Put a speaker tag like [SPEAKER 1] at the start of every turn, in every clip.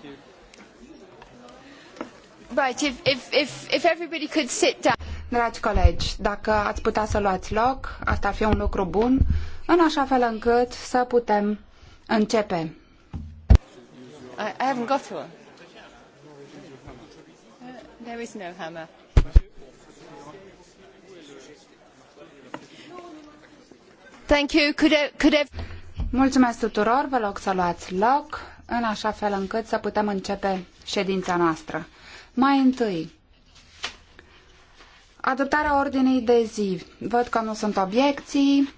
[SPEAKER 1] Thank you. Right, if, if, if, if everybody could sit down. Dragi colegi, dacă ați putea să luați loc, asta ar fi un lucru bun, în așa fel încât să putem începe. I,
[SPEAKER 2] I haven't got one. Uh,
[SPEAKER 3] there is no hammer.
[SPEAKER 1] Thank you. Could I, could I... Mulțumesc tuturor, vă rog să luați loc în așa fel încât să putem începe ședința noastră. Mai întâi, adoptarea ordinii de zi. Văd că nu sunt obiecții.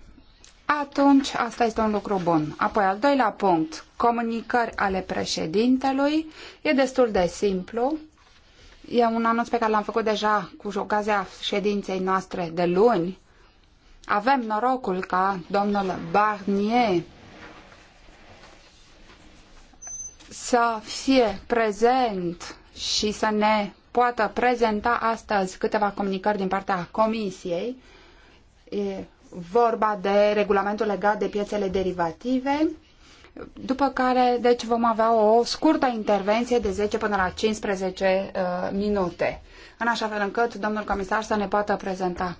[SPEAKER 1] Atunci, asta este un lucru bun. Apoi, al doilea punct, comunicări ale președintelui. E destul de simplu. E un anunț pe care l-am făcut deja cu ocazia ședinței noastre de luni. Avem norocul ca domnul Barnier să fie prezent și să ne poată prezenta astăzi câteva comunicări din partea Comisiei. E vorba de regulamentul legat de piețele derivative, după care deci vom avea o scurtă intervenție de 10 până la 15 uh, minute, în așa fel încât domnul comisar să ne poată prezenta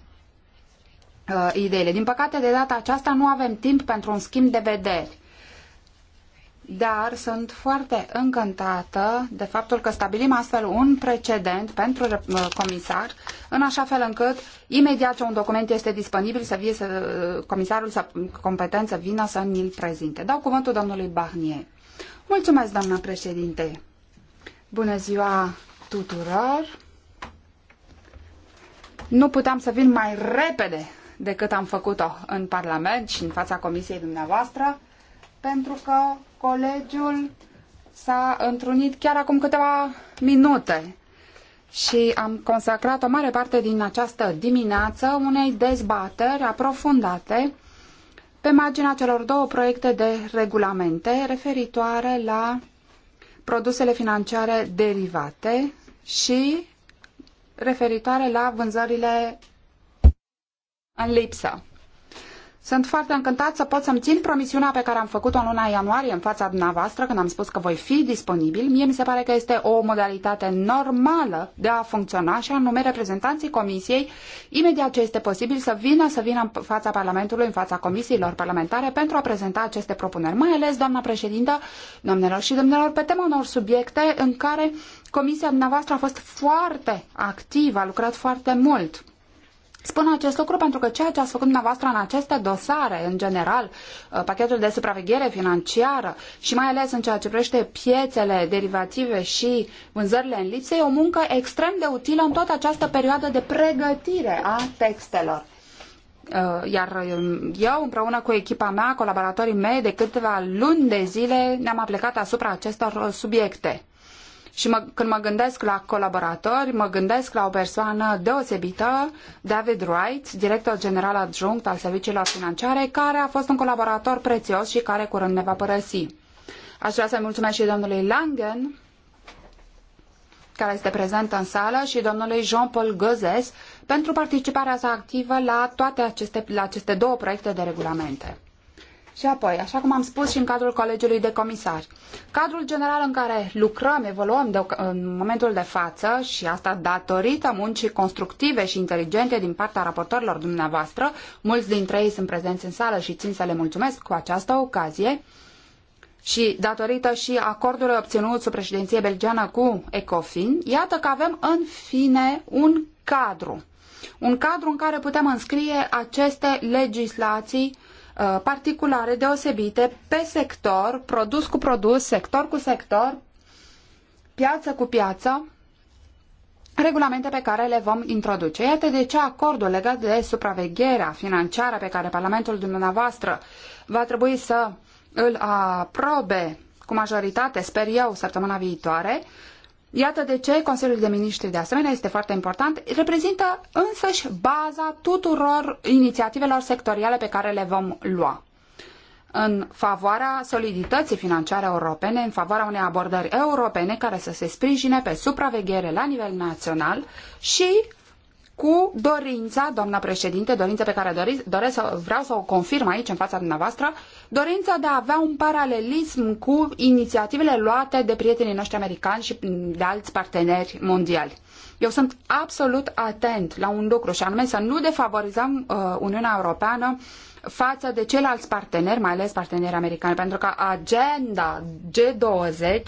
[SPEAKER 1] uh, ideile. Din păcate, de data aceasta nu avem timp pentru un schimb de vederi dar sunt foarte încântată de faptul că stabilim astfel un precedent pentru uh, comisar, în așa fel încât, imediat ce un document este disponibil, să vie să, uh, comisarul să, competent să vină să ni-l prezinte. Dau cuvântul domnului Barnier. Mulțumesc, doamna președinte! Bună ziua tuturor! Nu puteam să vin mai repede decât am făcut-o în Parlament și în fața comisiei dumneavoastră, pentru că colegiul s-a întrunit chiar acum câteva minute și am consacrat o mare parte din această dimineață unei dezbateri aprofundate pe marginea celor două proiecte de regulamente referitoare la produsele financiare derivate și referitoare la vânzările în lipsă. Sunt foarte încântat să pot să-mi țin promisiunea pe care am făcut-o în luna ianuarie în fața dumneavoastră, când am spus că voi fi disponibil. Mie mi se pare că este o modalitate normală de a funcționa și anume reprezentanții Comisiei, imediat ce este posibil, să vină, să vină în fața Parlamentului, în fața comisiilor parlamentare, pentru a prezenta aceste propuneri. Mai ales, doamna președintă, domnilor și domnilor, pe tema unor subiecte în care Comisia dumneavoastră a fost foarte activă, a lucrat foarte mult. Spun acest lucru pentru că ceea ce ați făcut dumneavoastră în aceste dosare, în general, uh, pachetul de supraveghere financiară și mai ales în ceea ce privește piețele derivative și vânzările în lipsă, e o muncă extrem de utilă în toată această perioadă de pregătire a textelor. Uh, iar um, eu, împreună cu echipa mea, colaboratorii mei, de câteva luni de zile ne-am aplicat asupra acestor uh, subiecte. Și mă, când mă gândesc la colaboratori, mă gândesc la o persoană deosebită, David Wright, director general adjunct al serviciilor financiare, care a fost un colaborator prețios și care curând ne va părăsi. Aș vrea să-i mulțumesc și domnului Langen, care este prezent în sală, și domnului Jean-Paul Gozes pentru participarea sa activă la toate aceste, la aceste două proiecte de regulamente. Și apoi, așa cum am spus și în cadrul Colegiului de Comisari, cadrul general în care lucrăm, evoluăm de, în momentul de față și asta datorită muncii constructive și inteligente din partea raportorilor dumneavoastră, mulți dintre ei sunt prezenți în sală și țin să le mulțumesc cu această ocazie, și datorită și acordului obținut sub președinție belgiană cu ECOFIN, iată că avem în fine un cadru. Un cadru în care putem înscrie aceste legislații Uh, particulare deosebite pe sector, produs cu produs, sector cu sector, piață cu piață, regulamente pe care le vom introduce. Iată de ce acordul legat de supravegherea financiară pe care Parlamentul dumneavoastră va trebui să îl aprobe cu majoritate, sper eu, săptămâna viitoare, Iată de ce Consiliul de Ministri, de asemenea, este foarte important, reprezintă însăși baza tuturor inițiativelor sectoriale pe care le vom lua în favoarea solidității financiare europene, în favoarea unei abordări europene care să se sprijine pe supraveghere la nivel național și cu dorința, doamna președinte, dorința pe care dori, doresc să, vreau să o confirm aici în fața dumneavoastră, dorința de a avea un paralelism cu inițiativele luate de prietenii noștri americani și de alți parteneri mondiali. Eu sunt absolut atent la un lucru și anume să nu defavorizăm uh, Uniunea Europeană față de ceilalți parteneri, mai ales parteneri americani, pentru că agenda G20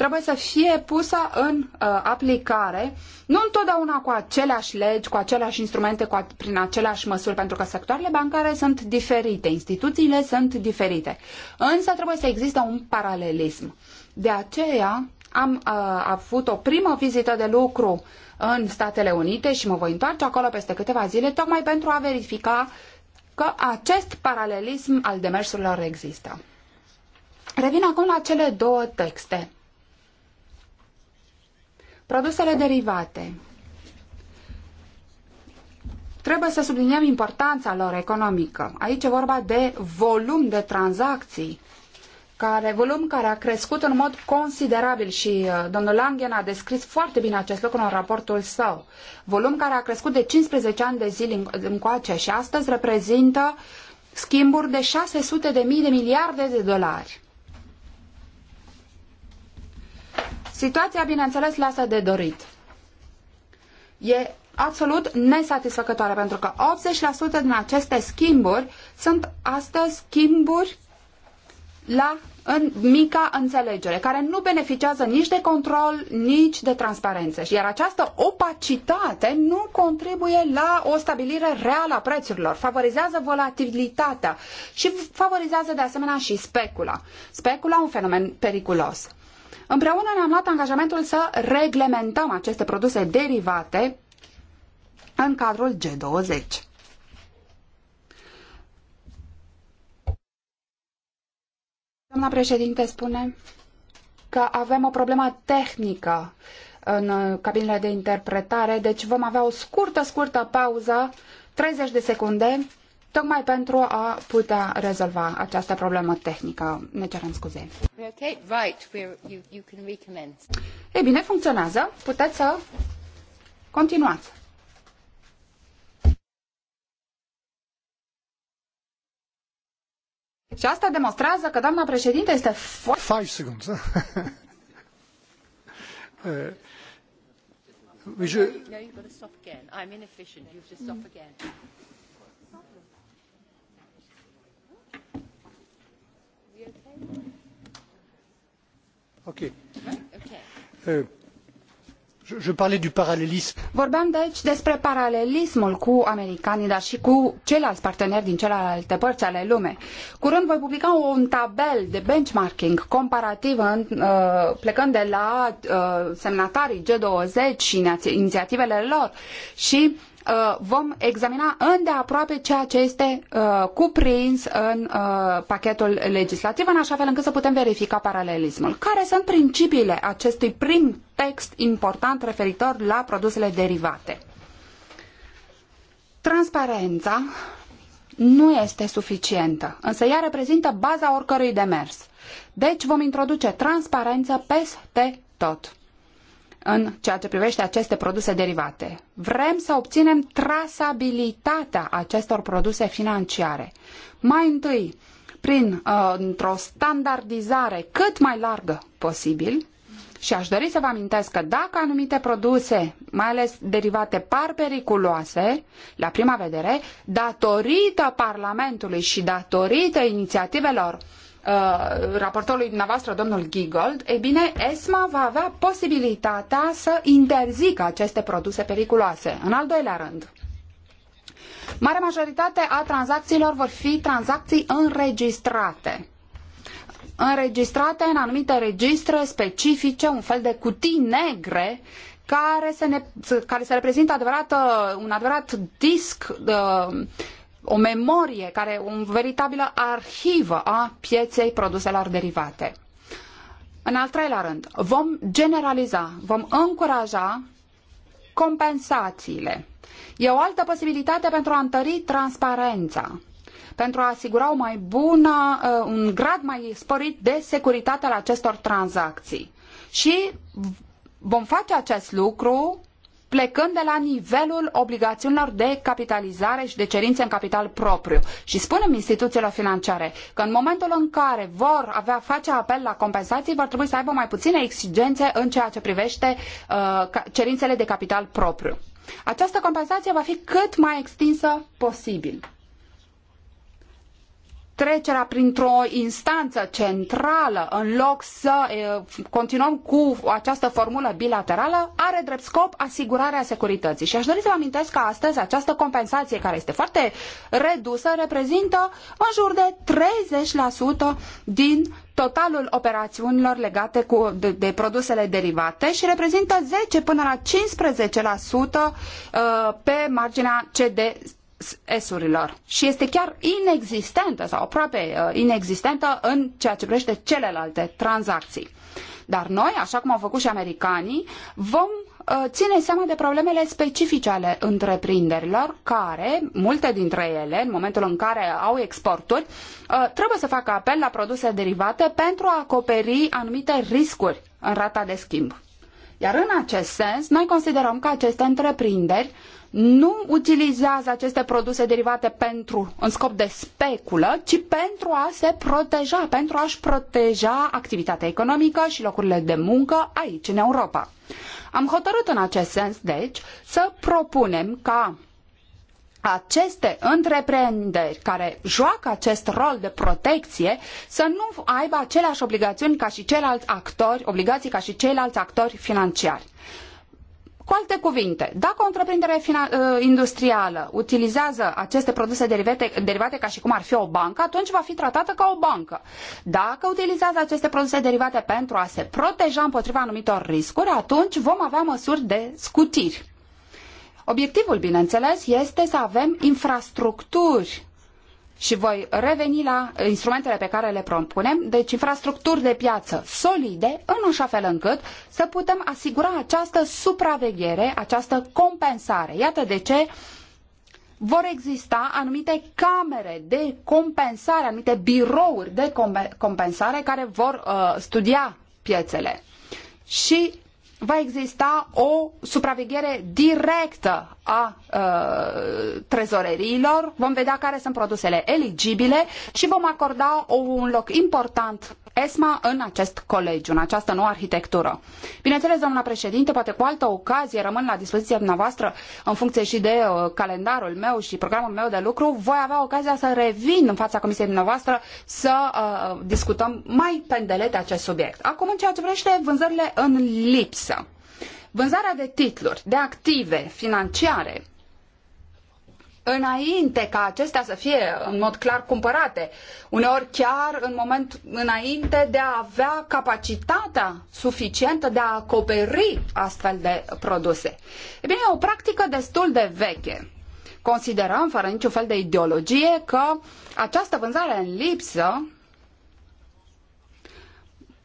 [SPEAKER 1] trebuie să fie pusă în uh, aplicare, nu întotdeauna cu aceleași legi, cu aceleași instrumente, cu a, prin aceleași măsuri, pentru că sectoarele bancare sunt diferite, instituțiile sunt diferite. Însă trebuie să existe un paralelism. De aceea am uh, avut o primă vizită de lucru în Statele Unite și mă voi întoarce acolo peste câteva zile, tocmai pentru a verifica că acest paralelism al demersurilor există. Revin acum la cele două texte. Produsele derivate. Trebuie să subliniem importanța lor economică. Aici e vorba de volum de tranzacții, care, volum care a crescut în mod considerabil și uh, domnul Langen a descris foarte bine acest lucru în raportul său. Volum care a crescut de 15 ani de zile încoace și astăzi reprezintă schimburi de 600 de mii de miliarde de dolari. Situația, bineînțeles, lasă de dorit. E absolut nesatisfăcătoare, pentru că 80% din aceste schimburi sunt astăzi schimburi la în mica înțelegere, care nu beneficiază nici de control, nici de transparență. Iar această opacitate nu contribuie la o stabilire reală a prețurilor, favorizează volatilitatea și favorizează de asemenea și specula. Specula un fenomen periculos. Împreună ne-am luat angajamentul să reglementăm aceste produse derivate în cadrul G20. Doamna președinte spune că avem o problemă tehnică în cabinele de interpretare, deci vom avea o scurtă, scurtă pauză, 30 de secunde, tocmai pentru a putea rezolva această problemă tehnică. Ne cerem scuze. Okay, right, you, you can recommence. Ei bine, funcționează. Puteți să continuați. Și asta demonstrează că doamna președinte este foarte... 5 seconds. uh, we should... No, you've got to
[SPEAKER 2] stop again. I'm inefficient. You've just stop again.
[SPEAKER 1] Euh, Vorbeam deci despre paralelismul cu americanii, dar și cu ceilalți parteneri din celelalte părți ale lumei. Curând voi publica un tabel de benchmarking comparativ în, uh, plecând de la uh, semnatarii G20 și inițiativele lor și Uh, vom examina îndeaproape ceea ce este uh, cuprins în uh, pachetul legislativ, în așa fel încât să putem verifica paralelismul. Care sunt principiile acestui prim text important referitor la produsele derivate? Transparența nu este suficientă, însă ea reprezintă baza oricărui demers. Deci vom introduce transparență peste tot în ceea ce privește aceste produse derivate. Vrem să obținem trasabilitatea acestor produse financiare. Mai întâi, prin uh, o standardizare cât mai largă posibil, și aș dori să vă amintesc că dacă anumite produse, mai ales derivate, par periculoase, la prima vedere, datorită Parlamentului și datorită inițiativelor uh, Uh, raportorului dumneavoastră, domnul Giggold, e bine, ESMA va avea posibilitatea să interzică aceste produse periculoase. În al doilea rând, mare majoritate a tranzacțiilor vor fi tranzacții înregistrate înregistrate în anumite registre specifice, un fel de cutii negre care se, ne, care se reprezintă adevărat, uh, un adevărat disc uh, o memorie, care o veritabilă arhivă a pieței produselor derivate. În al treilea rând, vom generaliza, vom încuraja compensațiile. E o altă posibilitate pentru a întări transparența, pentru a asigura o mai bună, uh, un grad mai sporit de securitate al acestor tranzacții. Și vom face acest lucru plecând de la nivelul obligațiunilor de capitalizare și de cerințe în capital propriu. Și spunem instituțiilor financiare că în momentul în care vor avea face apel la compensații, vor trebui să aibă mai puține exigențe în ceea ce privește uh, cerințele de capital propriu. Această compensație va fi cât mai extinsă posibil trecerea printr-o instanță centrală în loc să e, continuăm cu această formulă bilaterală are drept scop asigurarea securității. Și aș dori să vă amintesc că astăzi această compensație care este foarte redusă reprezintă în jur de 30% din totalul operațiunilor legate cu, de, de, produsele derivate și reprezintă 10 până la 15% uh, pe marginea CD S-urilor și este chiar inexistentă sau aproape uh, inexistentă în ceea ce privește celelalte tranzacții. Dar noi, așa cum au făcut și americanii, vom uh, ține seama de problemele specifice ale întreprinderilor care, multe dintre ele, în momentul în care au exporturi, uh, trebuie să facă apel la produse derivate pentru a acoperi anumite riscuri în rata de schimb. Iar în acest sens, noi considerăm că aceste întreprinderi nu utilizează aceste produse derivate pentru, în scop de speculă, ci pentru a se proteja, pentru a-și proteja activitatea economică și locurile de muncă aici, în Europa. Am hotărât în acest sens, deci, să propunem ca aceste întreprinderi care joacă acest rol de protecție să nu aibă aceleași obligații ca și ceilalți actori, obligații ca și ceilalți actori financiari. Cu alte cuvinte, dacă o întreprindere ă, industrială utilizează aceste produse derivate, derivate ca și cum ar fi o bancă, atunci va fi tratată ca o bancă. Dacă utilizează aceste produse derivate pentru a se proteja împotriva anumitor riscuri, atunci vom avea măsuri de scutiri. Obiectivul, bineînțeles, este să avem infrastructuri și voi reveni la instrumentele pe care le propunem, deci infrastructuri de piață solide, în așa fel încât să putem asigura această supraveghere, această compensare. Iată de ce vor exista anumite camere de compensare, anumite birouri de compensare care vor uh, studia piețele. Și va exista o supraveghere directă a uh, trezoreriilor, vom vedea care sunt produsele eligibile și vom acorda un loc important ESMA în acest colegiu, în această nouă arhitectură. Bineînțeles, doamna președinte, poate cu altă ocazie rămân la dispoziția dumneavoastră în funcție și de uh, calendarul meu și programul meu de lucru. Voi avea ocazia să revin în fața comisiei dumneavoastră să uh, discutăm mai pendelete acest subiect. Acum, în ceea ce privește vânzările în lipsă. Vânzarea de titluri, de active financiare, înainte ca acestea să fie în mod clar cumpărate, uneori chiar în moment înainte de a avea capacitatea suficientă de a acoperi astfel de produse. E bine, e o practică destul de veche. Considerăm, fără niciun fel de ideologie, că această vânzare în lipsă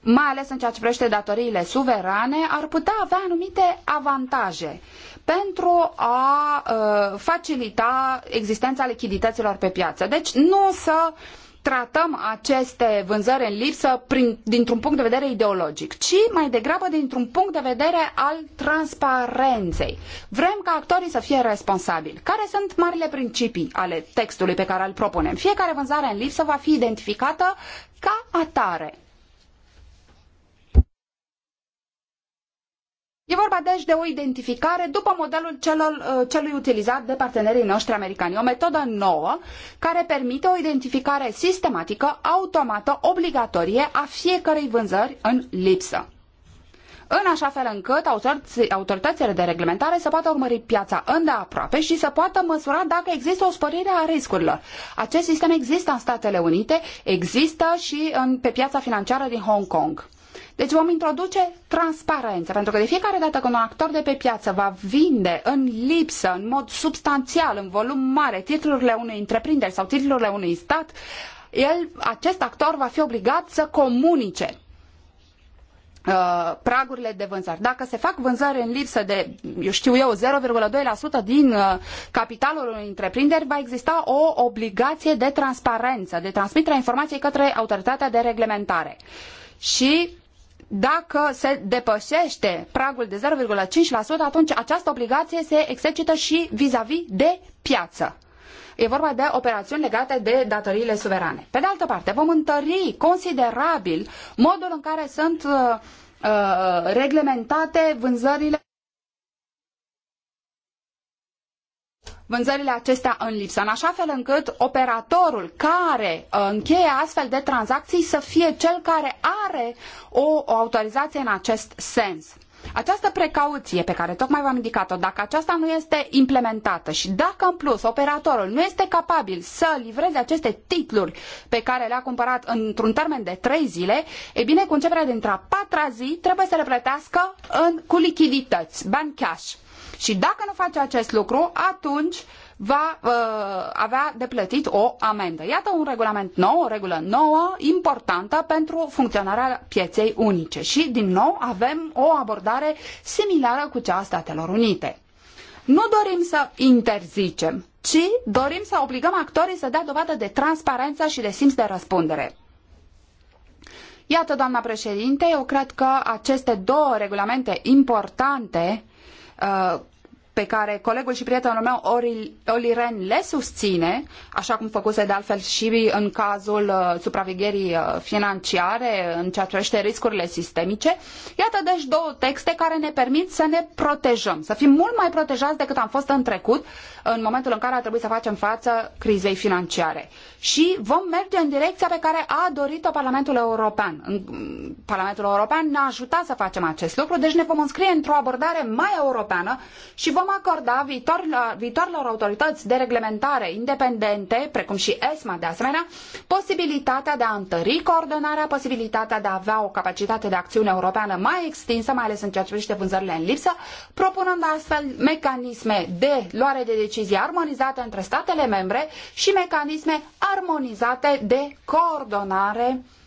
[SPEAKER 1] mai ales în ceea ce privește datoriile suverane, ar putea avea anumite avantaje pentru a uh, facilita existența lichidităților pe piață. Deci nu să tratăm aceste vânzări în lipsă dintr-un punct de vedere ideologic, ci mai degrabă dintr-un punct de vedere al transparenței. Vrem ca actorii să fie responsabili. Care sunt marile principii ale textului pe care îl propunem? Fiecare vânzare în lipsă va fi identificată ca atare. E vorba deci de o identificare după modelul celor, uh, celui utilizat de partenerii noștri americani. O metodă nouă care permite o identificare sistematică, automată, obligatorie a fiecărei vânzări în lipsă. În așa fel încât autoritățile de reglementare să poată urmări piața îndeaproape și să poată măsura dacă există o sporire a riscurilor. Acest sistem există în Statele Unite, există și în, pe piața financiară din Hong Kong. Deci vom introduce transparență, pentru că de fiecare dată când un actor de pe piață va vinde în lipsă, în mod substanțial, în volum mare, titlurile unei întreprinderi sau titlurile unui stat, el, acest actor va fi obligat să comunice uh, pragurile de vânzări. Dacă se fac vânzări în lipsă de, eu știu eu, 0,2% din uh, capitalul unei întreprinderi, va exista o obligație de transparență, de transmiterea informației către autoritatea de reglementare. Și dacă se depășește pragul de 0,5%, atunci această obligație se exercită și vis-a-vis de piață. E vorba de operațiuni legate de datoriile suverane. Pe de altă parte, vom întări considerabil modul în care sunt uh, uh reglementate vânzările vânzările acestea în lipsă, în așa fel încât operatorul care uh, încheie astfel de tranzacții să fie cel care are o, o autorizație în acest sens. Această precauție pe care tocmai v-am indicat-o, dacă aceasta nu este implementată și dacă în plus operatorul nu este capabil să livreze aceste titluri pe care le-a cumpărat într-un termen de trei zile, e bine, cu începerea dintre a patra zi trebuie să le plătească în, cu lichidități, bani cash. Și dacă nu face acest lucru, atunci va uh, avea de plătit o amendă. Iată un regulament nou, o regulă nouă, importantă pentru funcționarea pieței unice. Și, din nou, avem o abordare similară cu cea a Statelor Unite. Nu dorim să interzicem, ci dorim să obligăm actorii să dea dovadă de transparență și de simț de răspundere. Iată, doamna președinte, eu cred că aceste două regulamente importante uh, pe care colegul și prietenul meu Oliren le susține, așa cum făcuse de altfel și în cazul uh, supravegherii uh, financiare în ceea ce privește riscurile sistemice. Iată deci două texte care ne permit să ne protejăm, să fim mult mai protejați decât am fost în trecut, în momentul în care a trebuit să facem față crizei financiare. Și vom merge în direcția pe care a dorit-o Parlamentul European. Parlamentul European ne-a ajutat să facem acest lucru, deci ne vom înscrie într-o abordare mai europeană și vom vom acorda viitorilor, viitorilor autorități de reglementare independente, precum și ESMA de asemenea, posibilitatea de a întări coordonarea, posibilitatea de a avea o capacitate de acțiune europeană mai extinsă, mai ales în ceea ce privește vânzările în lipsă, propunând astfel mecanisme de luare de decizii armonizate între statele membre și mecanisme armonizate de coordonare uh,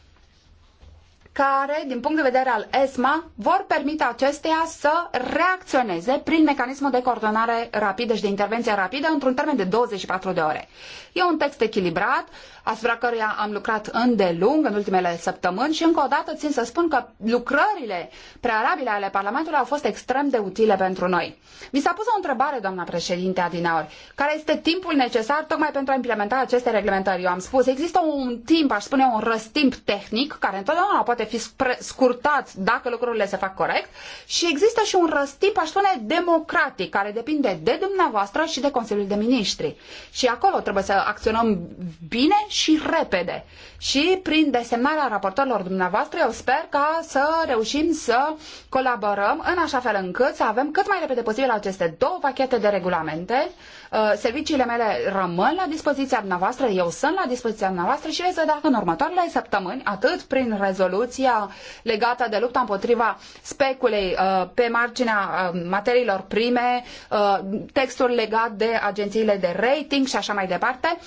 [SPEAKER 1] care, din punct de vedere al ESMA, vor permite acesteia să reacționeze prin mecanismul de coordonare rapidă și de intervenție rapidă într-un termen de 24 de ore. E un text echilibrat, asupra căruia am lucrat îndelung în ultimele săptămâni și încă o dată țin să spun că lucrările prealabile ale Parlamentului au fost extrem de utile pentru noi. Mi s-a pus o întrebare, doamna președinte Adinaur, care este timpul necesar tocmai pentru a implementa aceste reglementări. Eu am spus, există un timp, aș spune un răstimp tehnic, care întotdeauna poate fi scurtat dacă lucrurile se fac corect și există și un răstimp, aș spune, democratic, care depinde de dumneavoastră și de Consiliul de Miniștri. Și acolo trebuie să acționăm bine și repede. Și prin desemnarea raportorilor dumneavoastră, eu sper ca să reușim să colaborăm în așa fel încât să avem cât mai repede posibil aceste două pachete de regulamente Uh, serviciile mele rămân la dispoziția dumneavoastră, eu sunt la dispoziția dumneavoastră și veți vedea că în următoarele săptămâni, atât prin rezoluția legată de lupta împotriva speculei uh, pe marginea uh, materiilor prime, textul legat de agențiile de rating și așa mai departe,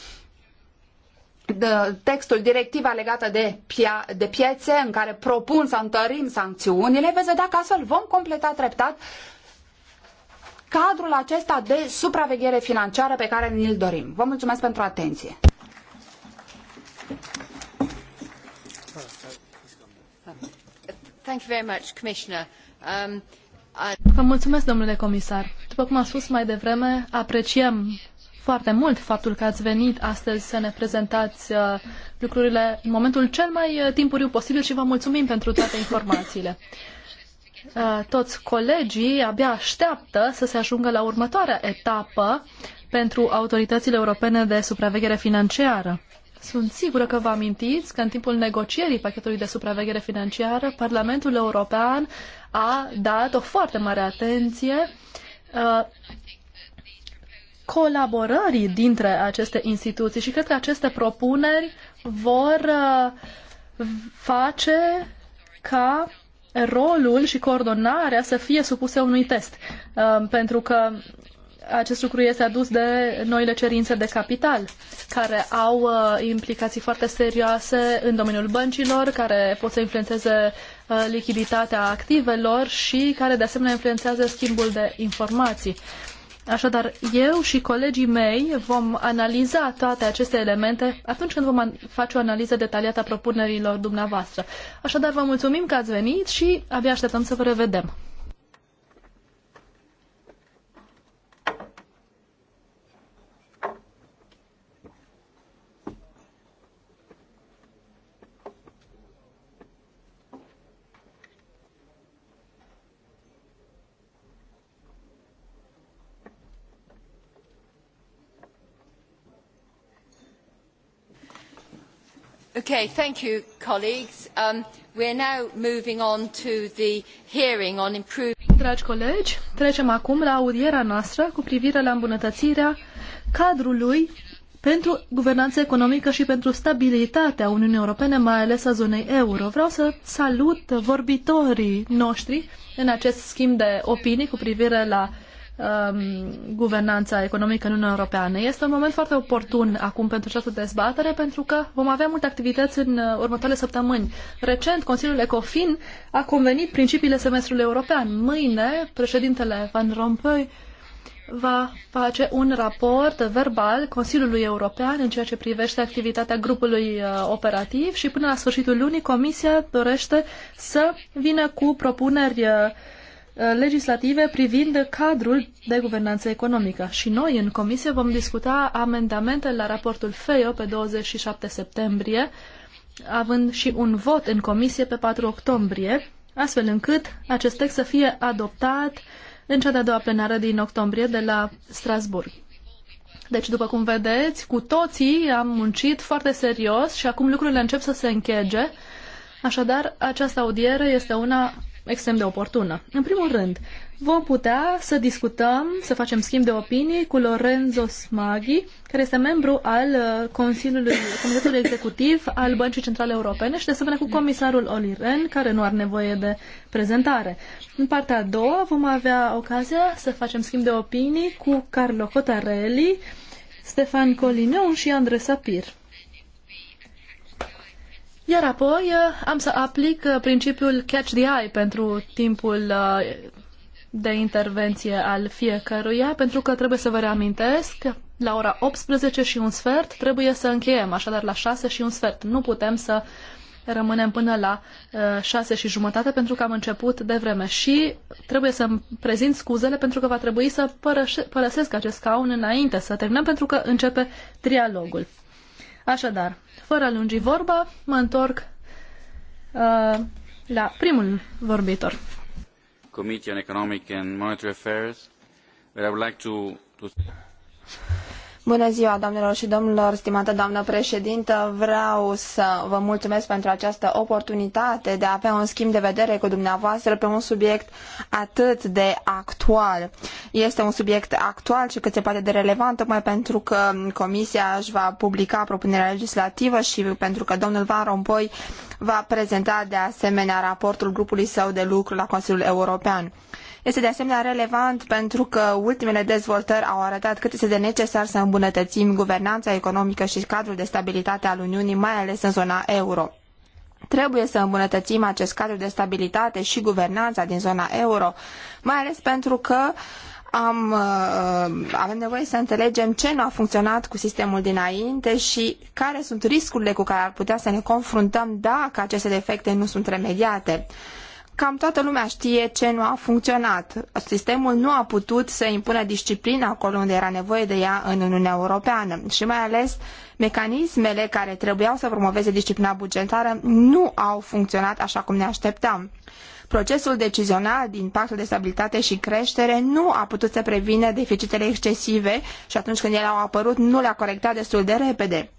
[SPEAKER 1] textul, directiva legată de, pia, de piețe, în care propun să întărim sancțiunile, veți vedea că astfel vom completa treptat cadrul acesta de supraveghere financiară pe care ni-l dorim. Vă mulțumesc pentru atenție.
[SPEAKER 2] Um, vă mulțumesc, domnule comisar. După cum am spus mai devreme, apreciem foarte mult faptul că ați venit astăzi să ne prezentați uh, lucrurile în momentul cel mai uh, timpuriu posibil și vă mulțumim pentru toate informațiile. Uh, toți colegii abia așteaptă să se ajungă la următoarea etapă pentru autoritățile europene de supraveghere financiară. Sunt sigură că vă amintiți că în timpul negocierii pachetului de supraveghere financiară, Parlamentul European a dat o foarte mare atenție uh, colaborării dintre aceste instituții și cred că aceste propuneri vor uh, face ca rolul și coordonarea să fie supuse unui test, um, pentru că acest lucru este adus de noile cerințe de capital, care au uh, implicații foarte serioase în domeniul băncilor, care pot să influențeze uh, lichiditatea activelor și care de asemenea influențează schimbul de informații. Așadar, eu și colegii mei vom analiza toate aceste elemente atunci când vom face o analiză detaliată a propunerilor dumneavoastră. Așadar, vă mulțumim că ați venit și abia așteptăm să vă revedem. Dragi colegi, trecem acum la audierea noastră cu privire la îmbunătățirea cadrului pentru guvernanță economică și pentru stabilitatea Uniunii Europene, mai ales a zonei euro. Vreau să salut vorbitorii noștri în acest schimb de opinii cu privire la Um, guvernanța economică în Uniunea Europeană. Este un moment foarte oportun acum pentru această dezbatere, pentru că vom avea multe activități în uh, următoarele săptămâni. Recent, Consiliul ECOFIN a convenit principiile semestrului european. Mâine, președintele Van Rompuy va face un raport verbal Consiliului European în ceea ce privește activitatea grupului uh, operativ și până la sfârșitul lunii Comisia dorește să vină cu propuneri uh, Uh, legislative privind cadrul de guvernanță economică. Și noi, în comisie, vom discuta amendamente la raportul FEO pe 27 septembrie, având și un vot în comisie pe 4 octombrie, astfel încât acest text să fie adoptat în cea de-a doua plenară din octombrie de la Strasburg. Deci, după cum vedeți, cu toții am muncit foarte serios și acum lucrurile încep să se închege. Așadar, această audiere este una extrem de oportună. În primul rând, vom putea să discutăm, să facem schimb de opinii cu Lorenzo Smaghi, care este membru al uh, Consiliului, Comitetului Executiv al Băncii Centrale Europene și de asemenea cu comisarul Oli Ren, care nu are nevoie de prezentare. În partea a doua vom avea ocazia să facem schimb de opinii cu Carlo Cotarelli, Stefan Colineu și Andre Sapir. Iar apoi eh, am să aplic eh, principiul catch the eye pentru timpul eh, de intervenție al fiecăruia, pentru că trebuie să vă reamintesc, la ora 18 și un sfert trebuie să încheiem, așadar la 6 și un sfert. Nu putem să rămânem până la 6 și jumătate pentru că am început de vreme și trebuie să-mi prezint scuzele pentru că va trebui să părăsesc acest scaun înainte să terminăm pentru că începe trialogul. Așadar, fără a lungi vorba, mă întorc uh, la primul vorbitor.
[SPEAKER 1] Committee on Economic and Monetary Affairs, where I would like to, to...
[SPEAKER 3] Bună ziua, doamnelor și domnilor, stimată doamnă președintă, vreau să vă mulțumesc pentru această oportunitate de a avea un schimb de vedere cu dumneavoastră pe un subiect atât de actual. Este un subiect actual și cât se poate de relevant, tocmai pentru că Comisia își va publica propunerea legislativă și pentru că domnul Van Rompuy va prezenta de asemenea raportul grupului său de lucru la Consiliul European. Este de asemenea relevant pentru că ultimele dezvoltări au arătat cât este de necesar să îmbunătățim guvernanța economică și cadrul de stabilitate al Uniunii, mai ales în zona euro. Trebuie să îmbunătățim acest cadru de stabilitate și guvernanța din zona euro, mai ales pentru că am, uh, avem nevoie să înțelegem ce nu a funcționat cu sistemul dinainte și care sunt riscurile cu care ar putea să ne confruntăm dacă aceste defecte nu sunt remediate. Cam toată lumea știe ce nu a funcționat. Sistemul nu a putut să impună disciplina acolo unde era nevoie de ea în Uniunea Europeană și mai ales mecanismele care trebuiau să promoveze disciplina bugetară nu au funcționat așa cum ne așteptam. Procesul decizional din Pactul de Stabilitate și Creștere nu a putut să prevină deficitele excesive și atunci când ele au apărut nu le-a corectat destul de repede.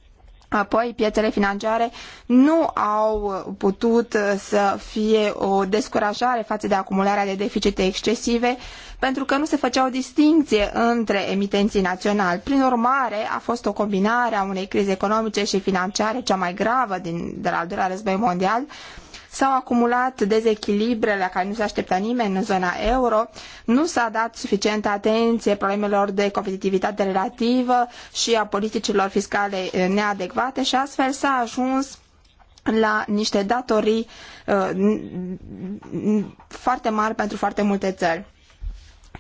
[SPEAKER 3] Apoi, piețele financiare nu au putut să fie o descurajare față de acumularea de deficite excesive, pentru că nu se făcea o distinție între emitenții naționali. Prin urmare, a fost o combinare a unei crize economice și financiare, cea mai gravă din, de la al doilea război mondial, S-au acumulat dezechilibre la care nu se aștepta nimeni în zona euro, nu s-a dat suficientă atenție problemelor de competitivitate relativă și a politicilor fiscale neadecvate și astfel s-a ajuns la niște datorii uh, foarte mari pentru foarte multe țări.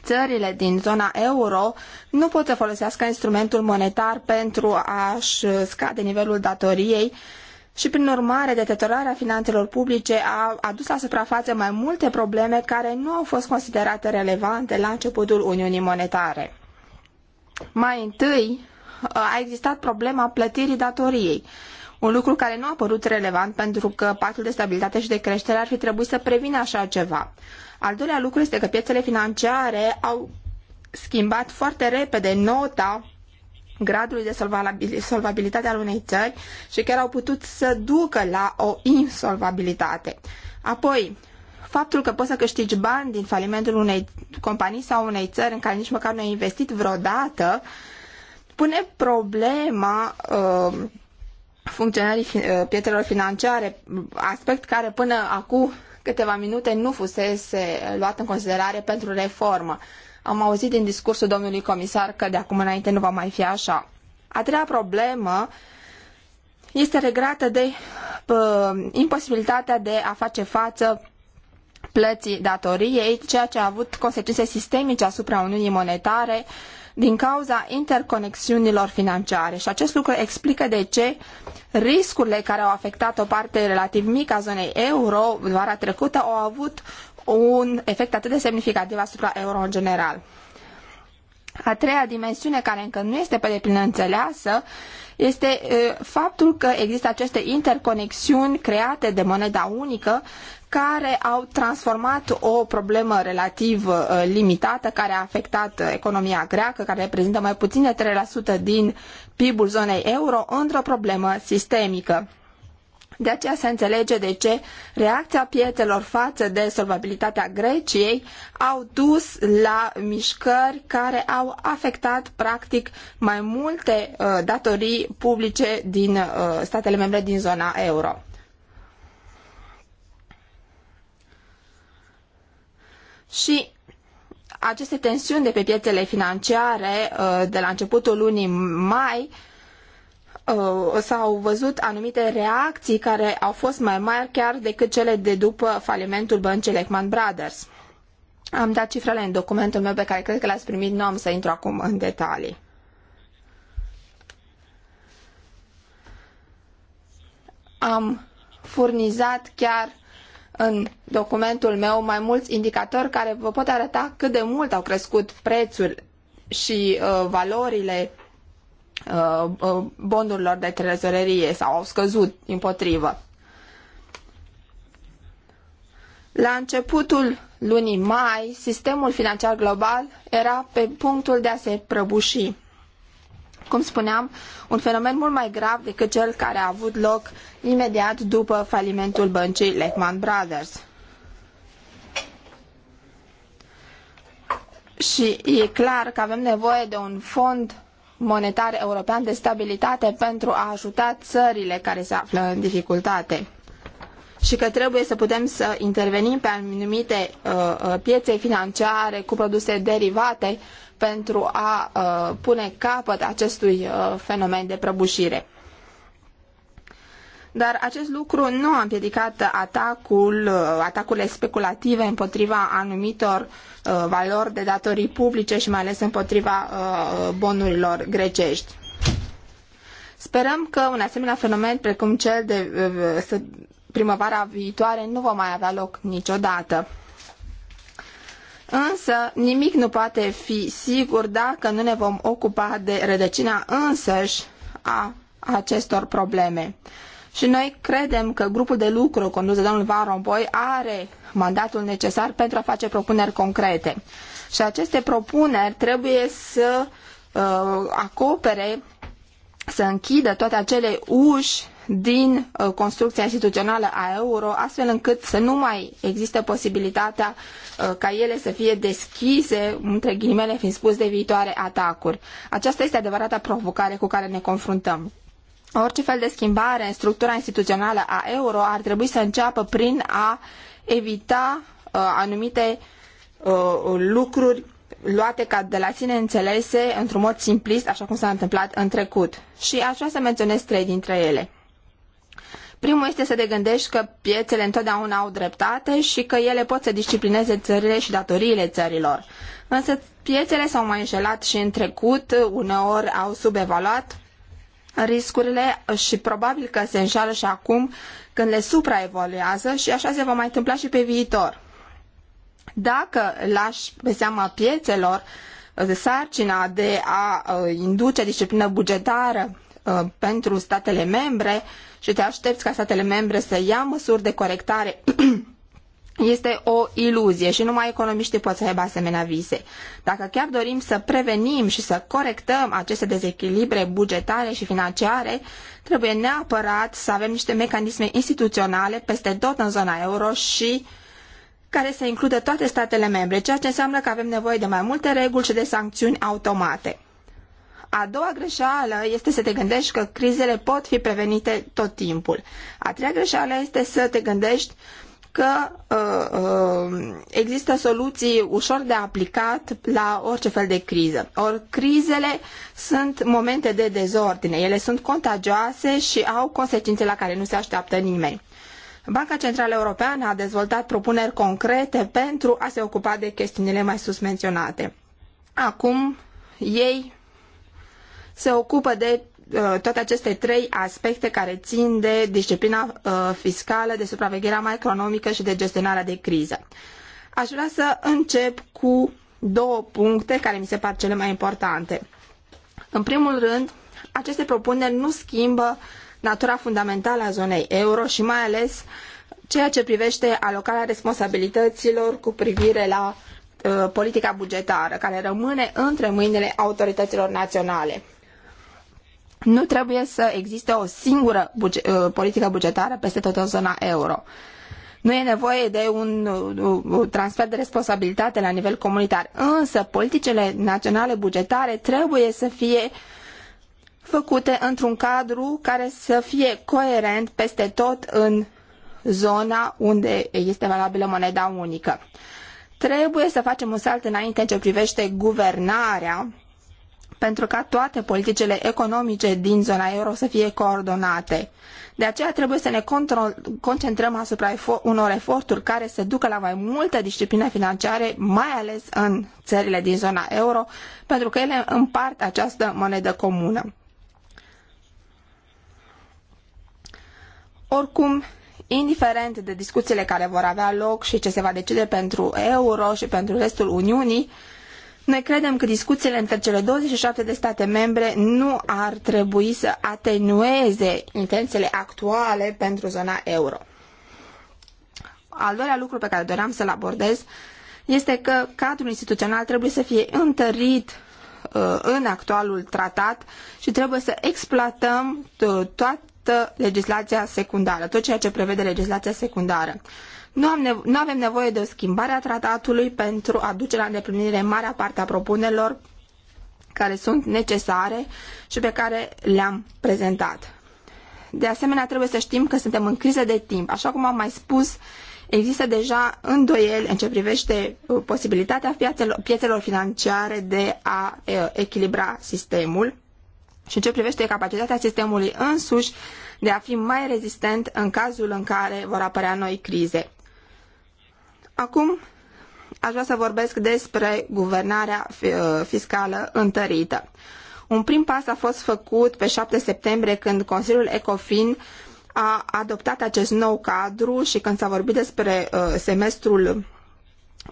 [SPEAKER 3] Țările din zona euro nu pot să folosească instrumentul monetar pentru a-și scade nivelul datoriei și, prin urmare, deteriorarea finanțelor publice a adus la suprafață mai multe probleme care nu au fost considerate relevante la începutul Uniunii Monetare. Mai întâi, a existat problema plătirii datoriei, un lucru care nu a părut relevant pentru că pactul de stabilitate și de creștere ar fi trebuit să prevină așa ceva. Al doilea lucru este că piețele financiare au schimbat foarte repede nota gradului de solvabilitate al unei țări și chiar au putut să ducă la o insolvabilitate. Apoi, faptul că poți să câștigi bani din falimentul unei companii sau unei țări în care nici măcar nu ai investit vreodată, pune problema uh, funcționării uh, pietrelor financiare, aspect care până acum câteva minute nu fusese luat în considerare pentru reformă. Uh, am auzit din discursul domnului comisar că de acum înainte nu va mai fi așa. A treia problemă este regrată de pă, uh, imposibilitatea de a face față plății datoriei, ceea ce a avut consecințe sistemice asupra Uniunii Monetare din cauza interconexiunilor financiare. Și acest lucru explică de ce riscurile care au afectat o parte relativ mică a zonei euro vara trecută au avut un efect atât de semnificativ asupra euro în general. A treia dimensiune care încă nu este pe deplin înțeleasă este faptul că există aceste interconexiuni create de moneda unică care au transformat o problemă relativ limitată care a afectat economia greacă, care reprezintă mai puțin de 3% din PIB-ul zonei euro, într-o problemă sistemică. De aceea se înțelege de ce reacția piețelor față de solvabilitatea Greciei au dus la mișcări care au afectat practic mai multe uh, datorii publice din uh, statele membre din zona euro. Și aceste tensiuni de pe piețele financiare uh, de la începutul lunii mai Uh, s-au văzut anumite reacții care au fost mai mari chiar decât cele de după falimentul băncii Lehman Brothers. Am dat cifrele în documentul meu pe care cred că l-ați primit, nu am să intru acum în detalii. Am furnizat chiar în documentul meu mai mulți indicatori care vă pot arăta cât de mult au crescut prețul și uh, valorile Uh, uh, bondurilor de trezorerie sau au scăzut împotrivă. La începutul lunii mai, sistemul financiar global era pe punctul de a se prăbuși. Cum spuneam, un fenomen mult mai grav decât cel care a avut loc imediat după falimentul băncii Lehman Brothers. Și e clar că avem nevoie de un fond monetar european de stabilitate pentru a ajuta țările care se află în dificultate și că trebuie să putem să intervenim pe anumite uh, uh piețe financiare cu produse derivate pentru a uh, pune capăt acestui uh, fenomen de prăbușire dar acest lucru nu a împiedicat atacul, atacurile speculative împotriva anumitor uh, valori de datorii publice și mai ales împotriva uh, bonurilor grecești. Sperăm că un asemenea fenomen precum cel de uh, primăvara viitoare nu va mai avea loc niciodată. Însă nimic nu poate fi sigur dacă nu ne vom ocupa de rădăcina însăși a acestor probleme. Și noi credem că grupul de lucru condus de domnul Van Rompuy are mandatul necesar pentru a face propuneri concrete. Și aceste propuneri trebuie să uh, acopere, să închidă toate acele uși din uh, construcția instituțională a euro, astfel încât să nu mai existe posibilitatea uh, ca ele să fie deschise, între ghilimele fiind spus, de viitoare atacuri. Aceasta este adevărata provocare cu care ne confruntăm. Orice fel de schimbare în structura instituțională a euro ar trebui să înceapă prin a evita uh, anumite uh, lucruri luate ca de la sine înțelese într-un mod simplist, așa cum s-a întâmplat în trecut. Și aș vrea să menționez trei dintre ele. Primul este să te gândești că piețele întotdeauna au dreptate și că ele pot să disciplineze țările și datoriile țărilor. Însă piețele s-au mai înșelat și în trecut, uneori au subevaluat riscurile și probabil că se înșală și acum când le supraevoluează și așa se va mai întâmpla și pe viitor. Dacă lași pe seama piețelor sarcina de a uh, induce disciplină bugetară uh, pentru statele membre și te aștepți ca statele membre să ia măsuri de corectare este o iluzie și numai economiștii pot să aibă asemenea vise. Dacă chiar dorim să prevenim și să corectăm aceste dezechilibre bugetare și financiare, trebuie neapărat să avem niște mecanisme instituționale peste tot în zona euro și care să includă toate statele membre, ceea ce înseamnă că avem nevoie de mai multe reguli și de sancțiuni automate. A doua greșeală este să te gândești că crizele pot fi prevenite tot timpul. A treia greșeală este să te gândești că uh, uh, există soluții ușor de aplicat la orice fel de criză. Ori crizele sunt momente de dezordine, ele sunt contagioase și au consecințe la care nu se așteaptă nimeni. Banca Centrală Europeană a dezvoltat propuneri concrete pentru a se ocupa de chestiunile mai sus menționate. Acum ei se ocupă de Uh, toate aceste trei aspecte care țin de disciplina uh, fiscală, de supravegherea macroeconomică și de gestionarea de criză. Aș vrea să încep cu două puncte care mi se par cele mai importante. În primul rând, aceste propuneri nu schimbă natura fundamentală a zonei euro și mai ales ceea ce privește alocarea responsabilităților cu privire la uh, politica bugetară, care rămâne între mâinile autorităților naționale nu trebuie să existe o singură buge uh, politică bugetară peste tot în zona euro. Nu e nevoie de un uh, transfer de responsabilitate la nivel comunitar, însă politicile naționale bugetare trebuie să fie făcute într-un cadru care să fie coerent peste tot în zona unde este valabilă moneda unică. Trebuie să facem un salt înainte în ce privește guvernarea pentru ca toate politicile economice din zona euro să fie coordonate. De aceea trebuie să ne concentrăm asupra unor eforturi care să ducă la mai multă disciplină financiară, mai ales în țările din zona euro, pentru că ele împart această monedă comună. Oricum, indiferent de discuțiile care vor avea loc și ce se va decide pentru euro și pentru restul Uniunii, noi credem că discuțiile între cele 27 de state membre nu ar trebui să atenueze intențiile actuale pentru zona euro. Al doilea lucru pe care doream să-l abordez este că cadrul instituțional trebuie să fie întărit uh, în actualul tratat și trebuie să exploatăm toată legislația secundară, tot ceea ce prevede legislația secundară. Nu, am nevo- nu avem nevoie de o schimbare a tratatului pentru a duce la îndeplinire marea parte a propunerilor care sunt necesare și pe care le-am prezentat. De asemenea, trebuie să știm că suntem în criză de timp. Așa cum am mai spus, există deja îndoieli în ce privește uh, posibilitatea piețelor financiare de a uh, echilibra sistemul și în ce privește capacitatea sistemului însuși de a fi mai rezistent în cazul în care vor apărea noi crize. Acum aș vrea să vorbesc despre guvernarea uh, fiscală întărită. Un prim pas a fost făcut pe 7 septembrie când Consiliul ECOFIN a adoptat acest nou cadru și când s-a vorbit despre uh, semestrul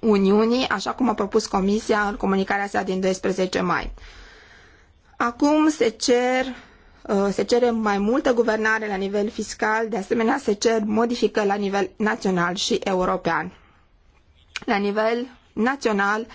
[SPEAKER 3] Uniunii, așa cum a propus Comisia în comunicarea sa din 12 mai. Acum se cer uh, se cere mai multă guvernare la nivel fiscal, de asemenea se cer modificări la nivel național și european. La nivel național,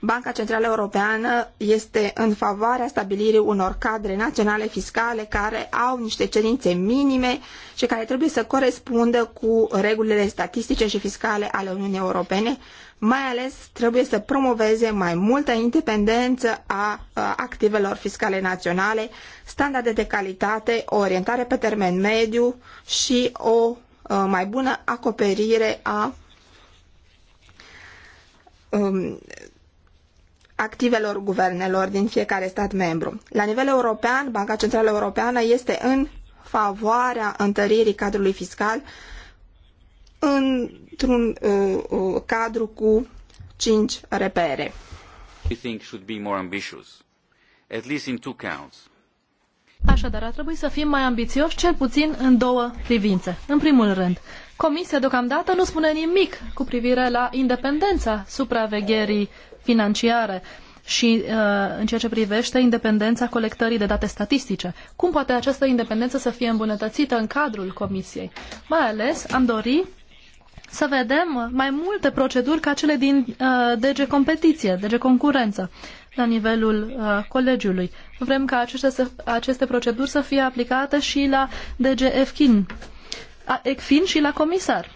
[SPEAKER 3] Banca Centrală Europeană este în favoarea stabilirii unor cadre naționale fiscale care au niște cerințe minime și care trebuie să corespundă cu regulile statistice și fiscale ale Uniunii Europene, mai ales trebuie să promoveze mai multă independență a activelor fiscale naționale, standarde de calitate, o orientare pe termen mediu și o mai bună acoperire a um, activelor guvernelor din fiecare stat membru. La nivel european, Banca Centrală Europeană este în favoarea întăririi cadrului fiscal într-un uh, uh, cadru cu
[SPEAKER 2] cinci repere.
[SPEAKER 1] We think should be more ambitious, at least in two counts.
[SPEAKER 2] Așadar, ar trebui să fim mai ambițioși, cel puțin în două privințe. În primul rând, Comisia deocamdată nu spune nimic cu privire la independența supravegherii financiare și uh, în ceea ce privește independența colectării de date statistice. Cum poate această independență să fie îmbunătățită în cadrul Comisiei? Mai ales am dori să vedem mai multe proceduri ca cele din uh, DG Competiție, DG Concurență, la nivelul uh, colegiului. Vrem ca aceste, aceste proceduri să fie aplicate și la DG EFCHIN. ECFIN și la comisar.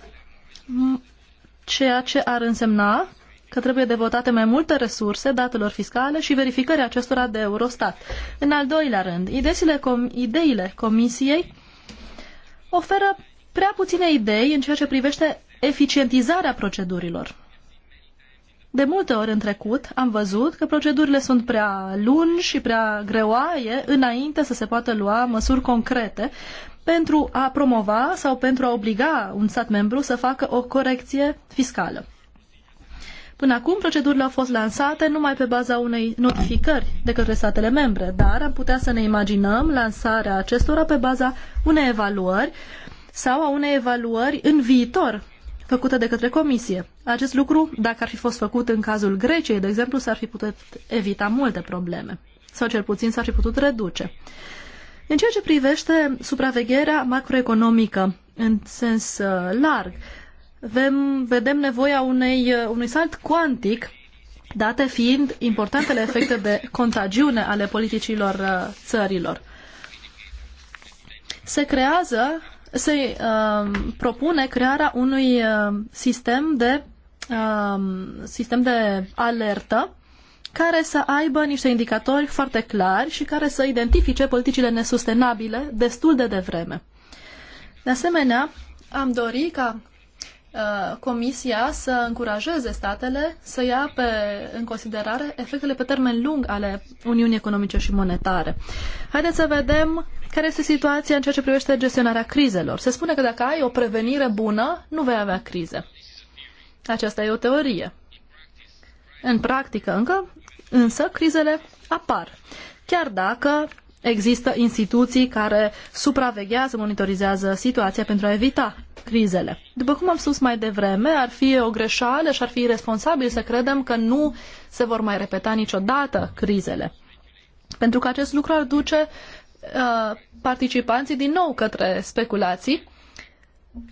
[SPEAKER 2] Ceea ce ar însemna că trebuie devotate mai multe resurse datelor fiscale și verificării acestora de Eurostat. În al doilea rând, ideile, com- ideile comisiei oferă prea puține idei în ceea ce privește eficientizarea procedurilor. De multe ori în trecut am văzut că procedurile sunt prea lungi și prea greoaie înainte să se poată lua măsuri concrete pentru a promova sau pentru a obliga un stat membru să facă o corecție fiscală. Până acum, procedurile au fost lansate numai pe baza unei notificări de către statele membre, dar am putea să ne imaginăm lansarea acestora pe baza unei evaluări sau a unei evaluări în viitor Făcută de către Comisie. Acest lucru, dacă ar fi fost făcut în cazul Greciei, de exemplu, s-ar fi putut evita multe probleme sau cel puțin s-ar fi putut reduce. În ceea ce privește supravegherea macroeconomică în sens uh, larg, vem, vedem nevoia unei, uh, unui salt cuantic, date fiind importantele efecte de contagiune ale politicilor uh, țărilor. Se creează se uh, propune crearea unui uh, sistem de uh, sistem de alertă care să aibă niște indicatori foarte clari și care să identifice politicile nesustenabile destul de devreme. De asemenea, am dori ca uh, Comisia să încurajeze statele să ia pe, în considerare efectele pe termen lung ale Uniunii Economice și Monetare. Haideți să vedem care este situația în ceea ce privește gestionarea crizelor? Se spune că dacă ai o prevenire bună, nu vei avea crize. Aceasta e o teorie. În practică încă, însă, crizele apar. Chiar dacă există instituții care supraveghează, monitorizează situația pentru a evita crizele. După cum am spus mai devreme, ar fi o greșeală și ar fi irresponsabil să credem că nu se vor mai repeta niciodată crizele. Pentru că acest lucru ar duce Uh, participanții din nou către speculații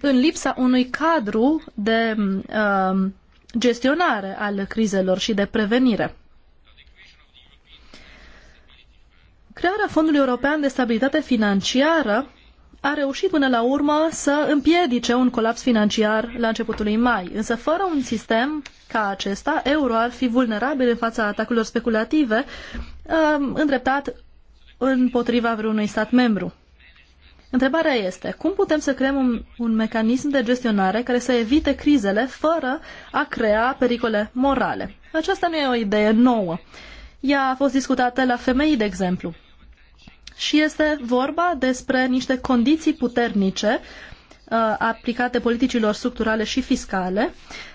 [SPEAKER 2] în lipsa unui cadru de uh, gestionare al crizelor și de prevenire. Crearea Fondului European de Stabilitate Financiară a reușit până la urmă să împiedice un colaps financiar la începutul lui mai, însă fără un sistem ca acesta, euro ar fi vulnerabil în fața atacurilor speculative uh, îndreptat împotriva vreunui stat membru. Întrebarea este, cum putem să creăm un, un mecanism de gestionare care să evite crizele fără a crea pericole morale? Aceasta nu e o idee nouă. Ea a fost discutată la femei, de exemplu. Și este vorba despre niște condiții puternice uh, aplicate politicilor structurale și fiscale,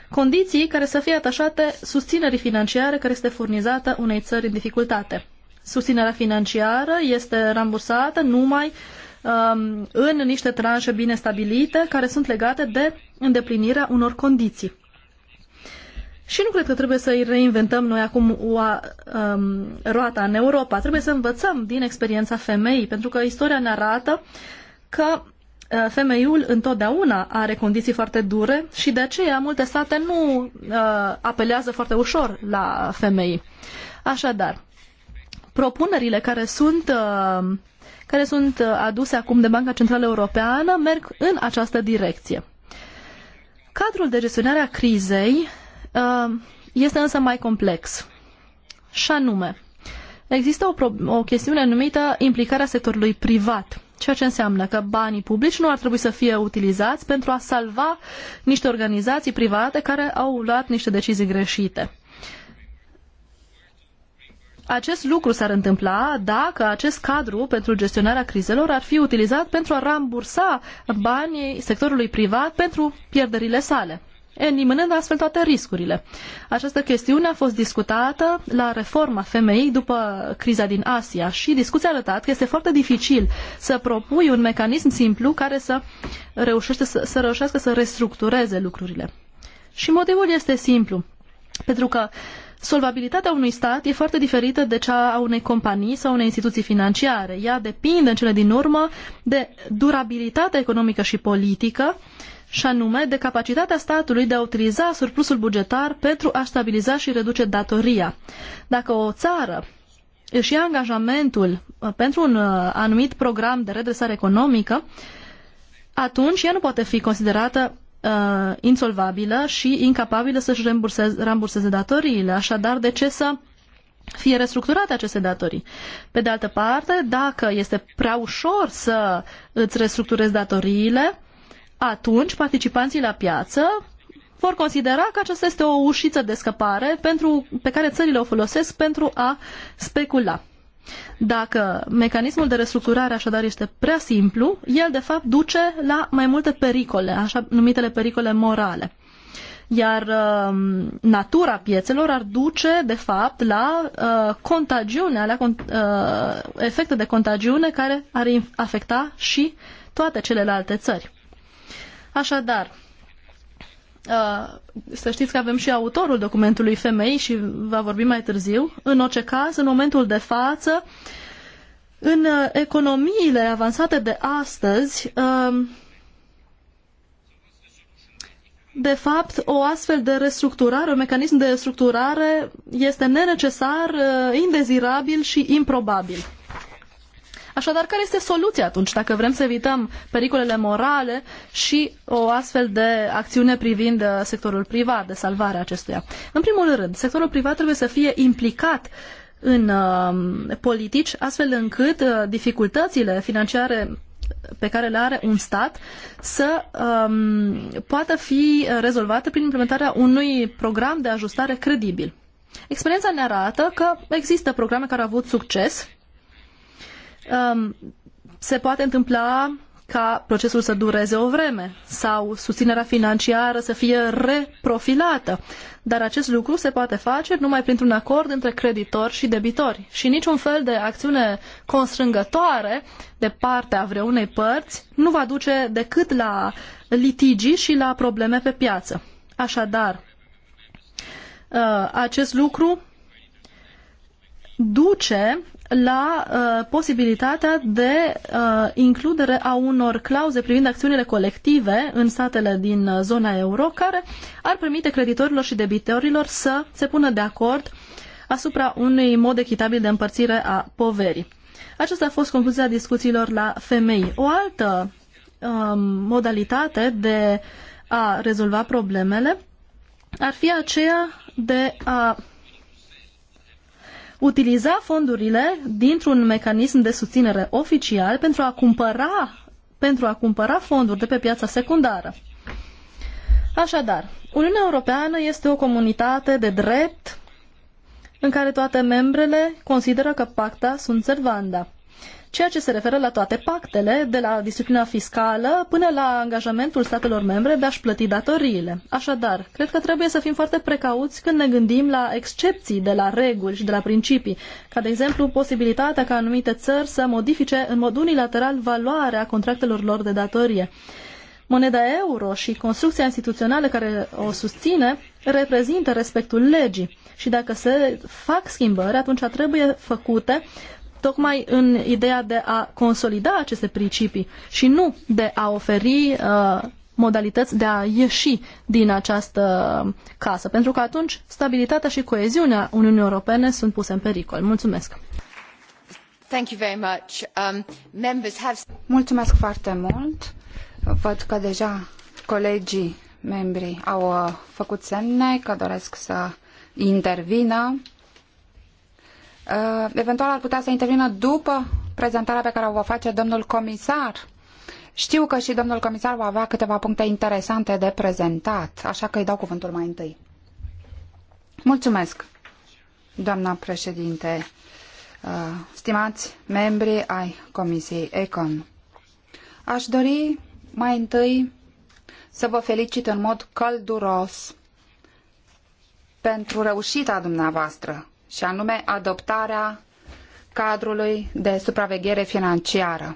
[SPEAKER 2] condiții care să fie atașate susținerii financiare care este furnizată unei țări în dificultate susținerea financiară este rambursată numai um, în niște tranșe bine stabilite care sunt legate de îndeplinirea unor condiții. Și nu cred că trebuie să-i reinventăm noi acum o, um, roata în Europa. Trebuie să învățăm din experiența femeii, pentru că istoria ne arată că uh, femeiul întotdeauna are condiții foarte dure și de aceea multe state nu uh, apelează foarte ușor la femei. Așadar, propunerile care sunt, uh, care sunt uh, aduse acum de Banca Centrală Europeană merg în această direcție. Cadrul de gestionare a crizei uh, este însă mai complex. Și anume, există o, o chestiune numită implicarea sectorului privat, ceea ce înseamnă că banii publici nu ar trebui să fie utilizați pentru a salva niște organizații private care au luat niște decizii greșite acest lucru s-ar întâmpla dacă acest cadru pentru gestionarea crizelor ar fi utilizat pentru a rambursa banii sectorului privat pentru pierderile sale eliminând astfel toate riscurile. Această chestiune a fost discutată la reforma femeii după criza din Asia și discuția a arătat că este foarte dificil să propui un mecanism simplu care să, reușește, să, să reușească să restructureze lucrurile. Și motivul este simplu. Pentru că solvabilitatea unui stat e foarte diferită de cea a unei companii sau unei instituții financiare. Ea depinde în cele din urmă de durabilitatea economică și politică și anume de capacitatea statului de a utiliza surplusul bugetar pentru a stabiliza și reduce datoria. Dacă o țară își ia angajamentul uh, pentru un uh, anumit program de redresare economică, atunci ea nu poate fi considerată uh, insolvabilă și incapabilă să-și ramburseze, ramburseze datoriile. Așadar, de ce să fie restructurate aceste datorii. Pe de altă parte, dacă este prea ușor să îți restructurezi datoriile, atunci participanții la piață vor considera că aceasta este o ușiță de scăpare pentru, pe care țările o folosesc pentru a specula. Dacă mecanismul de restructurare așadar este prea simplu, el de fapt duce la mai multe pericole, așa numitele pericole morale. Iar uh, natura piețelor ar duce, de fapt, la uh, contagiune, la con- uh, efecte de contagiune care ar afecta și toate celelalte țări. Așadar, Uh, să știți că avem și autorul documentului femei și va vorbi mai târziu. În orice caz, în momentul de față, în uh, economiile avansate de astăzi, uh, de fapt, o astfel de restructurare, un mecanism de restructurare este nenecesar, indezirabil și improbabil. Așadar, care este soluția atunci dacă vrem să evităm pericolele morale și o astfel de acțiune privind uh, sectorul privat, de salvare acestuia? În primul rând, sectorul privat trebuie să fie implicat în uh, politici, astfel încât uh, dificultățile financiare pe care le are un stat să um, poată fi uh, rezolvate prin implementarea unui program de ajustare credibil. Experiența ne arată că există programe care au avut succes um, se poate întâmpla ca procesul să dureze o vreme sau susținerea financiară să fie reprofilată. Dar acest lucru se poate face numai printr-un acord între creditori și debitori și niciun fel de acțiune constrângătoare de partea vreunei părți nu va duce decât la litigii și la probleme pe piață. Așadar, uh, acest lucru duce la uh, posibilitatea de uh, includere a unor clauze privind acțiunile colective în statele din uh, zona euro, care ar permite creditorilor și debitorilor să se pună de acord asupra unui mod echitabil de împărțire a poverii. Aceasta a fost concluzia discuțiilor la femei. O altă um, modalitate de a rezolva problemele ar fi aceea de a utiliza fondurile dintr-un mecanism de susținere oficial pentru a cumpăra, pentru a cumpăra fonduri de pe piața secundară. Așadar, Uniunea Europeană este o comunitate de drept în care toate membrele consideră că pacta sunt servanda ceea ce se referă la toate pactele, de la disciplina fiscală până la angajamentul statelor membre de a-și plăti datoriile. Așadar, cred că trebuie să fim foarte precauți când ne gândim la excepții de la reguli și de la principii, ca de exemplu posibilitatea ca anumite țări să modifice în mod unilateral valoarea contractelor lor de datorie. Moneda euro și construcția instituțională care o susține reprezintă respectul legii și dacă se fac schimbări, atunci trebuie făcute tocmai în ideea de a consolida aceste principii și nu de a oferi uh, modalități de a ieși din această casă, pentru că atunci stabilitatea și coeziunea Uniunii Europene sunt puse în pericol. Mulțumesc!
[SPEAKER 3] Um,
[SPEAKER 1] Mulțumesc foarte mult. Văd că deja colegii membri au uh, făcut semne că doresc să intervină. Uh, eventual ar putea să intervină după prezentarea pe care o va face domnul comisar. Știu că și domnul comisar va avea câteva puncte interesante de prezentat, așa că îi dau cuvântul mai întâi. Mulțumesc, doamna președinte, uh, stimați membri ai Comisiei Econ. Aș dori mai întâi să vă felicit în mod călduros pentru reușita dumneavoastră și anume adoptarea cadrului de supraveghere financiară.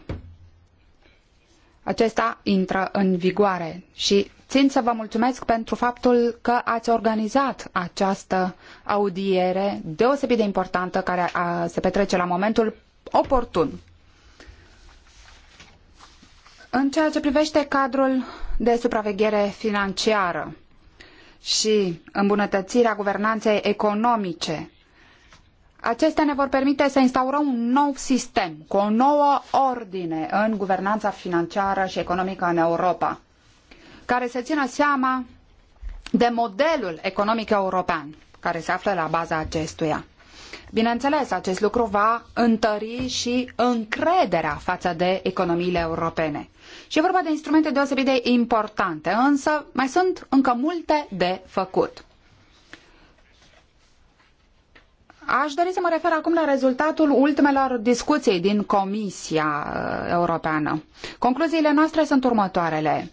[SPEAKER 1] Acesta intră în vigoare și țin să vă mulțumesc pentru faptul că ați organizat această audiere deosebit de importantă care a, se petrece la momentul oportun. În ceea ce privește cadrul de supraveghere financiară și îmbunătățirea guvernanței economice Acestea ne vor permite să instaurăm un nou sistem, cu o nouă ordine în guvernanța financiară și economică în Europa, care să țină seama de modelul economic european care se află la baza acestuia. Bineînțeles, acest lucru va întări și încrederea față de economiile europene. Și e vorba de instrumente deosebit de importante, însă mai sunt încă multe de făcut. Aș dori să mă refer acum la rezultatul ultimelor discuții din Comisia uh, Europeană. Concluziile noastre sunt următoarele.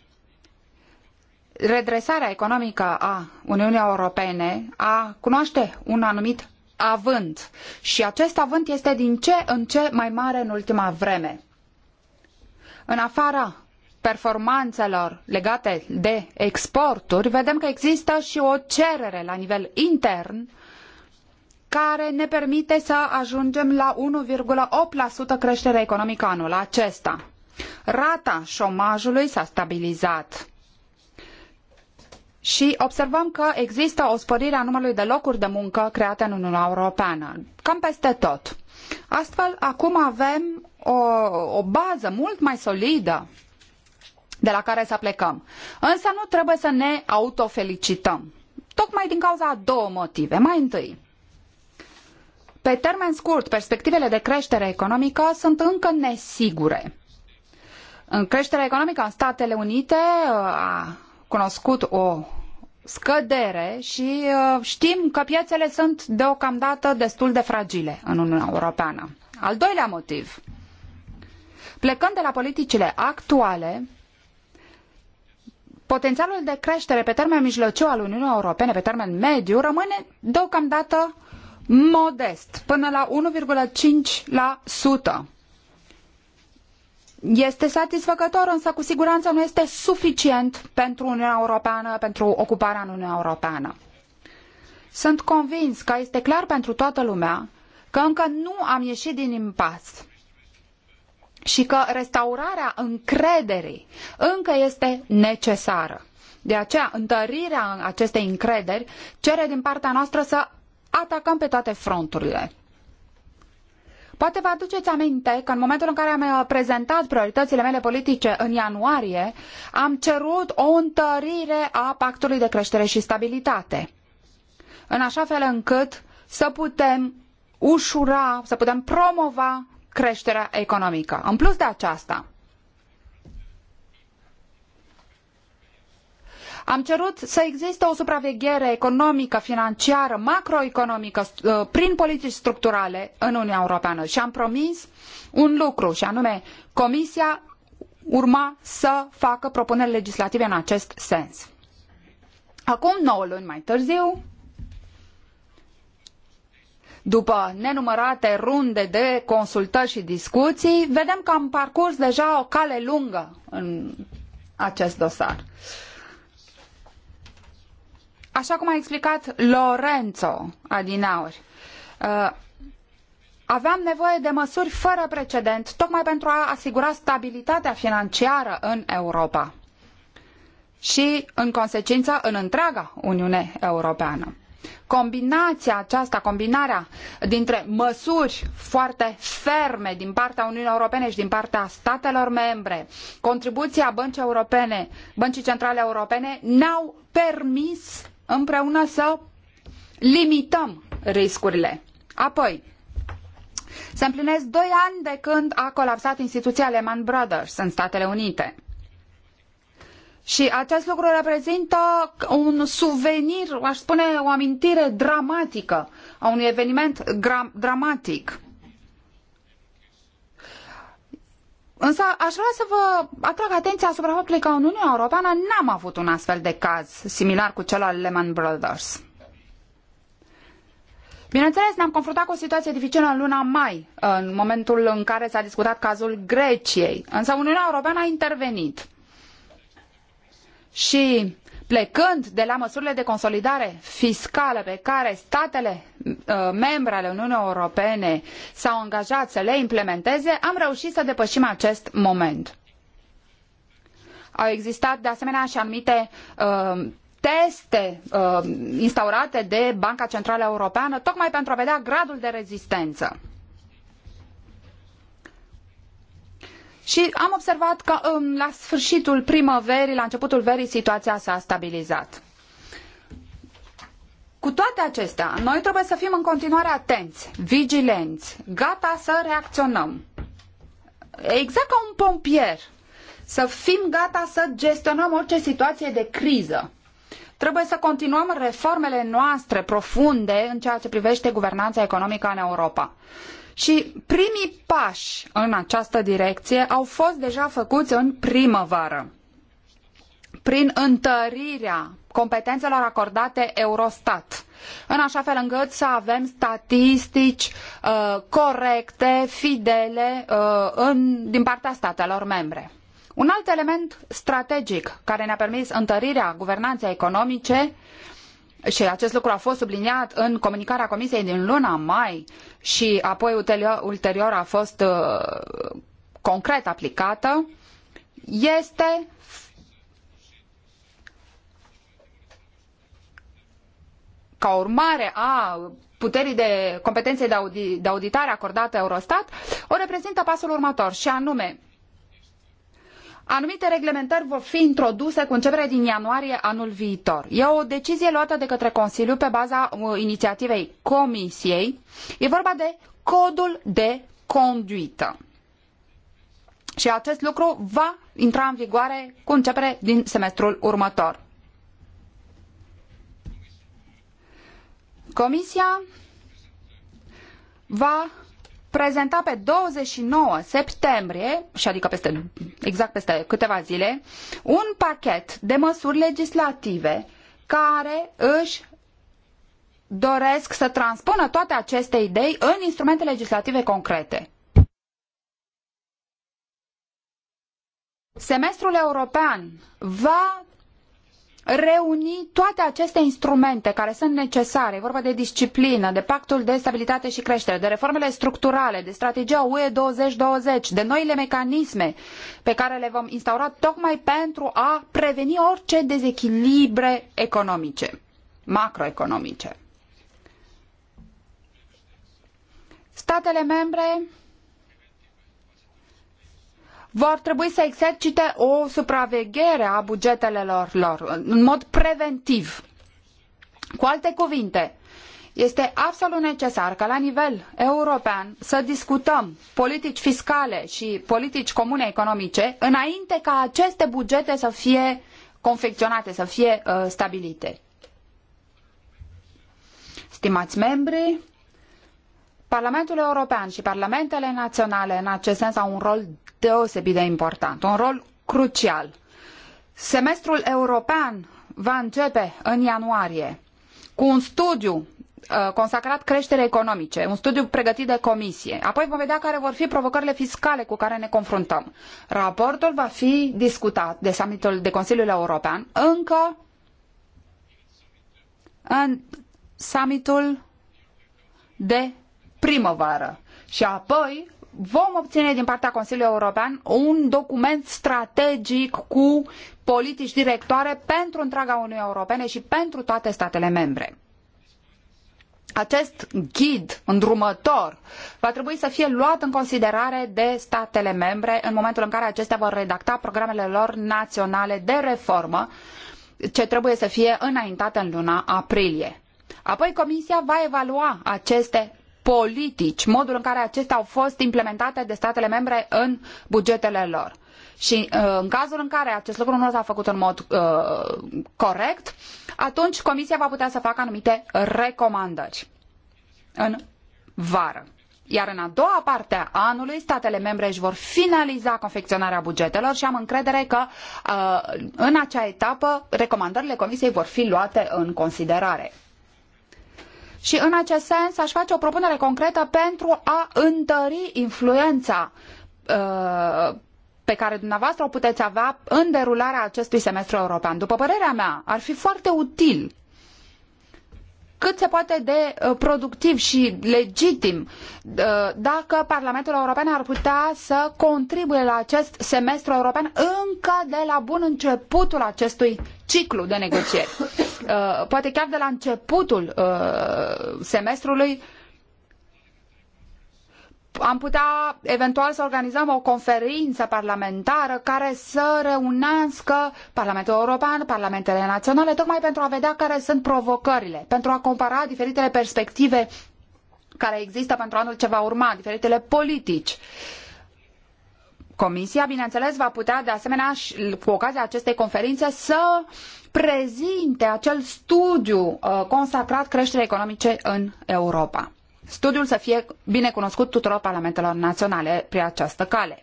[SPEAKER 1] Redresarea economică a Uniunii Europene a cunoaște un anumit avânt și acest avânt este din ce în ce mai mare în ultima vreme. În afara performanțelor legate de exporturi, vedem că există și o cerere la nivel intern uh, care ne permite să ajungem la 1,8% creștere economică anul acesta. Rata șomajului s-a stabilizat. Și observăm că există o spărire a numărului de locuri de muncă create în Uniunea Europeană, cam peste tot. Astfel, acum avem o, o bază mult mai solidă de la care să plecăm. Însă nu trebuie să ne autofelicităm. Tocmai din cauza a două motive. Mai întâi, pe termen scurt, perspectivele de creștere economică sunt încă nesigure. În creșterea economică în Statele Unite uh, a cunoscut o scădere și uh, știm că piețele sunt deocamdată destul de fragile în Uniunea Europeană. Al doilea motiv. Plecând de la politicile actuale, potențialul de creștere pe termen mijlociu al Uniunii Europene, pe termen mediu, rămâne deocamdată uh, modest, până la 1,5%. Este satisfăcător, însă cu siguranță nu este suficient pentru Uniunea Europeană, pentru ocuparea în Uniunea Europeană. Sunt convins că este clar pentru toată lumea că încă nu am ieșit din impas și că restaurarea încrederii încă este necesară. De aceea, întărirea acestei încrederi cere din partea noastră să atacăm pe toate fronturile. Poate vă aduceți aminte că în momentul în care am uh, prezentat prioritățile mele politice în ianuarie, am cerut o întărire a pactului de creștere și stabilitate, în așa fel încât să putem ușura, să putem promova creșterea economică. În plus de aceasta, Am cerut să existe o supraveghere economică, financiară, macroeconomică uh, prin politici structurale în Uniunea Europeană și am promis un lucru și anume Comisia urma să facă propuneri legislative în acest sens. Acum 9 luni mai târziu, după nenumărate runde de consultări și discuții, vedem că am parcurs deja o cale lungă în acest dosar. Uh, Așa cum a explicat Lorenzo Adinauri, uh, aveam nevoie de măsuri fără precedent, tocmai pentru a asigura stabilitatea financiară în Europa și, în consecință, în întreaga Uniune Europeană. Combinația aceasta, combinarea dintre măsuri foarte ferme din partea Uniunii Europene și din partea statelor membre, contribuția băncii, europene, băncii centrale europene, n au permis împreună să limităm riscurile. Apoi, se împlinesc doi ani de când a colapsat instituția Lehman Brothers în Statele Unite. Și acest lucru reprezintă un suvenir, aș spune o amintire dramatică a unui eveniment dramatic. Însă aș vrea să vă atrag atenția asupra faptului că în Uniunea Europeană n-am avut un astfel de caz similar cu cel al Lehman Brothers. Bineînțeles, ne-am confruntat cu o situație dificilă în luna mai, în momentul în care s-a discutat cazul Greciei. Însă Uniunea Europeană a intervenit. Și plecând de la măsurile de consolidare fiscală pe care statele uh, membre ale Uniunii Europene s-au angajat să le implementeze, am reușit să depășim acest moment. Au existat de asemenea și anumite uh, teste uh, instaurate de Banca Centrală Europeană tocmai pentru a vedea gradul de rezistență. Și am observat că um, la sfârșitul primăverii, la începutul verii, situația s-a stabilizat. Cu toate acestea, noi trebuie să fim în continuare atenți, vigilenți, gata să reacționăm. Exact ca un pompier, să fim gata să gestionăm orice situație de criză. Trebuie să continuăm reformele noastre profunde în ceea ce privește guvernanța economică în Europa. Și primii pași în această direcție au fost deja făcuți în primăvară prin întărirea competențelor acordate Eurostat, în așa fel încât să avem statistici uh, corecte, fidele uh, în, din partea statelor membre. Un alt element strategic care ne-a permis întărirea guvernanței economice și acest lucru a fost subliniat în comunicarea Comisiei din luna mai și apoi ulterior a fost uh, concret aplicată, este ca urmare a puterii de competenței de, audi, de auditare acordată Eurostat, o reprezintă pasul următor și anume Anumite reglementări vor fi introduse cu începere din ianuarie anul viitor. E o decizie luată de către Consiliu pe baza uh, inițiativei Comisiei. E vorba de codul de conduită. Și acest lucru va intra în vigoare cu începere din semestrul următor. Comisia va prezenta pe 29 septembrie, și adică peste, exact peste câteva zile, un pachet de măsuri legislative care își doresc să transpună toate aceste idei în instrumente legislative concrete. Semestrul european va reuni toate aceste instrumente care sunt necesare, e vorba de disciplină, de pactul de stabilitate și creștere, de reformele structurale, de strategia UE 2020, de noile mecanisme pe care le vom instaura tocmai pentru a preveni orice dezechilibre economice, macroeconomice. Statele membre vor trebui să exercite o supraveghere a bugetelor lor în mod preventiv. Cu alte cuvinte, este absolut necesar ca la nivel european să discutăm politici fiscale și politici comune economice înainte ca aceste bugete să fie confecționate, să fie uh, stabilite. Stimați membri, Parlamentul European și parlamentele naționale în acest sens au un rol deosebit de important, un rol crucial. Semestrul european va începe în ianuarie cu un studiu uh, consacrat creșterii economice, un studiu pregătit de comisie. Apoi vom vedea care vor fi provocările fiscale cu care ne confruntăm. Raportul va fi discutat de summitul de Consiliul European încă în summitul de primăvară. Și apoi vom obține din partea Consiliului European un document strategic cu politici directoare pentru întreaga Uniune Europene și pentru toate statele membre. Acest ghid îndrumător va trebui să fie luat în considerare de statele membre în momentul în care acestea vor redacta programele lor naționale de reformă ce trebuie să fie înaintate în luna aprilie. Apoi Comisia va evalua aceste politici, modul în care acestea au fost implementate de statele membre în bugetele lor. Și uh, în cazul în care acest lucru nu s-a făcut în mod uh, corect, atunci Comisia va putea să facă anumite recomandări în vară. Iar în a doua parte a anului, statele membre își vor finaliza confecționarea bugetelor și am încredere că uh, în acea etapă recomandările Comisiei vor fi luate în considerare. Și în acest sens aș face o propunere concretă pentru a întări influența uh, pe care dumneavoastră o puteți avea în derularea acestui semestru european. După părerea mea, ar fi foarte util cât se poate de uh, productiv și legitim uh, dacă Parlamentul European ar putea să contribuie la acest semestru european încă de la bun începutul acestui ciclu de negocieri. Uh, poate chiar de la începutul semestrului am putea eventual să organizăm o conferință parlamentară care să reunească Parlamentul European, Parlamentele Naționale, tocmai pentru a vedea care sunt provocările, pentru a compara diferitele perspective care există pentru anul ce va urma, diferitele politici. Comisia, bineînțeles, va putea, de asemenea, cu ocazia acestei conferințe, să prezinte acel studiu uh, consacrat creșterii economice în Europa studiul să fie bine cunoscut tuturor parlamentelor naționale prin această cale.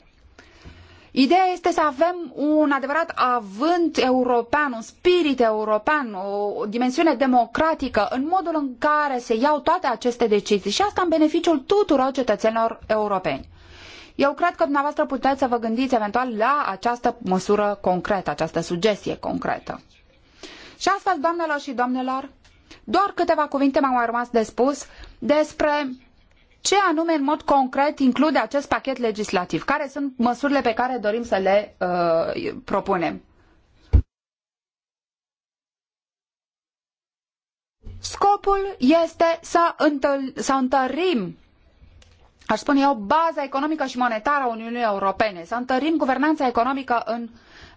[SPEAKER 1] Ideea este să avem un adevărat avânt european, un spirit european, o dimensiune democratică în modul în care se iau toate aceste decizii și asta în beneficiul tuturor cetățenilor europeni. Eu cred că dumneavoastră puteți să vă gândiți eventual la această măsură concretă, această sugestie concretă. Și astfel, doamnelor și domnilor, doar câteva cuvinte m-au mai rămas de spus despre ce anume în mod concret include acest pachet legislativ, care sunt măsurile pe care dorim să le uh, propunem. Scopul este să, să întărim aș spune eu, baza economică și monetară a Uniunii Europene, să întărim guvernanța economică în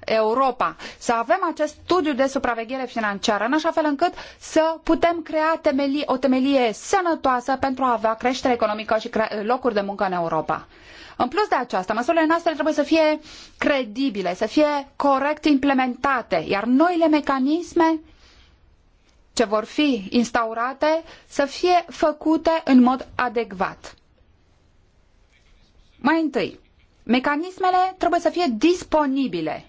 [SPEAKER 1] Europa, să avem acest studiu de supraveghere financiară, în așa fel încât să putem crea o temelie sănătoasă pentru a avea creștere economică și locuri de muncă în Europa. În plus de aceasta, măsurile noastre trebuie să fie credibile, să fie corect implementate, iar noile mecanisme ce vor fi instaurate să fie făcute în mod adecvat. Mai întâi, mecanismele trebuie să fie disponibile.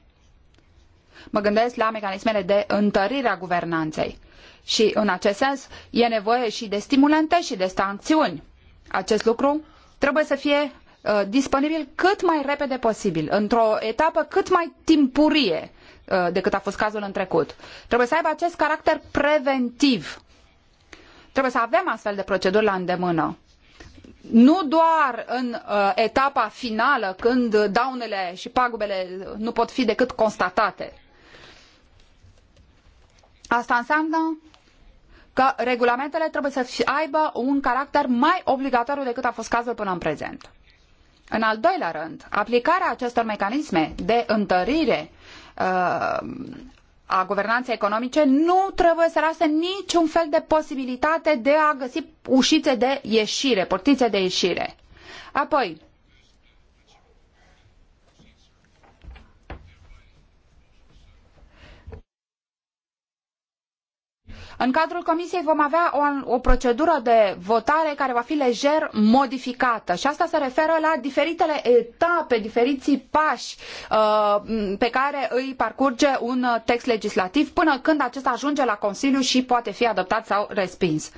[SPEAKER 1] Mă gândesc la mecanismele de întărire a guvernanței. Și în acest sens e nevoie și de stimulante și de sancțiuni. Acest lucru trebuie să fie uh, disponibil cât mai repede posibil, într-o etapă cât mai timpurie uh, decât a fost cazul în trecut. Trebuie să aibă acest caracter preventiv. Trebuie să avem astfel de proceduri la îndemână nu doar în uh, etapa finală, când daunele și pagubele nu pot fi decât constatate. Asta înseamnă că regulamentele trebuie să aibă un caracter mai obligatoriu decât a fost cazul până în prezent. În al doilea rând, aplicarea acestor mecanisme de întărire uh, a guvernanței economice nu trebuie să lase niciun fel de posibilitate de a găsi ușițe de ieșire, portițe de ieșire. Apoi, În cadrul Comisiei vom avea o, o procedură de votare care va fi lejer modificată și asta se referă la diferitele etape, diferiții pași uh, pe care îi parcurge un text legislativ până când acesta ajunge la Consiliu și poate fi adoptat sau respins.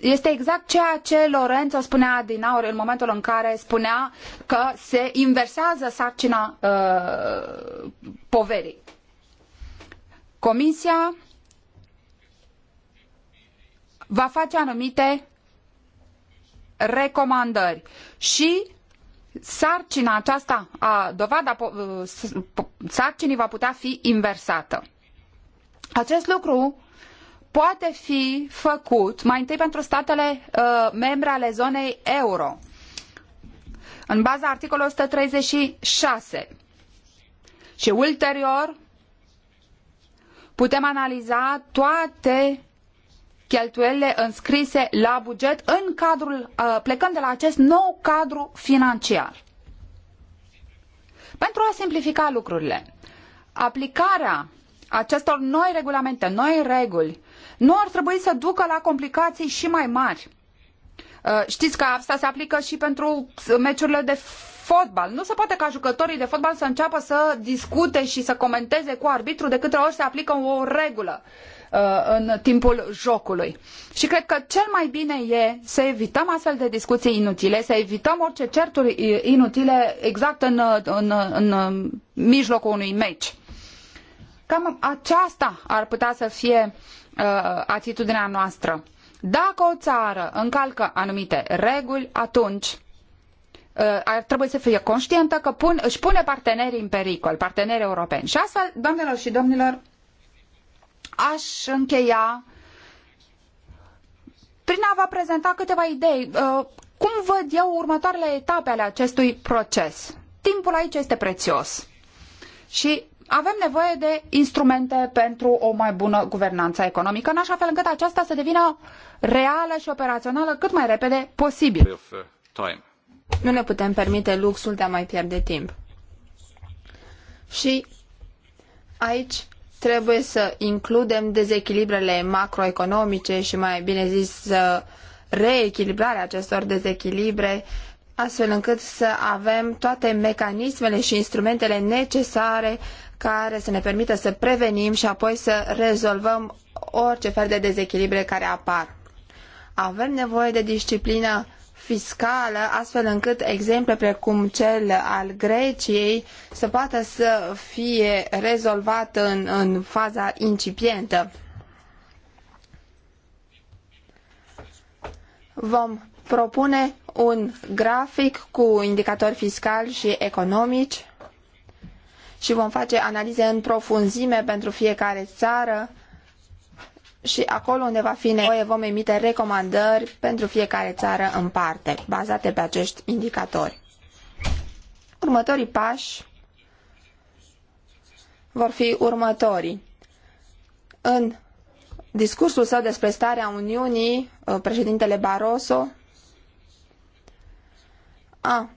[SPEAKER 1] Este exact ceea ce Lorenzo spunea din aur în momentul în care spunea că se inversează sarcina uh, poverii. Comisia va face anumite recomandări și sarcina aceasta, a, dovada sarcinii va putea fi inversată. Acest lucru poate fi făcut mai întâi pentru statele uh, membre ale zonei euro, în baza articolului 136. Și ulterior putem analiza toate cheltuielile înscrise la buget în cadrul, uh, plecând de la acest nou cadru financiar. Pentru a simplifica lucrurile, aplicarea acestor noi regulamente, noi reguli, nu ar trebui să ducă la complicații și mai mari. Uh, știți că asta se aplică și pentru meciurile de fotbal. Nu se poate ca jucătorii de fotbal să înceapă să discute și să comenteze cu arbitru de câte ori se aplică o regulă. Uh, Uh, în timpul jocului. Și cred că cel mai bine e să evităm astfel de discuții inutile, să evităm orice certuri inutile exact în, în, în mijlocul unui meci. Cam aceasta ar putea să fie uh, atitudinea noastră. Dacă o țară încalcă anumite reguli, atunci uh, ar trebui să fie conștientă că pun, își pune partenerii în pericol, partenerii europeni. Și astfel, doamnelor și domnilor, aș încheia prin a vă prezenta câteva idei. Uh, cum văd eu următoarele etape ale acestui proces? Timpul aici este prețios și avem nevoie de instrumente pentru o mai bună guvernanță economică, în așa fel încât aceasta să devină
[SPEAKER 3] reală și operațională cât mai repede posibil. Nu ne putem permite luxul de a mai pierde timp. Și aici trebuie să includem dezechilibrele macroeconomice și mai bine zis reechilibrarea acestor dezechilibre astfel încât să avem toate mecanismele și instrumentele necesare care să ne permită să prevenim și apoi să rezolvăm orice fel de dezechilibre care apar. Avem nevoie de disciplină fiscală, astfel încât exemple precum cel al Greciei să poată să fie rezolvat în, în faza incipientă. Vom propune un grafic cu indicatori fiscali și economici și vom face analize în profunzime pentru fiecare țară și acolo unde va fi nevoie vom emite recomandări pentru fiecare țară în parte, bazate pe acești indicatori. Următorii pași vor fi următorii. În discursul său despre starea Uniunii, uh, președintele Barroso a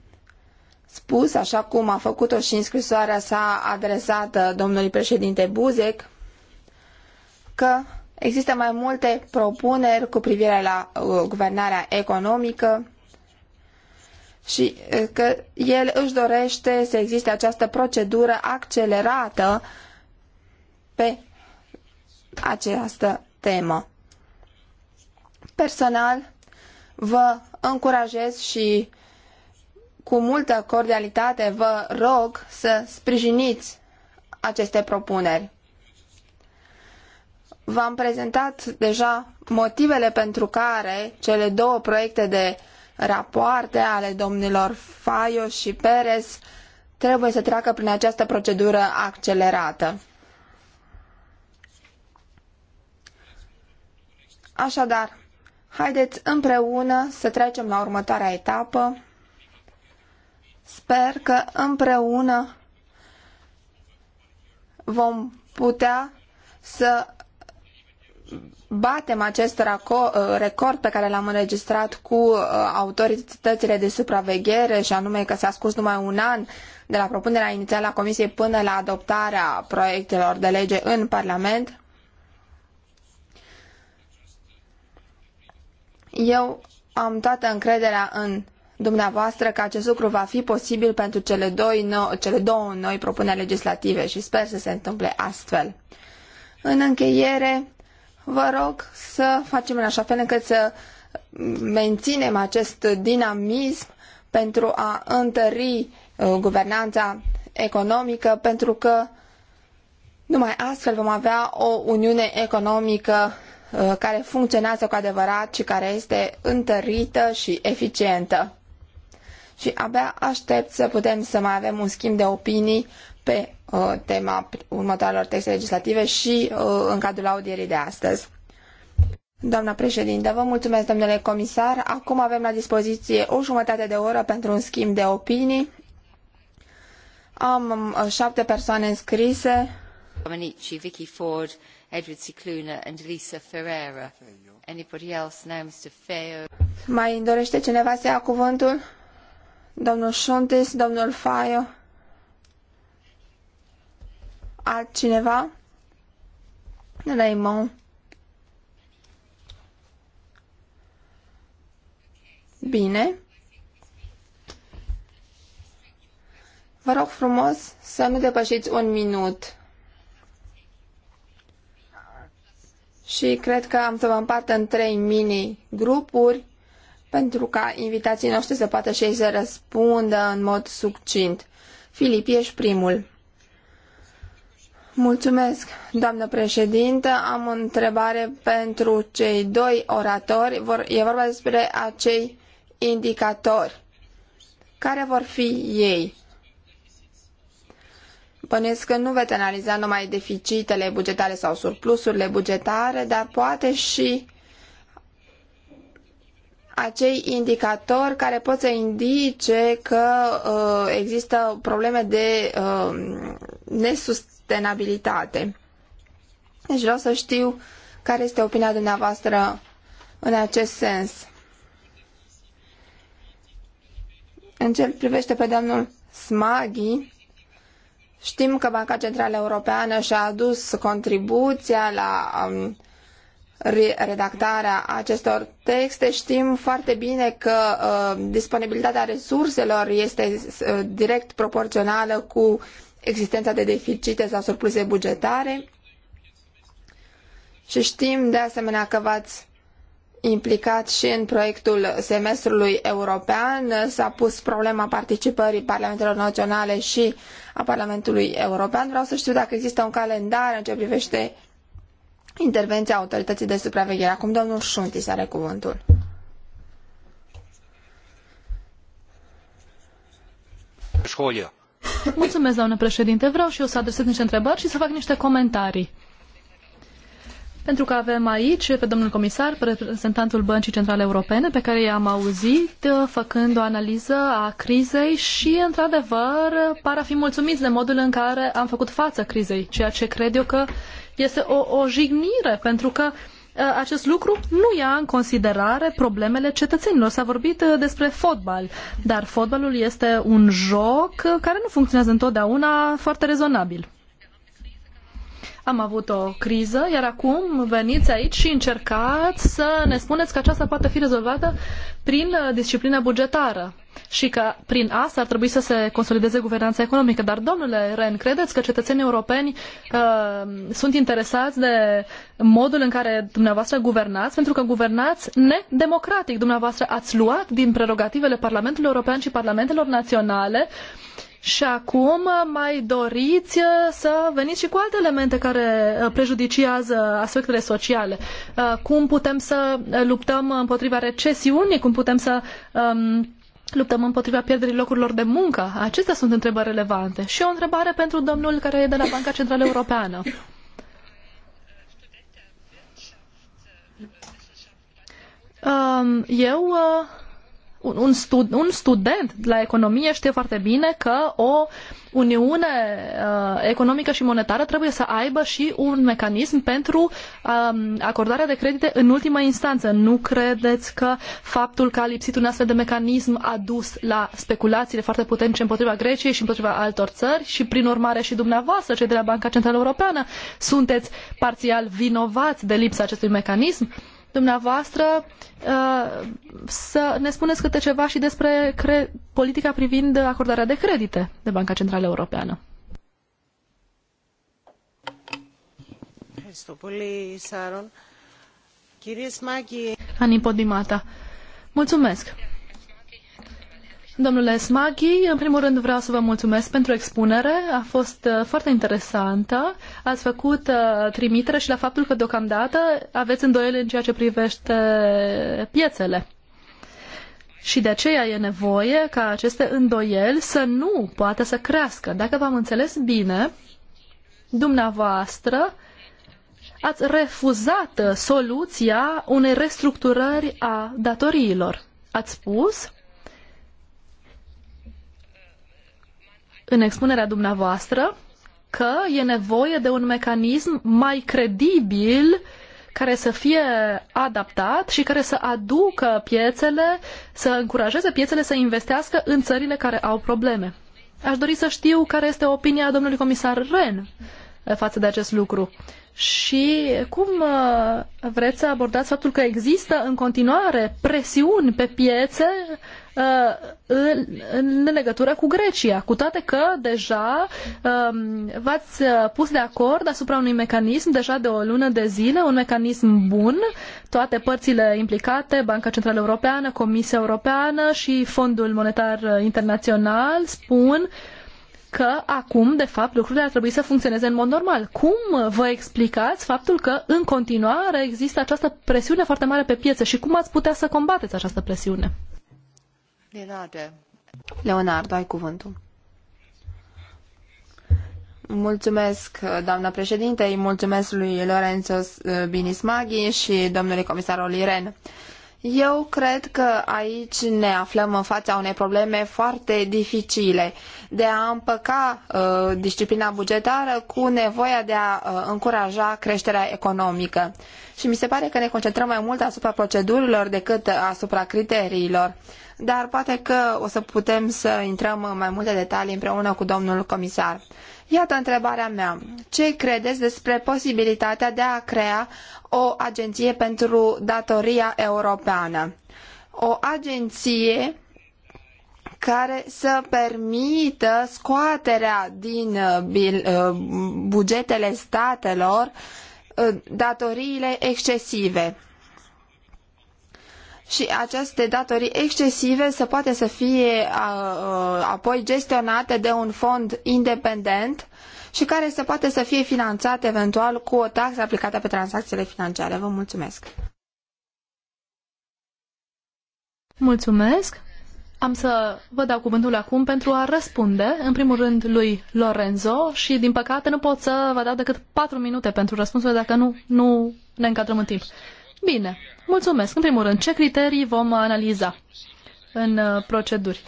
[SPEAKER 3] spus, așa cum a făcut-o și în scrisoarea sa adresată domnului președinte Buzek, că Există mai multe propuneri cu privire la uh, guvernarea economică și uh, că el își dorește să existe această procedură accelerată pe această temă. Personal, vă încurajez și cu multă cordialitate vă rog să sprijiniți aceste propuneri. V-am prezentat deja motivele pentru care cele două proiecte de rapoarte ale domnilor Faio și Perez trebuie să treacă prin această procedură accelerată. Așadar, haideți împreună să trecem la următoarea etapă. Sper că împreună vom putea să batem acest uh, record pe care l-am înregistrat cu uh, autoritățile de supraveghere și anume că s-a scurs numai un an de la propunerea inițială a Comisiei până la adoptarea proiectelor de lege în Parlament, eu am toată încrederea în dumneavoastră că acest lucru va fi posibil pentru cele, doi no cele două noi propuneri legislative și sper să se întâmple astfel. În încheiere, vă rog să facem în așa fel încât să menținem acest dinamism pentru a întări uh, guvernanța economică, pentru că numai astfel vom avea o uniune economică uh, care funcționează cu adevărat și care este întărită și eficientă. Și abia aștept să putem să mai avem un schimb de opinii pe Uh, tema următoarelor texte legislative și uh, în cadrul audierii de astăzi. Doamna președintă, vă mulțumesc, domnule comisar. Acum avem la dispoziție o jumătate de oră pentru un schimb de opinii. Am um, șapte persoane înscrise. Domenici, Vicky Ford, Edward Cicluna and Lisa Ferreira. Anybody else now, Mr. Feo? Mai dorește cineva să ia cuvântul? Domnul Șuntis, domnul Faio. Altcineva? Raymond. Bine. Vă rog frumos să nu depășiți un minut. Și cred că am să vă împart în trei mini-grupuri pentru ca invitații noștri să poată și ei să răspundă în mod succint. Filip, ești primul. Mulțumesc, doamnă președintă. Am o întrebare pentru cei doi oratori. Vor, e vorba despre acei indicatori. Care vor fi ei? Bănuiesc că nu veți analiza numai deficitele bugetare sau surplusurile bugetare, dar poate și acei indicatori care pot să indice că uh, există probleme de uh, nesustenabilitate. Deci vreau să știu care este opinia dumneavoastră în acest sens. În ce privește pe domnul Smaghi, știm că Banca Centrală Europeană și-a adus contribuția la um, redactarea acestor texte. Știm foarte bine că uh, disponibilitatea resurselor este uh, direct proporțională cu existența de deficite sau surpluse bugetare și știm de asemenea că v-ați implicat și în proiectul semestrului european. S-a pus problema participării parlamentelor naționale și a Parlamentului European. Vreau să știu dacă există un calendar în ceea ce privește intervenția autorității de supraveghere. Acum domnul Șuntis are cuvântul.
[SPEAKER 1] Școlia.
[SPEAKER 2] Mulțumesc, doamnă președinte. Vreau și eu să adresez niște întrebări și să fac niște comentarii. Pentru că avem aici pe domnul comisar, reprezentantul Băncii Centrale Europene, pe care i-am auzit uh, făcând o analiză a crizei și, într-adevăr, par a fi mulțumiți de modul în care am făcut față crizei, ceea ce cred eu că este o, o jignire, pentru că ă, acest lucru nu ia în considerare problemele cetățenilor. S-a vorbit ă, despre fotbal, dar fotbalul este un joc care nu funcționează întotdeauna foarte rezonabil am avut o criză, iar acum veniți aici și încercați să ne spuneți că aceasta poate fi rezolvată prin uh, disciplina bugetară și că prin asta ar trebui să se consolideze guvernanța economică. Dar, domnule Ren, credeți că cetățenii europeni uh, sunt interesați de modul în care dumneavoastră guvernați? Pentru că guvernați nedemocratic. Dumneavoastră ați luat din prerogativele Parlamentului European și Parlamentelor Naționale uh, și acum mai doriți uh, să veniți și cu alte elemente care uh, prejudiciază aspectele sociale. Uh, cum putem să luptăm împotriva recesiunii? Cum putem să um, luptăm împotriva pierderii locurilor de muncă? Acestea sunt întrebări relevante. Și o întrebare pentru domnul care e de la Banca Centrală Europeană. Um, eu uh, un, un, stud, un student la economie știe foarte bine că o uniune uh, economică și monetară trebuie să aibă și un mecanism pentru um, acordarea de credite în ultima instanță. Nu credeți că faptul că a lipsit un astfel de mecanism a dus la speculațiile foarte puternice împotriva Greciei și împotriva altor țări și prin urmare și dumneavoastră, cei de la Banca Centrală Europeană, sunteți parțial vinovați de lipsa acestui mecanism? Uh, dumneavoastră uh, să ne spuneți câte ceva și despre politica privind acordarea de credite de Banca Centrală Europeană. Anipodimata. Mulțumesc. Domnule Smaghi, în primul rând vreau să vă mulțumesc pentru expunere. A fost uh, foarte interesantă. Ați făcut uh, trimitere și la faptul că deocamdată aveți îndoiele în ceea ce privește piețele. Și de aceea e nevoie ca aceste îndoieli să nu poată să crească. Dacă v-am înțeles bine, dumneavoastră ați refuzat uh, soluția unei restructurări a datoriilor. Ați spus în expunerea dumneavoastră că e nevoie de un mecanism mai credibil care să fie adaptat și care să aducă piețele, să încurajeze piețele să investească în țările care au probleme. Aș dori să știu care este opinia domnului comisar Ren eh, față de acest lucru. Și cum eh, vreți să abordați faptul că există în continuare presiuni pe piețe Uh, în, legătură cu Grecia, cu toate că deja um, v-ați uh, pus de acord asupra unui mecanism deja de o lună de zile, un mecanism bun, toate părțile implicate, Banca Centrală Europeană, Comisia Europeană și Fondul Monetar Internațional spun că acum, de fapt, lucrurile ar trebui să funcționeze în mod normal. Cum vă explicați faptul că în continuare există această presiune foarte mare pe piețe și cum ați putea să combateți această presiune? Leonardo. Leonardo, ai cuvântul.
[SPEAKER 3] Mulțumesc, doamna președinte, îi mulțumesc lui Lorenzo uh, Binismaghi și domnului comisar Oliren. Eu cred că aici ne aflăm în fața unei probleme foarte dificile de a împăca uh, disciplina bugetară cu nevoia de a uh, încuraja creșterea economică. Și mi se pare că ne concentrăm mai mult asupra procedurilor decât asupra criteriilor. Uh, dar poate că o să putem să intrăm în mai multe detalii împreună cu domnul comisar. Iată întrebarea mea. Ce credeți despre posibilitatea de a crea o agenție pentru datoria europeană? O agenție care să permită scoaterea din uh, uh, bugetele statelor uh, datoriile excesive și aceste datorii excesive să poate să fie apoi gestionate de un fond independent și care să poate să fie finanțat eventual cu o taxă aplicată pe tranzacțiile financiare. Vă mulțumesc!
[SPEAKER 2] Mulțumesc! Am să vă dau cuvântul acum pentru a răspunde, în primul rând, lui Lorenzo și, din păcate, nu pot să vă dau decât patru minute pentru răspunsuri dacă nu, nu ne încadrăm în timp. Bine, mulțumesc. În primul rând, ce criterii vom analiza în uh, proceduri?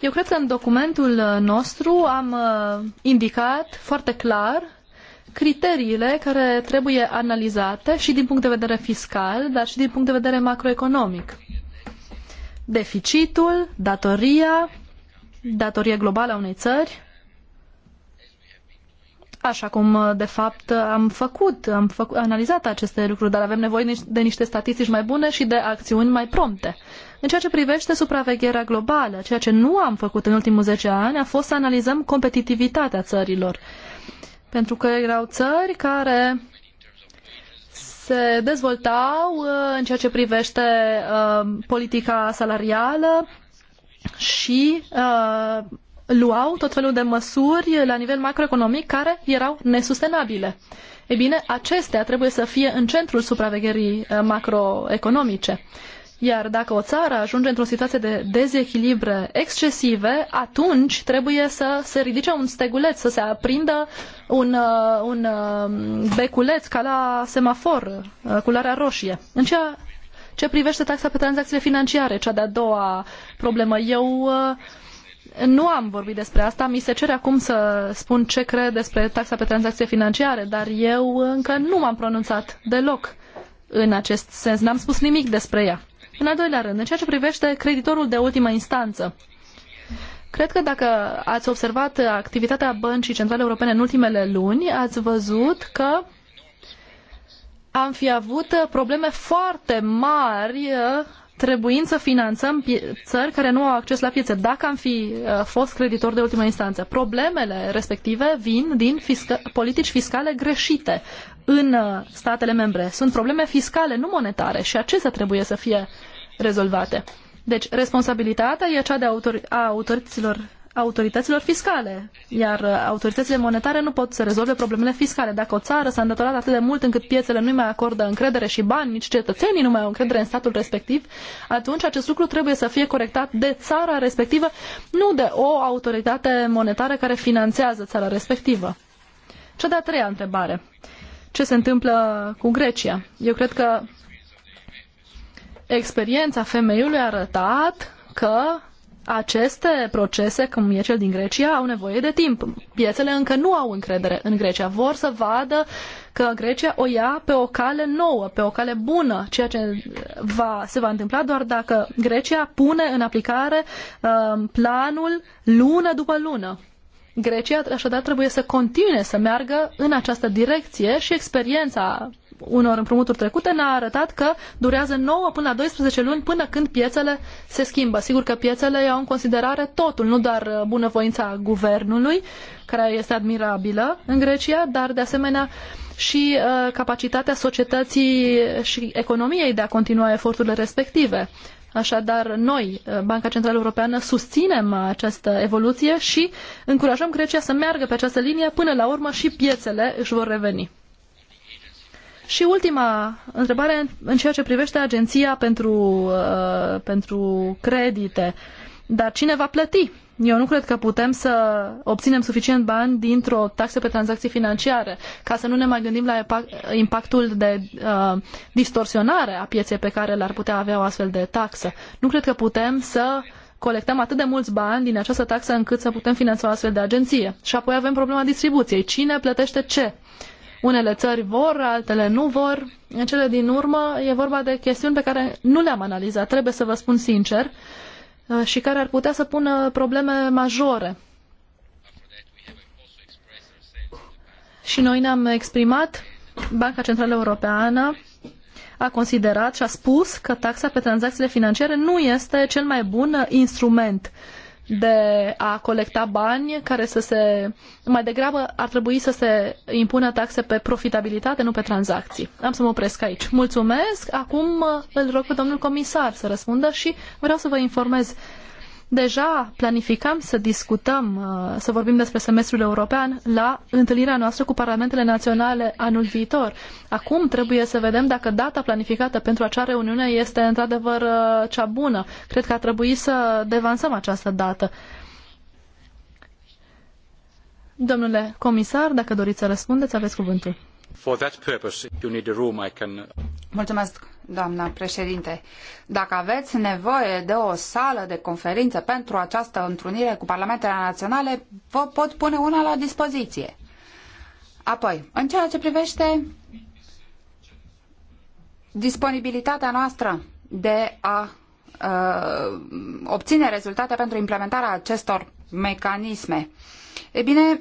[SPEAKER 2] Eu cred că în documentul uh, nostru am uh, indicat foarte clar criteriile care trebuie analizate și din punct de vedere fiscal, dar și din punct de vedere macroeconomic. Deficitul, datoria, datoria globală a unei țări, așa cum de fapt am făcut, am făcut, analizat aceste lucruri, dar avem nevoie de niște statistici mai bune și de acțiuni mai prompte. În ceea ce privește supravegherea globală, ceea ce nu am făcut în ultimul 10 ani a fost să analizăm competitivitatea țărilor. Pentru că erau țări care se dezvoltau uh, în ceea ce privește uh, politica salarială și uh, luau tot felul de măsuri la nivel macroeconomic care erau nesustenabile. E bine, acestea trebuie să fie în centrul supravegherii uh, macroeconomice. Iar dacă o țară ajunge într-o situație de dezechilibre excesive, atunci trebuie să se ridice un steguleț, să se aprindă un, uh, un uh, beculeț ca la semafor, culoarea roșie. În ceea ce privește taxa pe tranzacțiile financiare, cea de-a doua problemă, eu uh, nu am vorbit despre asta, mi se cere acum să spun ce cred despre taxa pe tranzacție financiare, dar eu încă nu m-am pronunțat deloc în acest sens, n-am spus nimic despre ea. În al doilea rând, în ceea ce privește creditorul de ultimă instanță, cred că dacă ați observat activitatea Băncii Centrale Europene în ultimele luni, ați văzut că am fi avut probleme foarte mari trebuind să finanțăm țări care nu au acces la piețe, dacă am fi uh, fost creditor de ultimă instanță. Problemele respective vin din politici fiscale greșite în uh, statele membre. Sunt probleme fiscale, nu monetare și acestea trebuie să fie rezolvate. Deci, responsabilitatea e cea de autor- a autorităților autorităților fiscale, iar autoritățile monetare nu pot să rezolve problemele fiscale. Dacă o țară s-a îndătorat atât de mult încât piețele nu mai acordă încredere și bani, nici cetățenii nu mai au încredere în statul respectiv, atunci acest lucru trebuie să fie corectat de țara respectivă, nu de o autoritate monetară care finanțează țara respectivă. Cea de-a treia întrebare. Ce se întâmplă cu Grecia? Eu cred că experiența femeiului a arătat că aceste procese, cum e cel din Grecia, au nevoie de timp. Piețele încă nu au încredere în Grecia. Vor să vadă că Grecia o ia pe o cale nouă, pe o cale bună, ceea ce va, se va întâmpla doar dacă Grecia pune în aplicare uh, planul lună după lună. Grecia așadar trebuie să continue să meargă în această direcție și experiența unor împrumuturi trecute ne-a arătat că durează 9 până la 12 luni până când piețele se schimbă. Sigur că piețele iau în considerare totul, nu doar uh, bunăvoința guvernului, care este admirabilă în Grecia, dar de asemenea și uh, capacitatea societății și economiei de a continua eforturile respective. Așadar, noi, uh, Banca Centrală Europeană, susținem această evoluție și încurajăm Grecia să meargă pe această linie, până la urmă și piețele își vor reveni. Și ultima întrebare în ceea ce privește agenția pentru, uh, pentru credite. Dar cine va plăti? Eu nu cred că putem să obținem suficient bani dintr-o taxă pe tranzacții financiare, ca să nu ne mai gândim la impactul de uh, distorsionare a pieței pe care l-ar putea avea o astfel de taxă. Nu cred că putem să colectăm atât de mulți bani din această taxă încât să putem finanța o astfel de agenție. Și apoi avem problema distribuției. Cine plătește ce? Uh, unele țări vor, altele nu vor. În cele din urmă e vorba de chestiuni pe care nu le-am analizat, trebuie să vă spun sincer, uh, și care ar putea să pună probleme majore. Și noi ne-am exprimat, Banca Centrală Europeană a considerat și a spus că taxa pe tranzacțiile financiare nu este cel mai bun instrument uh, de a colecta bani care să se... Mai degrabă ar trebui să se impună taxe pe profitabilitate, nu pe tranzacții. Am să mă opresc aici. Mulțumesc. Acum îl rog pe domnul comisar să răspundă și vreau să vă informez Deja planificam să discutăm, uh, să vorbim despre semestrul european la întâlnirea noastră cu parlamentele naționale anul viitor. Acum trebuie să vedem dacă data planificată pentru acea reuniune este într-adevăr uh, cea bună. Cred că ar trebui să devansăm această dată. Domnule comisar, dacă doriți să răspundeți, aveți cuvântul. For that purpose, you need a room, I can... Uh, Mulțumesc, doamna președinte. Dacă
[SPEAKER 1] aveți nevoie de o sală de conferințe pentru această întrunire cu parlamentele naționale, vă pot pune una la dispoziție. Apoi, în ceea ce privește disponibilitatea noastră de a uh, obține rezultate pentru implementarea acestor mecanisme. E bine,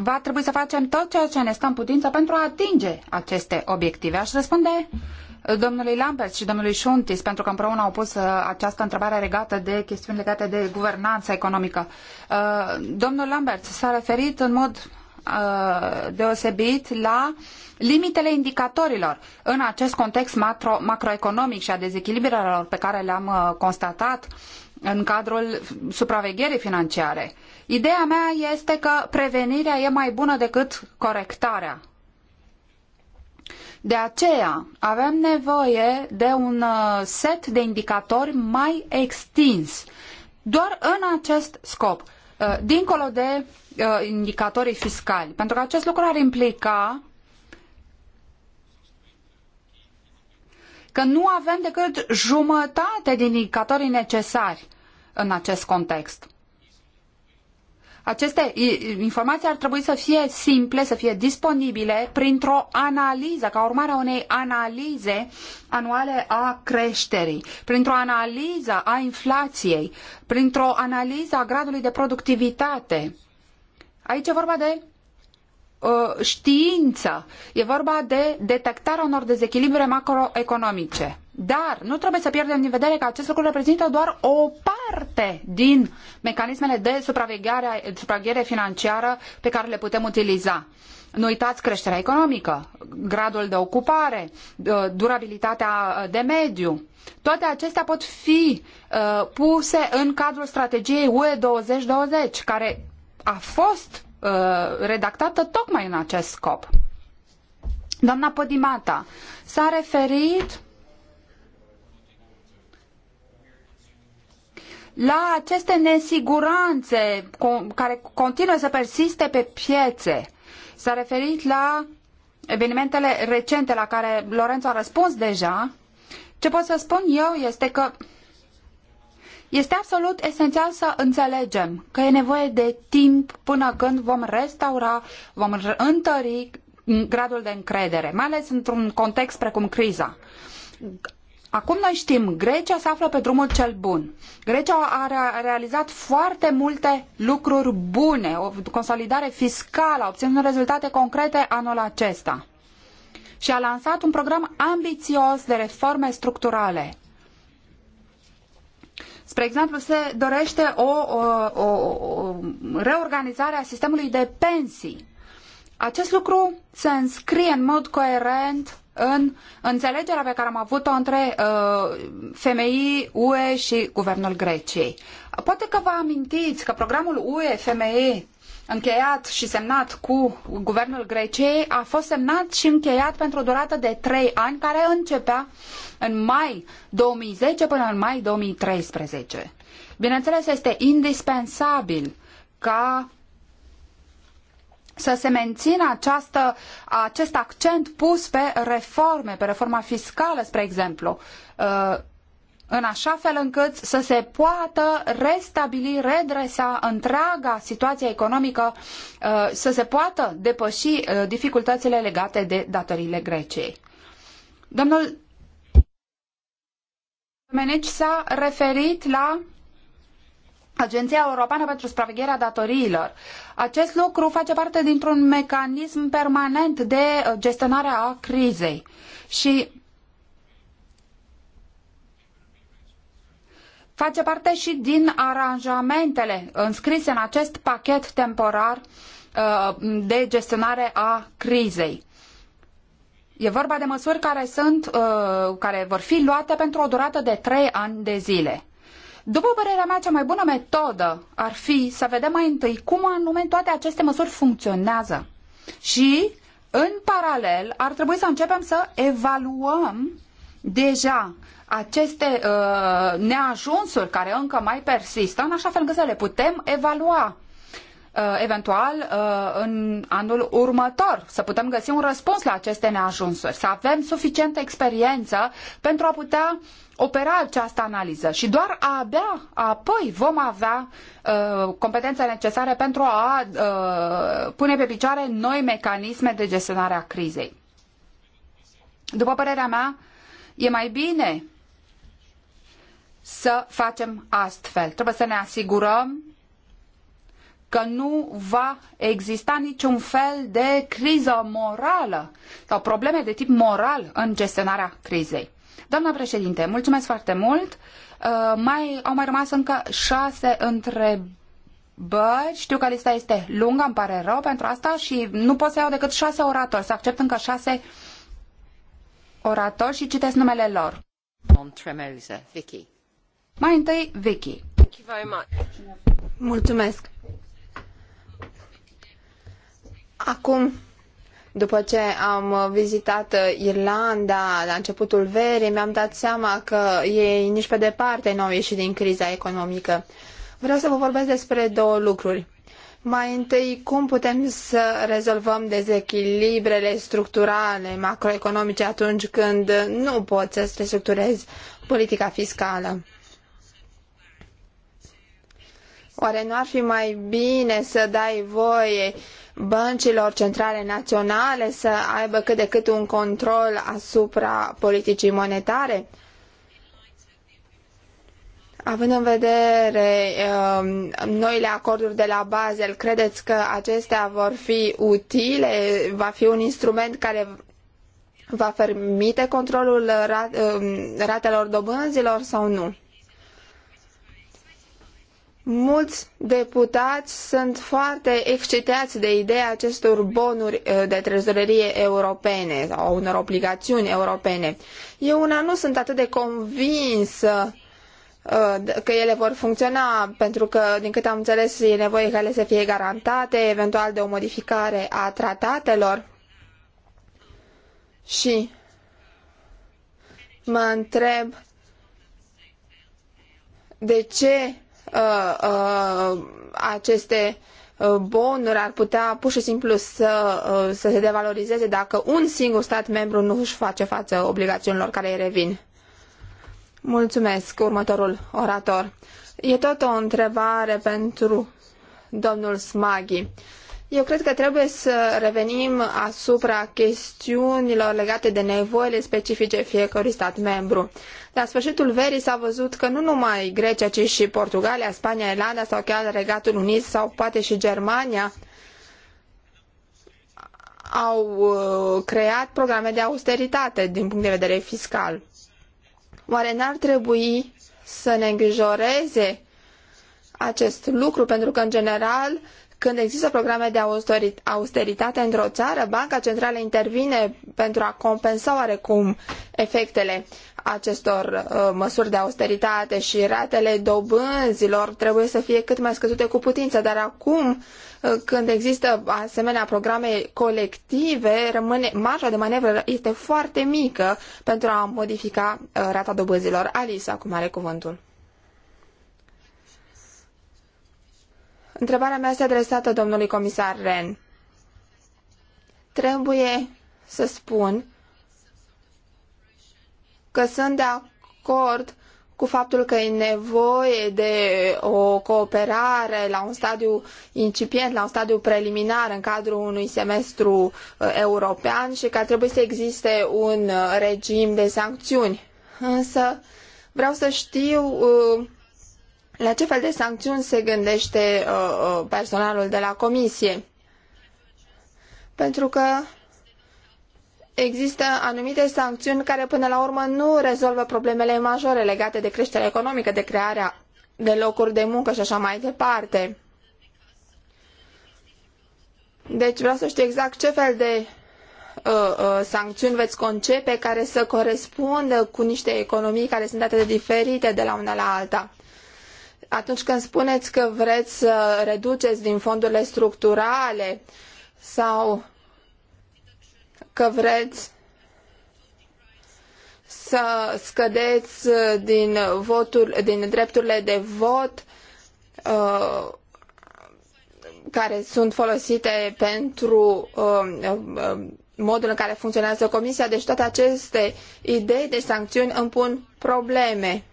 [SPEAKER 1] va trebui să facem tot ceea ce ne stă în putință pentru a atinge aceste obiective. Aș răspunde uh, domnului Lambert și domnului Șuntis, pentru că împreună au pus uh, această întrebare legată de chestiuni legate de guvernanța economică. Uh, domnul Lambert s-a referit în mod deosebit la limitele indicatorilor în acest context macro, macroeconomic și a dezechilibrelor pe care le-am constatat în cadrul supravegherii financiare. Uh, Ideea mea este că prevenirea e mai bună decât corectarea. De aceea avem nevoie de un uh, set de indicatori mai extins, doar în acest scop, uh, dincolo de uh, indicatorii fiscali, pentru că acest lucru ar implica că nu avem decât jumătate din indicatorii necesari în acest context. Aceste informații ar trebui să fie simple, să fie disponibile printr-o analiză, ca urmare a unei analize anuale a creșterii, printr-o analiză a inflației, printr-o analiză a gradului de productivitate. Aici e vorba de uh, știință, e vorba de detectarea unor dezechilibre macroeconomice. Dar nu trebuie să pierdem din vedere că acest lucru reprezintă doar o parte din mecanismele de supraveghere, supraveghere financiară pe care le putem utiliza. Nu uitați creșterea economică, gradul de ocupare, durabilitatea de mediu. Toate acestea pot fi uh, puse în cadrul strategiei UE 2020, care a fost uh, redactată tocmai în acest scop. Doamna Podimata s-a referit la aceste nesiguranțe care continuă să persiste pe piețe. S-a referit la evenimentele recente la care Lorenzo a răspuns deja. Ce pot să spun eu este că este absolut esențial să înțelegem că e nevoie de timp până când vom restaura, vom întări gradul de încredere, mai ales într-un context precum criza Acum noi știm, Grecia se află pe drumul cel bun. Grecia a realizat foarte multe lucruri bune, o consolidare fiscală, a obținut rezultate concrete anul acesta și a lansat un program ambițios de reforme structurale. Spre exemplu, se dorește o, o, o, o reorganizare a sistemului de pensii. Acest lucru se înscrie în mod coerent în înțelegerea pe care am avut-o între uh, FMI, UE și Guvernul Greciei. Poate că vă amintiți că programul UE FMI încheiat și semnat cu guvernul Greciei a fost semnat și încheiat pentru o durată de trei ani care începea în mai 2010 până în mai 2013. Bineînțeles, este indispensabil ca să se mențină această, acest accent pus pe reforme, pe reforma fiscală, spre exemplu, uh, în așa fel încât să se poată restabili, redresa întreaga situație economică, uh, să se poată depăși uh, dificultățile legate de datoriile Greciei. Domnul Domenici s-a referit la Agenția Europeană pentru Supravegherea Datoriilor. Acest lucru face parte dintr-un mecanism permanent de gestionare a crizei. Și face parte și din aranjamentele înscrise în acest pachet temporar uh, de gestionare a crizei. E vorba de măsuri care, sunt, uh, care vor fi luate pentru o durată de trei ani de zile. După părerea mea, cea mai bună metodă ar fi să vedem mai întâi cum anume toate aceste măsuri funcționează și, în paralel, ar trebui să începem să evaluăm deja aceste uh, neajunsuri care încă mai persistă, în așa fel încât să le putem evalua Uh, eventual uh, în anul următor, să putem găsi un răspuns la aceste neajunsuri, să avem suficientă experiență pentru a putea opera această analiză și doar abia apoi vom avea uh, competența necesară pentru a uh, pune pe picioare noi mecanisme de gestionare a crizei. După părerea mea, e mai bine să facem astfel. Trebuie să ne asigurăm că nu va exista niciun fel de criză morală sau probleme de tip moral în gestionarea crizei. Doamna președinte, mulțumesc foarte mult. Uh, mai, au mai rămas încă șase întrebări. Știu că lista este lungă, îmi pare rău pentru asta și nu pot să iau decât șase oratori. Să accept încă șase oratori și citesc numele lor.
[SPEAKER 3] Vicky. Mai întâi, Vicky. Mulțumesc. Acum, după ce am vizitat Irlanda la începutul verii, mi-am dat seama că ei nici pe departe nu au ieșit din criza economică. Vreau să vă vorbesc despre două lucruri. Mai întâi, cum putem să rezolvăm dezechilibrele structurale, macroeconomice, atunci când nu poți să restructurezi politica fiscală? Oare nu ar fi mai bine să dai voie băncilor centrale naționale să aibă cât de cât un control asupra politicii monetare? Având în vedere um, noile acorduri de la Basel, credeți că acestea vor fi utile? Va fi un instrument care va permite controlul um, ratelor dobânzilor sau nu? Mulți deputați sunt foarte excitați de ideea acestor bonuri uh, de trezorerie europene sau unor obligațiuni europene. Eu una nu sunt atât de convinsă uh, că ele vor funcționa, pentru că, din câte am înțeles, e nevoie ca ele să fie garantate, eventual de o modificare a tratatelor. Și mă întreb de ce Uh, uh, aceste uh, bonuri ar putea pur și simplu să, să se devalorizeze dacă un singur stat membru nu își face față obligațiunilor care îi revin. Mulțumesc, următorul orator. E tot o întrebare pentru domnul Smaghi. Uh, eu cred că trebuie să revenim asupra chestiunilor legate de nevoile specifice fiecărui stat membru. La sfârșitul verii s-a văzut că nu numai Grecia, ci și Portugalia, Spania, Irlanda sau chiar Regatul Unit sau poate și Germania au uh, creat programe de austeritate din punct de vedere fiscal. Oare n-ar trebui să ne îngrijoreze acest lucru, pentru că, în general, când există programe de austeritate într-o țară, Banca Centrală intervine pentru a compensa oarecum efectele acestor uh, măsuri de austeritate și ratele dobânzilor trebuie să fie cât mai scăzute cu putință, dar acum uh, când există asemenea programe colective, rămâne, marja de manevră este foarte mică pentru a modifica uh, rata dobânzilor. Alisa, acum are cuvântul. Întrebarea mea este adresată domnului comisar Ren. Trebuie să spun că sunt de acord cu faptul că e nevoie de o cooperare la un stadiu incipient, la un stadiu preliminar în cadrul unui semestru uh, european și că ar trebui să existe un uh, regim de sancțiuni. Însă vreau să știu uh, la ce fel de sancțiuni se gândește uh, uh, personalul de la comisie? Pentru că există anumite sancțiuni care până la urmă nu rezolvă problemele majore legate de creșterea economică, de crearea de locuri de muncă și așa mai departe. Deci vreau să știu exact ce fel de uh, uh, sancțiuni veți concepe care să corespundă cu niște economii care sunt atât de diferite de la una la alta atunci când spuneți că vreți să reduceți din fondurile structurale sau că vreți să scădeți din, votul, din drepturile de vot uh, care sunt folosite pentru uh, uh modul în care funcționează comisia. Deci toate aceste idei de sancțiuni îmi pun probleme.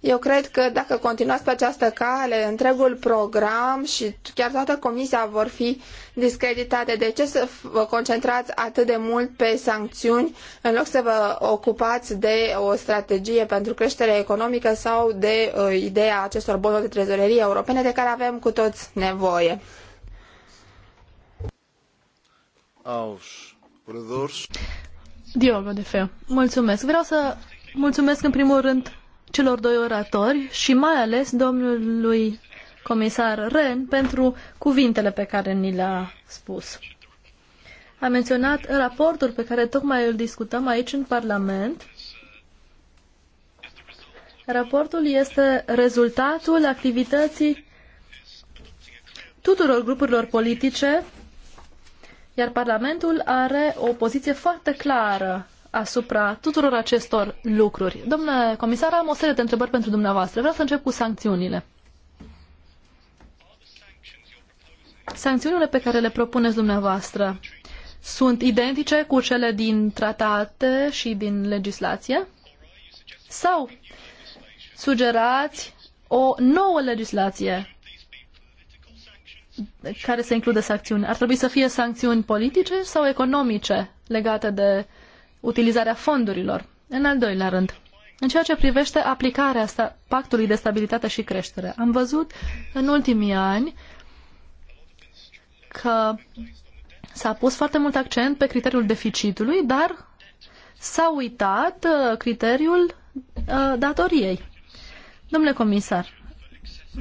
[SPEAKER 3] Eu cred că dacă continuați pe această cale, întregul program și chiar toată comisia vor fi discreditate. De ce să vă concentrați atât de mult pe sancțiuni în loc să vă ocupați de o strategie pentru creștere economică sau de uh, ideea acestor bonuri de trezorerie europene de care avem cu toți
[SPEAKER 2] nevoie? Aos, Diogo de Feo, mulțumesc. Vreau să mulțumesc în primul rând celor doi oratori și mai ales domnului comisar Ren pentru cuvintele pe care ni le-a spus. A menționat raportul pe care tocmai îl discutăm aici în Parlament. Raportul este rezultatul activității tuturor grupurilor politice, iar Parlamentul are o poziție foarte clară asupra tuturor acestor lucruri. Domnule comisar, am o serie de întrebări pentru dumneavoastră. Vreau să încep cu sancțiunile. Sancțiunile pe care le propuneți dumneavoastră sunt identice cu cele din tratate și din legislație? Sau sugerați o nouă legislație care să includă sancțiuni? Ar trebui să fie sancțiuni politice sau economice legate de uh, utilizarea fondurilor. În al doilea rând, în ceea ce privește aplicarea asta, pactului de stabilitate și creștere, am văzut în ultimii ani că s-a pus foarte mult accent pe criteriul deficitului, dar s-a uitat uh, criteriul uh, datoriei. Domnule comisar,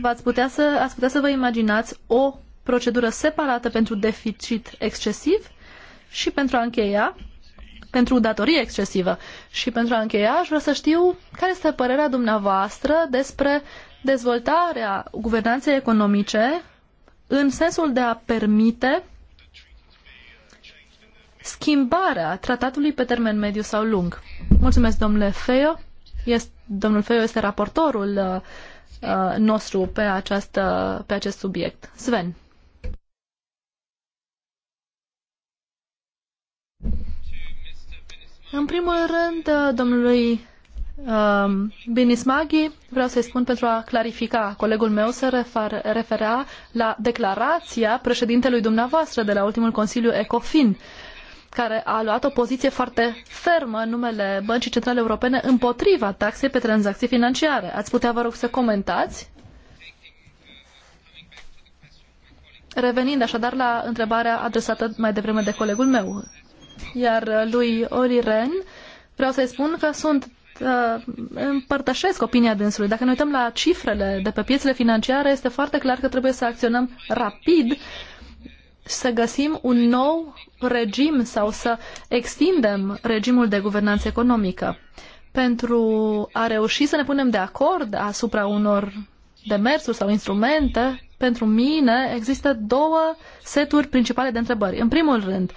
[SPEAKER 2] v-ați putea să, ați putea să vă imaginați o procedură separată pentru deficit excesiv și pentru a încheia pentru datorie excesivă. Și pentru a încheia, aș vrea să știu care este părerea dumneavoastră despre dezvoltarea guvernanței economice în sensul de a permite schimbarea tratatului pe termen mediu sau lung. Mulțumesc, domnule Feo. Este, domnul Feo este raportorul uh, uh, nostru pe, această, pe acest subiect. Sven. În primul rând, uh, domnului um, Binismaghi, vreau să-i spun pentru a clarifica. Colegul meu se refer, referea la declarația președintelui dumneavoastră de la ultimul Consiliu ECOFIN, care a luat o poziție foarte fermă în numele Băncii Centrale Europene împotriva taxei pe tranzacții financiare. Ați putea, vă rog, să comentați? Revenind așadar la întrebarea adresată mai devreme de colegul meu, iar uh, lui Ori Ren vreau să-i spun că sunt uh, împărtășesc opinia dânsului. Dacă ne uităm la cifrele de pe piețele financiare, este foarte clar că trebuie să acționăm rapid să găsim un nou regim sau să extindem regimul de guvernanță economică. Pentru a reuși să ne punem de acord asupra unor demersuri sau instrumente, pentru mine există două seturi principale de întrebări. În primul rând,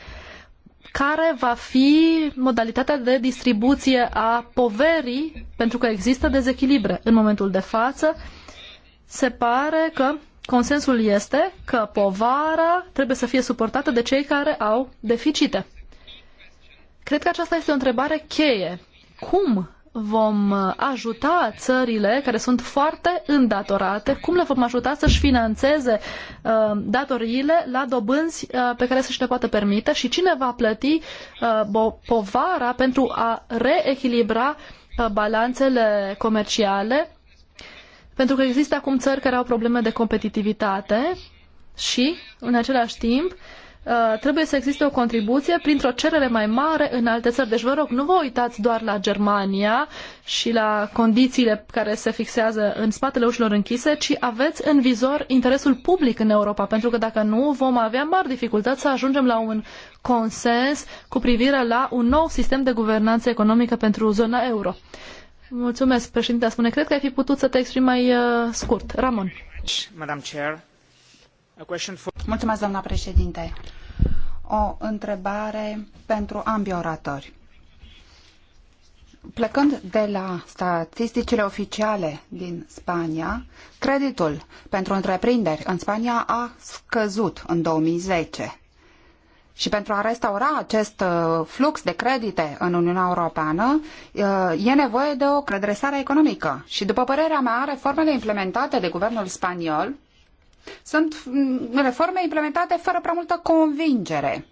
[SPEAKER 2] care va fi modalitatea de distribuție a poverii, pentru că există dezechilibre. În momentul de față, se pare că consensul este că povara trebuie să fie suportată de cei care au deficite. Cred că aceasta este o întrebare cheie. Cum vom uh, ajuta țările care sunt foarte îndatorate, cum le vom ajuta să-și financeze uh, datoriile la dobânzi uh, pe care să-și le poată permite și cine va plăti uh, povara pentru a reechilibra uh, balanțele comerciale, pentru că există acum țări care au probleme de competitivitate și, în același timp, uh, Uh, trebuie să existe o contribuție printr-o cerere mai mare în alte țări. Deci vă rog, nu vă uitați doar la Germania și la condițiile care se fixează în spatele ușilor închise, ci aveți în vizor interesul public în Europa, pentru că dacă nu, vom avea mari dificultăți să ajungem la un consens cu privire la un nou sistem de guvernanță economică pentru zona euro. Mulțumesc, președinte, spune. Cred că ai fi putut să te exprimi mai uh, scurt. Ramon.
[SPEAKER 1] Madam Chair
[SPEAKER 2] președinte. O întrebare pentru
[SPEAKER 1] ambii oratori. Plecând de la statisticile oficiale din Spania, creditul pentru întreprinderi în Spania a scăzut în 2010. Și pentru a restaura acest uh, flux de credite în Uniunea Europeană, uh, e nevoie de o redresare economică. Și după părerea mea, reformele implementate de guvernul spaniol sunt mm, reforme implementate fără prea multă convingere.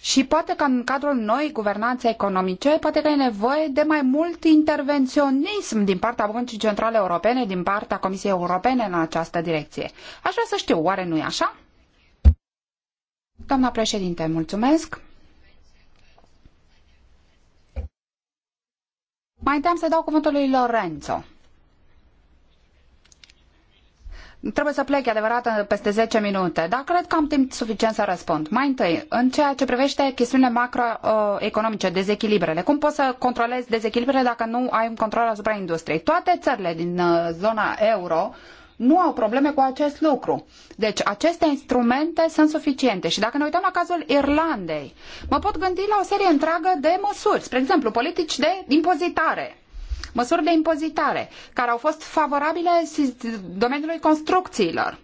[SPEAKER 1] Și poate că în cadrul noi guvernanței economice, poate că e nevoie de mai mult intervenționism din partea Băncii Centrale Europene, din partea Comisiei Europene în această direcție. Aș vrea să știu, oare nu e așa? Doamna președinte, mulțumesc. Mai întâi am să dau cuvântul lui Lorenzo. Trebuie să plec, adevărat, peste 10 minute, dar cred că am timp suficient să răspund. Mai întâi, în ceea ce privește chestiunile macroeconomice, dezechilibrele, cum poți să controlezi dezechilibrele dacă nu ai un control asupra industriei? Toate țările din uh, zona euro nu au probleme cu acest lucru. Deci aceste instrumente sunt suficiente și dacă ne uităm la cazul Irlandei, mă pot gândi la o serie întreagă de măsuri, spre exemplu politici de impozitare măsuri de impozitare care au fost favorabile domeniului construcțiilor,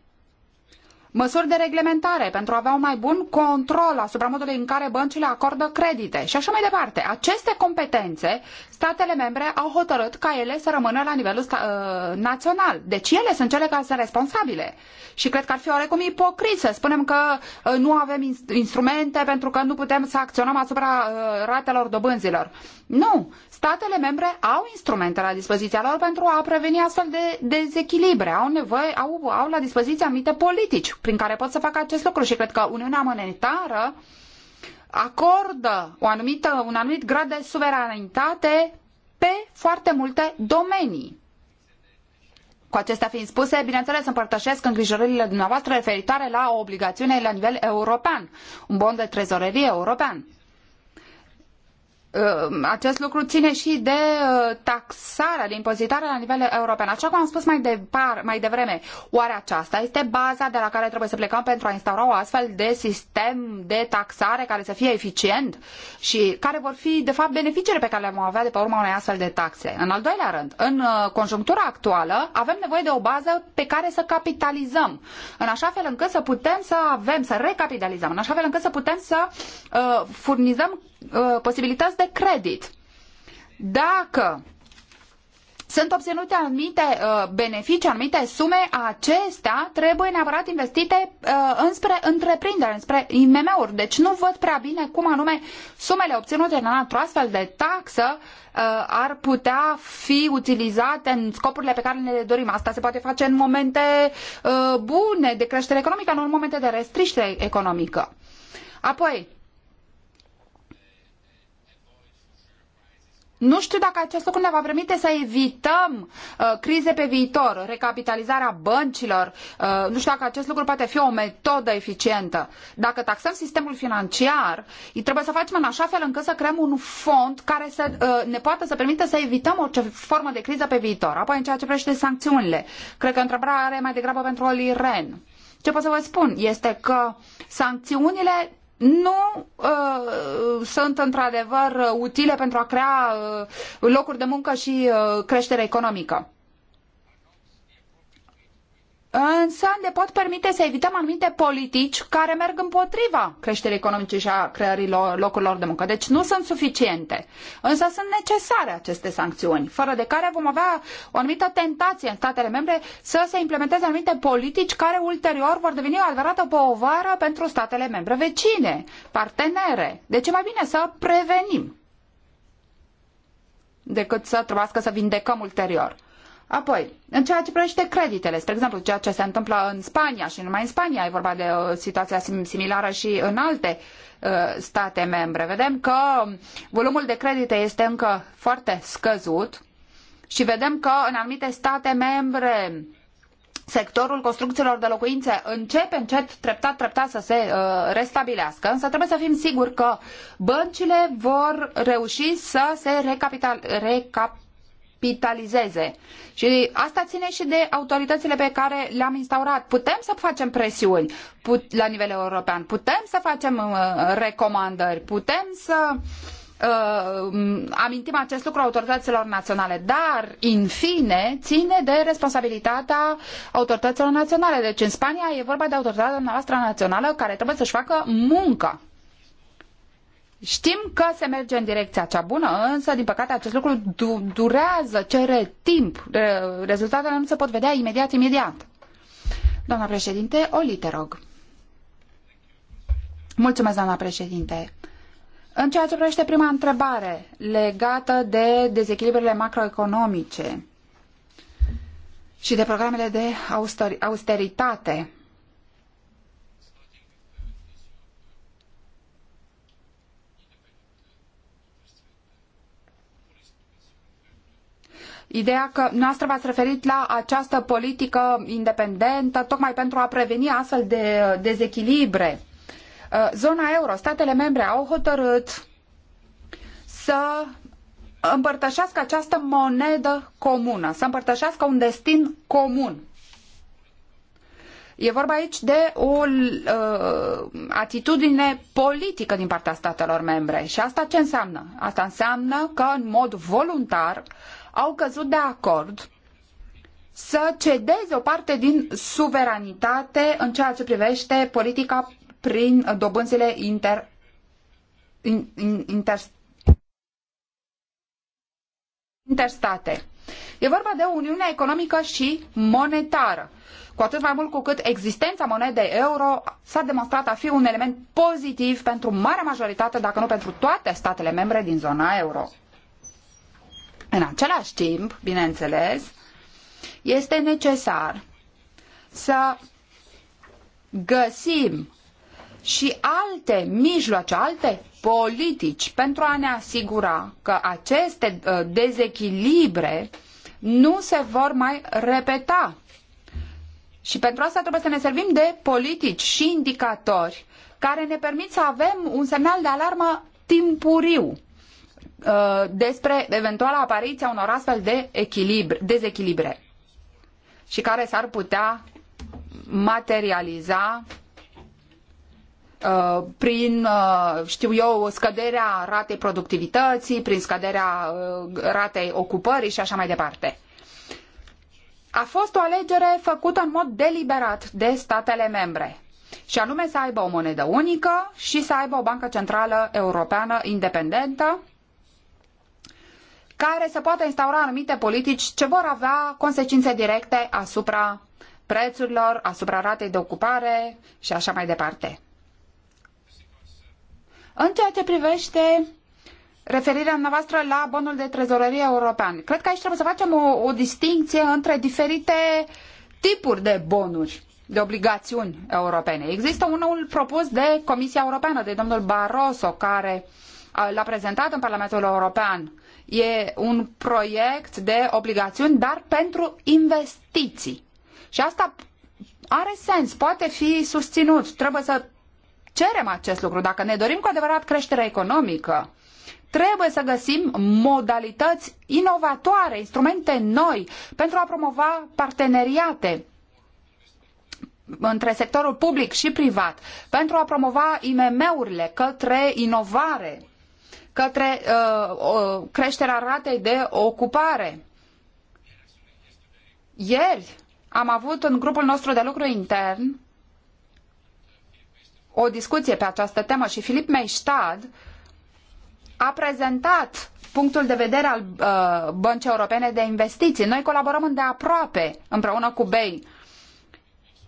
[SPEAKER 1] măsuri de reglementare pentru a avea un mai bun control asupra modului în care băncile acordă credite și așa mai departe. Aceste competențe, statele membre au hotărât ca ele să rămână la nivelul sta- ă, național. Deci ele sunt cele care sunt responsabile. Și cred că ar fi oarecum ipocrit să spunem că ă, nu avem instrumente pentru că nu putem să acționăm asupra ă, ratelor dobânzilor. Nu! statele membre au instrumente la dispoziția lor pentru a preveni astfel de dezechilibre. Au nevoie, au, au la dispoziție anumite politici prin care pot să facă acest lucru și cred că Uniunea Monetară acordă o anumită, un anumit grad de suveranitate pe foarte multe domenii. Cu acestea fiind spuse, bineînțeles împărtășesc îngrijorările dumneavoastră referitoare la o la nivel european, un bon de trezorerie european. Ehm, acest lucru ține și de eh, taxarea, de impozitarea la nivel european. Așa cum am spus mai, de, mai devreme, oare aceasta este baza de la care trebuie să plecăm pentru a instaura o astfel de sistem de taxare care să fie eficient și care vor fi, de fapt, beneficiile pe care le vom avea de pe urma unei astfel de taxe. În al doilea rând, în eh, conjunctura actuală avem nevoie de o bază pe care să capitalizăm, în așa fel încât să putem să avem, să recapitalizăm, în așa fel încât să putem să uh, furnizăm Uh, posibilități de credit. Dacă sunt obținute anumite uh, beneficii, anumite sume, acestea trebuie neapărat investite uh, înspre întreprindere, înspre IMM-uri. Deci nu văd prea bine cum anume sumele obținute în într-o astfel de taxă uh, ar putea fi utilizate în scopurile pe care ne le dorim. Asta se poate face în momente uh, bune de creștere economică, nu în momente de restriștere economică. Apoi, Nu știu dacă acest lucru ne va permite să evităm uh, crize pe viitor, recapitalizarea băncilor. Uh, nu știu dacă acest lucru poate fi o metodă eficientă. Dacă taxăm sistemul financiar, trebuie să facem în așa fel încât să creăm un fond care să uh, ne poată să permită să evităm orice formă de criză pe viitor. Apoi, în ceea ce privește sancțiunile, cred că întrebarea are mai degrabă pentru Olli Ren. Ce pot să vă spun este că sancțiunile nu uh, sunt într-adevăr utile pentru a crea uh, locuri de muncă și uh, creștere economică însă ne pot permite să evităm anumite politici care merg împotriva creșterii economice și a creării locurilor de muncă. Deci nu sunt suficiente, însă sunt necesare aceste sancțiuni, fără de care vom avea o anumită tentație în statele membre să se implementeze anumite politici care ulterior vor deveni o adevărată povară pentru statele membre vecine, partenere. Deci e mai bine să prevenim decât să trebuiască să vindecăm ulterior. Apoi, în ceea ce privește creditele, spre exemplu, ceea ce se întâmplă în Spania și numai în Spania, e vorba de o uh, situație similară și în alte uh, state membre. Vedem că volumul de credite este încă foarte scăzut și vedem că în anumite state membre sectorul construcțiilor de locuințe începe încet, treptat, treptat să se uh, restabilească, însă trebuie să fim siguri că băncile vor reuși să se recapitalizeze. recap, capitalizeze. Și asta ține și de autoritățile pe care le-am instaurat. Putem să facem presiuni put la nivel european, putem să facem uh, recomandări, putem să uh, amintim acest lucru autorităților naționale, dar, în fine, ține de responsabilitatea autorităților naționale. Deci, în Spania e vorba de autoritatea noastră națională care trebuie să-și facă munca. Știm că se merge în direcția cea bună, însă, din păcate, acest lucru du- durează, cere timp. Rezultatele nu se pot vedea imediat, imediat. Doamna președinte, Oli, te rog. Mulțumesc, doamna președinte. În ceea ce privește prima întrebare legată de dezechilibrele macroeconomice și de programele de austeritate, Ideea că noastră v-ați referit la această politică independentă tocmai pentru a preveni astfel de dezechilibre. Uh, zona euro, statele membre au hotărât să împărtășească această monedă comună, să împărtășească un destin comun. E vorba aici de o uh, atitudine politică din partea statelor membre. Și asta ce înseamnă? Asta înseamnă că în mod voluntar au căzut de acord să cedeze o parte din suveranitate în ceea ce privește politica prin dobânzile inter, in, inter, interstate. E vorba de Uniunea Economică și Monetară. Cu atât mai mult cu cât existența monedei euro s-a demonstrat a fi un element pozitiv pentru marea majoritate, dacă nu pentru toate statele membre din zona euro. În același timp, bineînțeles, este necesar să găsim și alte mijloace, alte politici pentru a ne asigura că aceste uh, dezechilibre nu se vor mai repeta. Și pentru asta trebuie să ne servim de politici și indicatori care ne permit să avem un semnal de alarmă timpuriu Uh, despre eventuala apariția unor astfel de echilibre, dezechilibre și care s-ar putea materializa uh, prin, uh, știu eu, scăderea ratei productivității, prin scăderea ratei ocupării și așa mai departe. A fost o alegere făcută în mod deliberat de statele membre și anume să aibă o monedă unică și să aibă o bancă centrală europeană independentă care să poată instaura anumite politici ce vor avea consecințe directe asupra prețurilor, asupra ratei de ocupare și așa mai departe. În ceea ce privește referirea noastră la bonul de trezorerie european, cred că aici trebuie să facem o, o distinție între diferite tipuri de bonuri de obligațiuni europene. Există unul propus de Comisia Europeană, de domnul Barroso, care l-a prezentat în Parlamentul European E un proiect de obligațiuni, dar pentru investiții. Și asta are sens, poate fi susținut. Trebuie să cerem acest lucru. Dacă ne dorim cu adevărat creșterea economică, trebuie să găsim modalități inovatoare, instrumente noi pentru a promova parteneriate între sectorul public și privat, pentru a promova IMM-urile către inovare către uh, creșterea ratei de ocupare. Ieri am avut în grupul nostru de lucru intern o discuție pe această temă și Filip Meistad a prezentat punctul de vedere al uh, Băncii Europene de Investiții. Noi colaborăm îndeaproape împreună cu BEI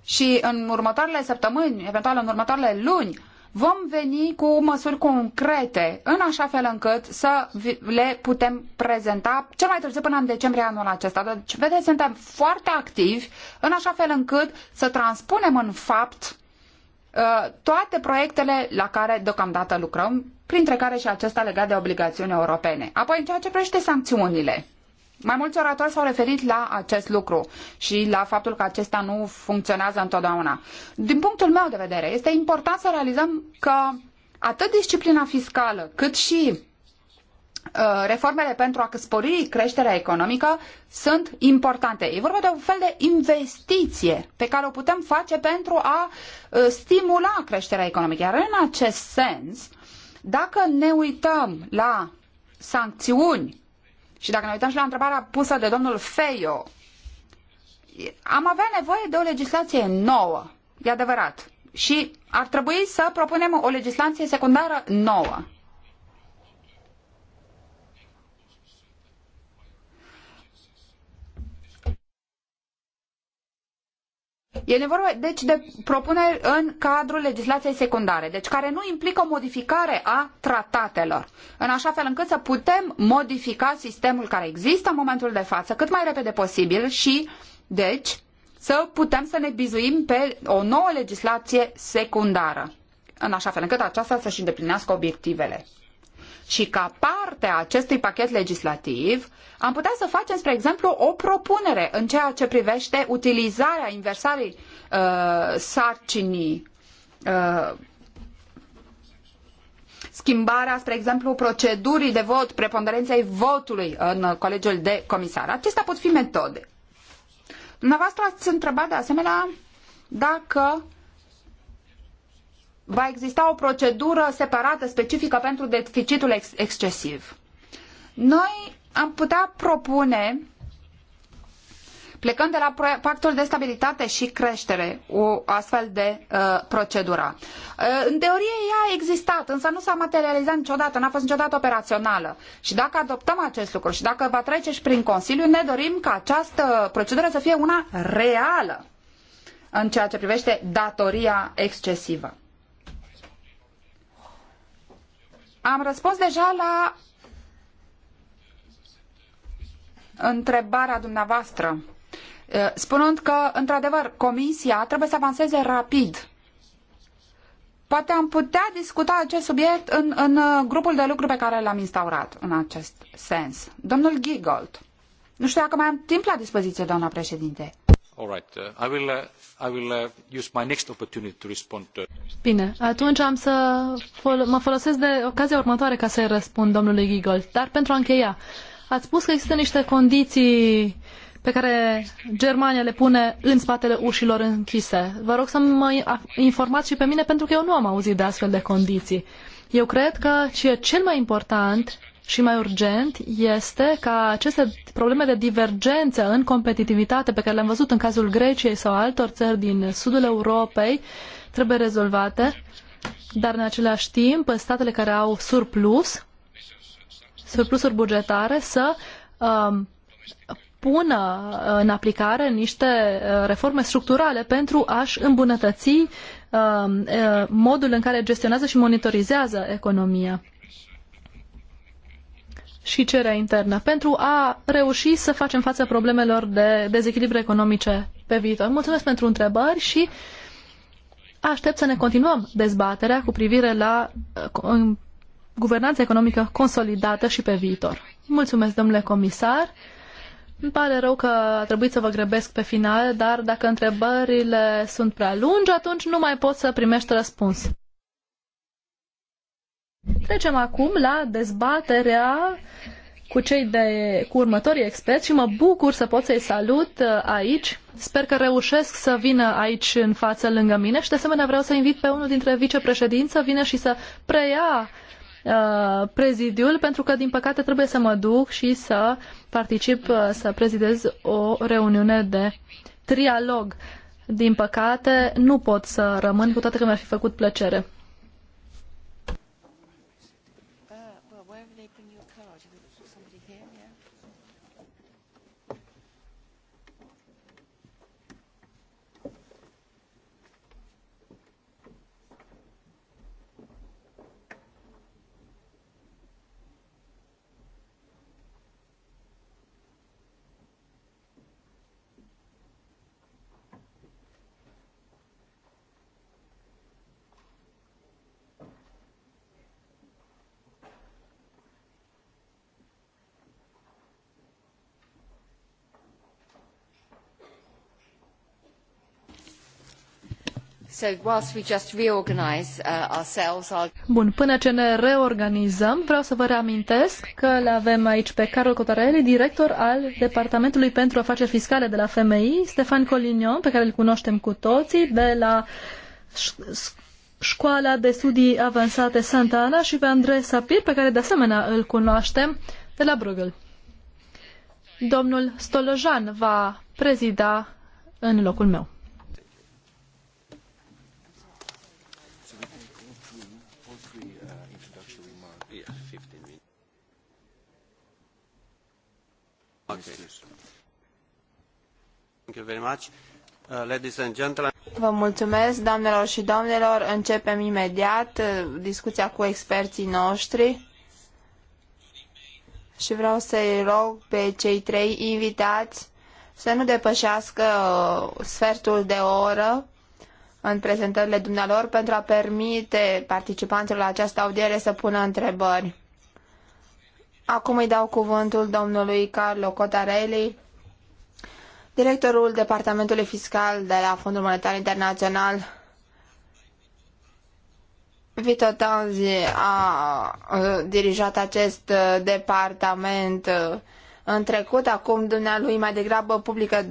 [SPEAKER 1] și în următoarele săptămâni, eventual în următoarele luni, vom veni cu măsuri concrete, în așa fel încât să le putem prezenta cel mai târziu până în decembrie anul acesta. Deci, vedeți, suntem foarte activi, în așa fel încât să transpunem în fapt uh, toate proiectele la care deocamdată lucrăm, printre care și acesta legat de obligațiuni europene. Apoi, în ceea ce privește sancțiunile, mai mulți oratori s-au referit la acest lucru și la faptul că acesta nu funcționează întotdeauna. Din punctul meu de vedere, este important să realizăm că atât disciplina fiscală cât și uh, reformele pentru a spori creșterea economică sunt importante. E vorba de un fel de investiție pe care o putem face pentru a uh, stimula creșterea economică. Iar în acest sens, dacă ne uităm la sancțiuni și dacă ne uităm și la întrebarea pusă de domnul Feio, am avea nevoie de o legislație nouă, e adevărat. Și ar trebui să propunem o legislație secundară nouă. E nevoie, deci, de propuneri în cadrul legislației secundare, deci care nu implică o modificare a tratatelor, în așa fel încât să putem modifica sistemul care există în momentul de față cât mai repede posibil și, deci, să putem să ne bizuim pe o nouă legislație secundară, în așa fel încât aceasta să-și îndeplinească obiectivele și ca parte a acestui pachet legislativ am putea să facem, spre exemplu, o propunere în ceea ce privește utilizarea inversării uh, sarcinii uh, schimbarea, spre exemplu, procedurii de vot, preponderenței votului în colegiul de comisar. Acestea pot fi metode. Dumneavoastră ați întrebat de asemenea dacă va exista o procedură separată, specifică pentru deficitul ex excesiv. Noi am putea propune, plecând de la pactul de stabilitate și creștere, o astfel de uh, procedură. Uh, în teorie ea a existat, însă nu s-a materializat niciodată, n-a fost niciodată operațională. Și dacă adoptăm acest lucru și dacă va trece și prin Consiliu, ne dorim ca această procedură să fie una reală în ceea ce privește datoria excesivă. Am răspuns deja la întrebarea dumneavoastră, eh, spunând că, într-adevăr, Comisia trebuie să avanseze rapid. Poate am putea discuta acest subiect în, în eh, grupul de lucru pe care l-am instaurat în acest sens. Domnul Giggold. Nu știu dacă mai am timp la dispoziție,
[SPEAKER 2] doamna președinte. All right. Uh, I will, uh, I will uh, use my next opportunity to respond. Bine, atunci am să fol mă folosesc de ocazia următoare ca să-i răspund domnului Gigol. Dar pentru a încheia, ați spus că există niște condiții pe care Germania le pune în spatele ușilor închise. Vă rog să mă informați și pe mine pentru că eu nu am auzit de astfel de condiții. Eu cred că ce e cel mai important și mai urgent este ca aceste probleme de divergență în competitivitate pe care le-am văzut în cazul Greciei sau altor țări din sudul Europei trebuie rezolvate, dar în același timp statele care au surplus, surplusuri bugetare să um, pună în aplicare niște uh, reforme structurale pentru a-și îmbunătăți um, uh, modul în care gestionează și monitorizează economia și cererea internă pentru a reuși să facem față problemelor de dezechilibre economice pe viitor. Mulțumesc pentru întrebări și aștept să ne continuăm dezbaterea cu privire la uh, guvernanța economică consolidată și pe viitor. Mulțumesc, domnule comisar. Îmi pare rău că a trebuit să vă grăbesc pe final, dar dacă întrebările sunt prea lungi, atunci nu mai pot să primești răspuns. Trecem acum la dezbaterea cu cei de, cu următorii experți și mă bucur să pot să-i salut uh, aici. Sper că reușesc să vină aici în față lângă mine și de asemenea vreau să invit pe unul dintre vicepreședinți să vină și să preia uh, prezidiul pentru că din păcate trebuie să mă duc și să particip, uh, să prezidez o reuniune de trialog. Din păcate nu pot să rămân cu toate că mi-ar fi făcut plăcere.
[SPEAKER 3] Uh,
[SPEAKER 2] Bun, până ce ne reorganizăm, vreau să vă reamintesc că le avem aici pe Carol Cotarelli, director al Departamentului pentru Afaceri Fiscale de la FMI, Stefan Colignon, pe care îl cunoaștem cu toții, de la Școala de Studii Avansate Santa Ana și pe Andrei Sapir, pe care de asemenea îl cunoaștem, de la Bruegel. Domnul Stolojan va prezida în locul meu.
[SPEAKER 3] Vă mulțumesc, doamnelor și domnilor. Începem imediat uh, discuția cu experții noștri și vreau să-i rog pe cei trei invitați să nu depășească uh, sfertul de oră în prezentările dumnealor pentru a permite participanților la această audiere să pună întrebări. Acum îi dau cuvântul domnului Carlo Cotarelli, directorul Departamentului Fiscal de la Fondul Monetar Internațional. Vito Tanzi a uh, dirijat acest uh, departament uh, în trecut, acum dumnealui mai degrabă publică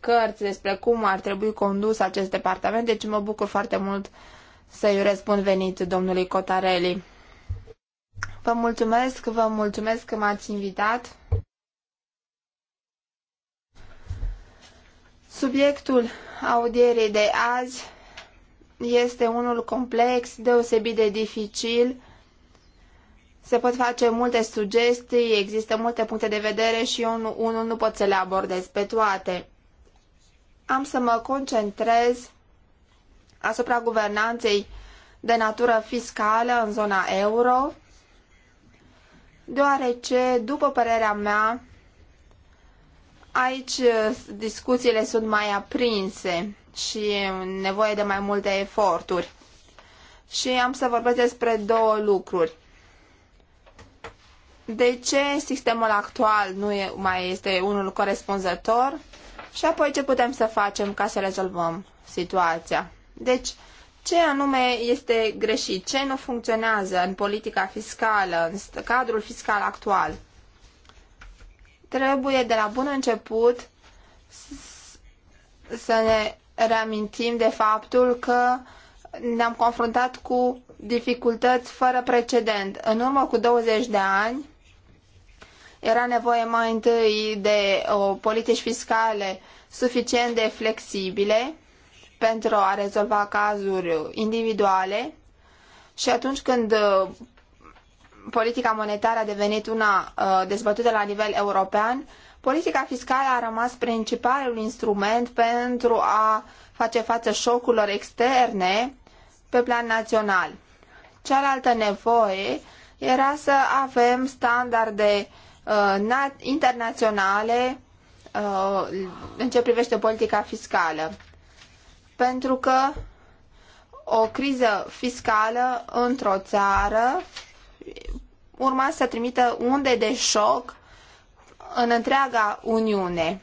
[SPEAKER 3] cărți despre cum ar trebui condus acest departament, deci mă bucur foarte mult să-i răspund venit domnului Cotarelli. Vă mulțumesc, vă mulțumesc că m-ați invitat. Subiectul audierii de azi este unul complex, deosebit de dificil. Se pot face multe sugestii, există multe puncte de vedere și eu nu, unul nu pot să le abordez pe toate. Am să mă concentrez asupra guvernanței de natură fiscală în zona euro, deoarece, după părerea mea, aici uh, discuțiile sunt mai aprinse și nevoie de mai multe eforturi. Și am să vorbesc despre două lucruri. De ce sistemul actual nu e, mai este unul corespunzător? Și apoi ce putem să facem ca să rezolvăm situația? Deci, ce anume este greșit, ce nu funcționează în politica fiscală, în cadrul fiscal actual. Trebuie de la bun început să ne reamintim de faptul că ne-am confruntat cu dificultăți fără precedent. În urmă cu 20 de ani era nevoie mai întâi de o uh, politici fiscale suficient de flexibile, pentru a rezolva cazuri individuale și atunci când uh, politica monetară a devenit una uh, dezbătută la nivel european, politica fiscală a rămas principalul instrument pentru a face față șocurilor externe pe plan național. Cealaltă nevoie era să avem standarde uh, internaționale uh, în ce privește politica fiscală pentru că o criză fiscală într-o țară urma să trimită unde de șoc în întreaga Uniune.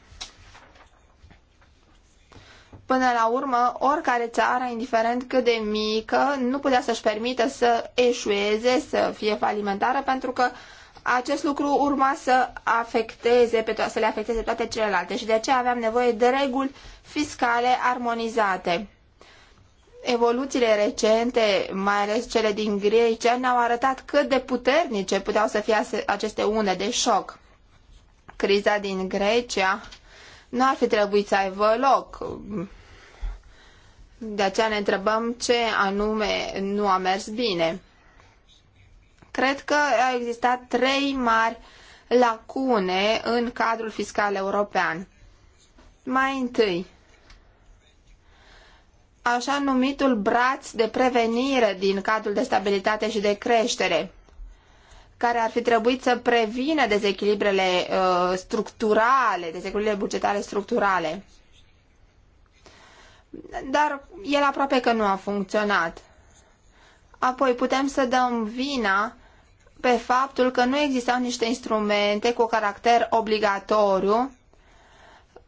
[SPEAKER 3] Până la urmă, oricare țară, indiferent cât de mică, nu putea să-și permită să eșueze, să fie falimentară, pentru că acest lucru urma să afecteze, pe to- să le afecteze toate celelalte și de aceea aveam nevoie de reguli fiscale armonizate. Evoluțiile recente, mai ales cele din Grecia, ne-au arătat cât de puternice puteau să fie aceste une de șoc. Criza din Grecia nu ar fi trebuit să aibă loc. De aceea ne întrebăm ce anume nu a mers bine. Cred că au existat trei mari lacune în cadrul fiscal european. Mai întâi, așa numitul braț de prevenire din cadrul de stabilitate și de creștere, care ar fi trebuit să prevină dezechilibrele uh, structurale, dezechilibrele bugetare structurale. Dar el aproape că nu a funcționat. Apoi putem să dăm vina pe faptul că nu existau niște instrumente cu caracter obligatoriu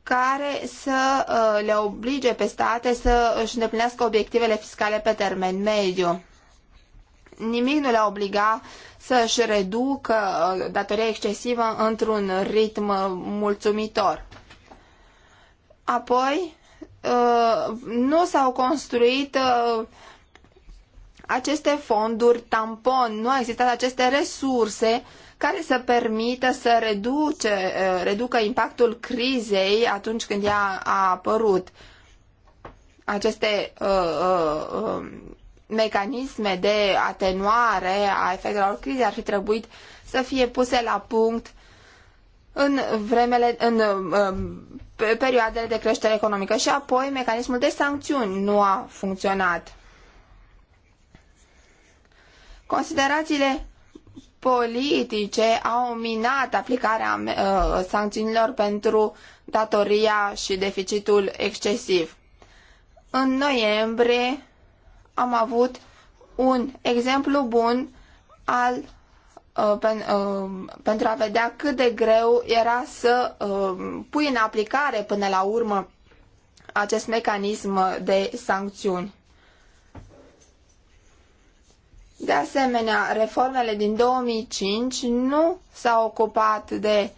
[SPEAKER 3] care să uh, le oblige pe state să își îndeplinească obiectivele fiscale pe termen mediu. Nimic nu le-a obliga să își reducă uh, datoria excesivă într-un ritm mulțumitor. Apoi, uh, nu s-au construit aceste fonduri tampon, nu au existat aceste resurse care să permită să reduce, eh, reducă impactul crizei atunci când ea a apărut. Aceste uh, uh, uh, mecanisme de atenuare a efectelor crizei ar fi trebuit să fie puse la punct în vremele, în perioadele de creștere economică și apoi mecanismul de sancțiuni nu a funcționat. Considerațiile politice au minat aplicarea uh, sancțiunilor pentru datoria și deficitul excesiv. În noiembrie am avut un exemplu bun al, uh, pen, uh, pentru a vedea cât de greu era să uh, pui în aplicare până la urmă acest mecanism de sancțiuni. De asemenea, reformele din 2005 nu s-au ocupat de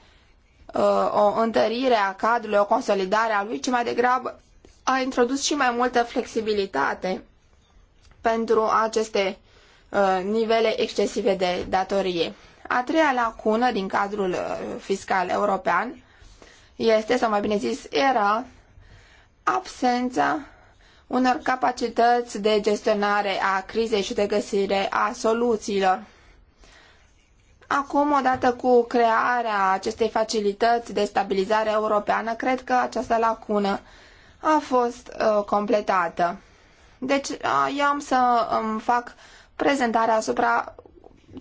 [SPEAKER 3] uh, o întărire a cadrului, o consolidare a lui, ci mai degrabă a introdus și mai multă flexibilitate pentru aceste uh, nivele excesive de datorie. A treia lacună din cadrul uh, fiscal european este, sau mai bine zis, era absența unor capacități de gestionare a crizei și de găsire a soluțiilor. Acum, odată cu crearea acestei facilități de stabilizare europeană, cred că această lacună a fost uh, completată. Deci, uh, eu am să îmi um, fac prezentarea asupra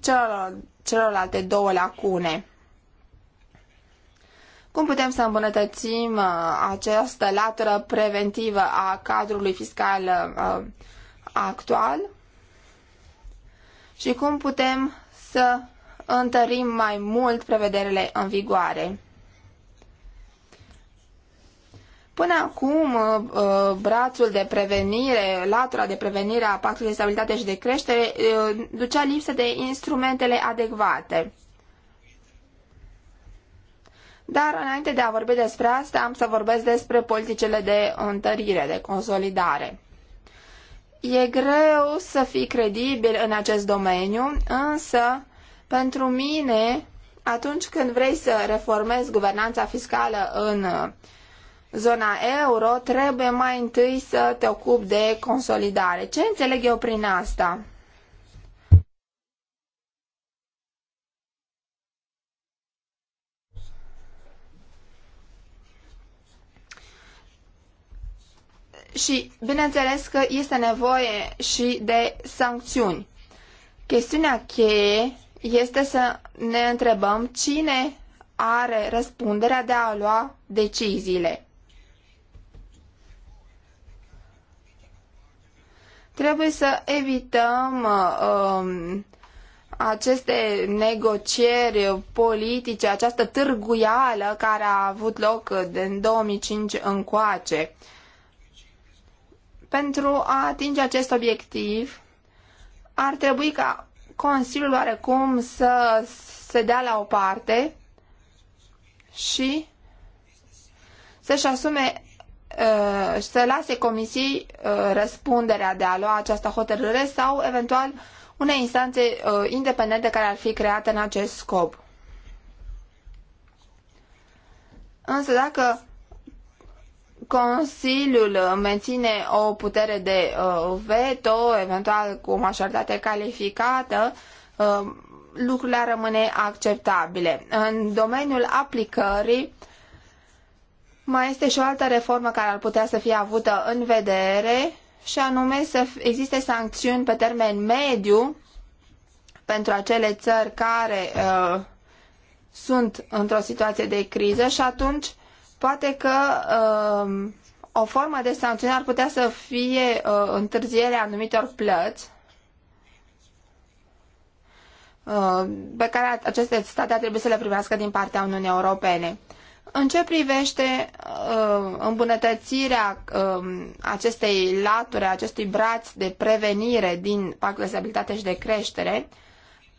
[SPEAKER 3] celor, celorlalte două lacune. Cum putem să îmbunătățim uh, această latură preventivă a cadrului fiscal uh, actual? Și cum putem să întărim mai mult prevederile în vigoare? Până acum, uh, brațul de prevenire, latura de prevenire a pactului de stabilitate și de creștere ducea lipsă de instrumentele adecvate. Dar înainte de a vorbi despre asta, am să vorbesc despre politicele de întărire, de consolidare. E greu să fii credibil în acest domeniu, însă pentru mine, atunci când vrei să reformezi guvernanța fiscală în uh, zona euro, trebuie mai întâi să te ocupi de consolidare. Ce înțeleg eu prin asta? Și bineînțeles că este nevoie și de sancțiuni. Chestiunea cheie este să ne întrebăm cine are răspunderea de a lua deciziile. Trebuie să evităm uh, um, aceste negocieri politice, această târguială care a avut loc din 2005 încoace. Pentru a atinge acest obiectiv, ar trebui ca Consiliul oarecum să se dea la o parte și să-și asume uh, să lase comisiei uh, răspunderea de a lua această hotărâre sau eventual unei instanțe uh, independente care ar fi create în acest scop. Însă dacă Consiliul menține o putere de uh, veto, eventual cu o majoritate calificată, uh, lucrurile rămâne acceptabile. În domeniul aplicării, mai este și o altă reformă care ar putea să fie avută în vedere și anume să existe sancțiuni pe termen mediu pentru acele țări care uh, sunt într-o situație de criză și atunci Poate că uh, o formă de sancțiune ar putea să fie uh, întârzierea anumitor plăți uh, pe care aceste state ar trebui să le primească din partea Uniunii Europene. În ce privește uh, îmbunătățirea uh, acestei laturi, acestui braț de prevenire din pactul de stabilitate și de creștere,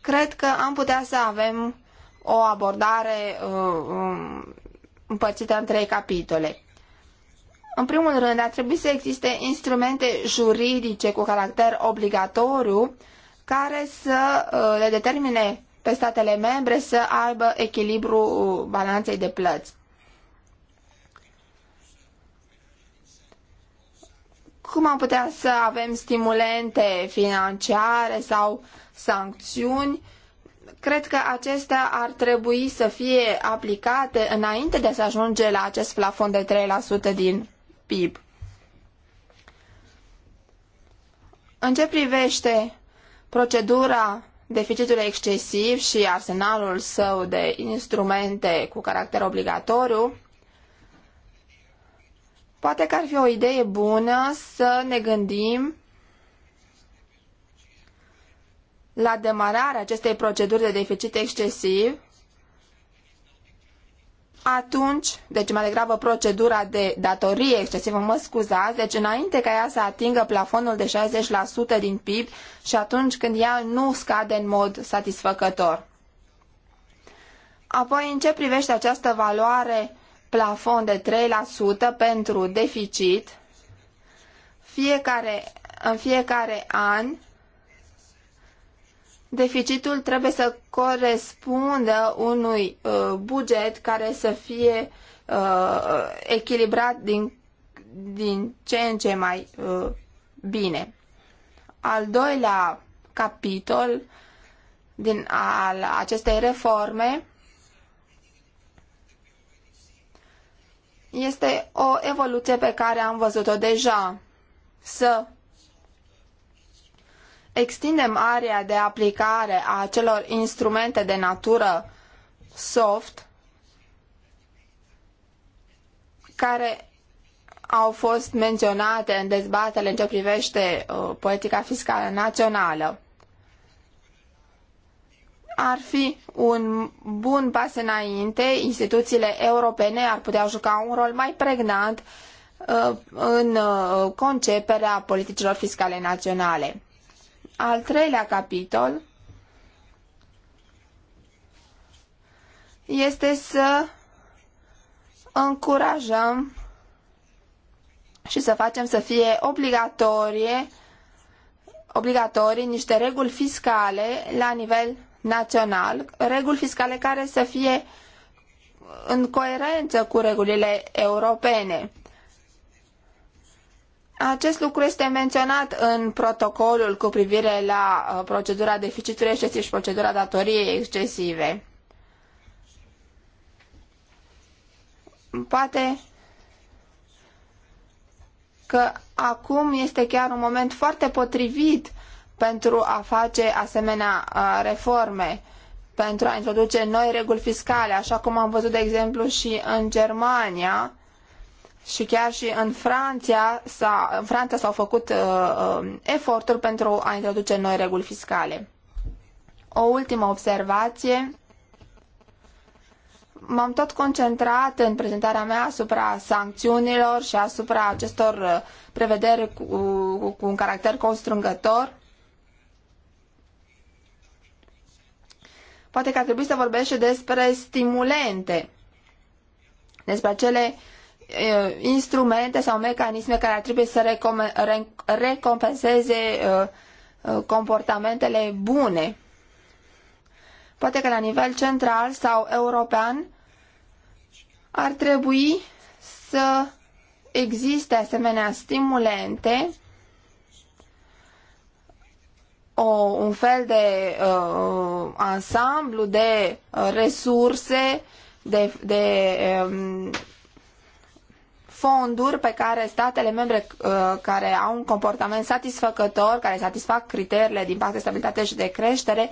[SPEAKER 3] cred că am putea să avem o abordare uh, um, împărțită în trei capitole. În primul rând, ar trebui să existe instrumente juridice cu caracter obligatoriu care să uh, le determine pe statele membre să aibă echilibru balanței de plăți. Cum am putea să avem stimulente financiare sau sancțiuni Cred că acestea ar trebui să fie aplicate înainte de a se ajunge la acest plafon de 3% din PIB. În ce privește procedura deficitul excesiv și arsenalul său de instrumente cu caracter obligatoriu, poate că ar fi o idee bună să ne gândim la demararea acestei proceduri de deficit excesiv, atunci, deci mai degrabă procedura de datorie excesivă, mă scuzați, deci înainte ca ea să atingă plafonul de 60% din PIB și atunci când ea nu scade în mod satisfăcător. Apoi, în ce privește această valoare plafon de 3% pentru deficit, fiecare, în fiecare an deficitul trebuie să corespundă unui uh, buget care să fie uh, echilibrat din, din ce în ce mai uh, bine. Al doilea capitol din al acestei reforme este o evoluție pe care am văzut-o deja. Să extindem area de aplicare a acelor instrumente de natură soft care au fost menționate în dezbatele în ce privește uh, politica fiscală națională. Ar fi un bun pas înainte, instituțiile europene ar putea juca un rol mai pregnant uh, în uh, conceperea politicilor fiscale naționale al treilea capitol este să încurajăm și să facem să fie obligatorie obligatorii niște reguli fiscale la nivel național, reguli fiscale care să fie în coerență cu regulile europene. Acest lucru este menționat în protocolul cu privire la uh, procedura deficitului excesiv și procedura datoriei excesive. Poate că acum este chiar un moment foarte potrivit pentru a face asemenea uh, reforme, pentru a introduce noi reguli fiscale, așa cum am văzut, de exemplu, și în Germania, și chiar și în Franța, s-a, în Franța s-au făcut uh, uh, eforturi pentru a introduce noi reguli fiscale. O ultimă observație. M-am tot concentrat în prezentarea mea asupra sancțiunilor și asupra acestor uh, prevederi cu, cu un caracter constrângător. Poate că ar trebui să vorbesc și despre stimulente, despre acele uh, instrumente sau mecanisme care ar trebui să recompenseze comportamentele bune. Poate că la nivel central sau european ar trebui să existe asemenea stimulente, o, un fel de uh, ansamblu de resurse, de, de um, fonduri pe care statele membre uh, care au un comportament satisfăcător, care satisfac criteriile din partea de stabilitate și de creștere,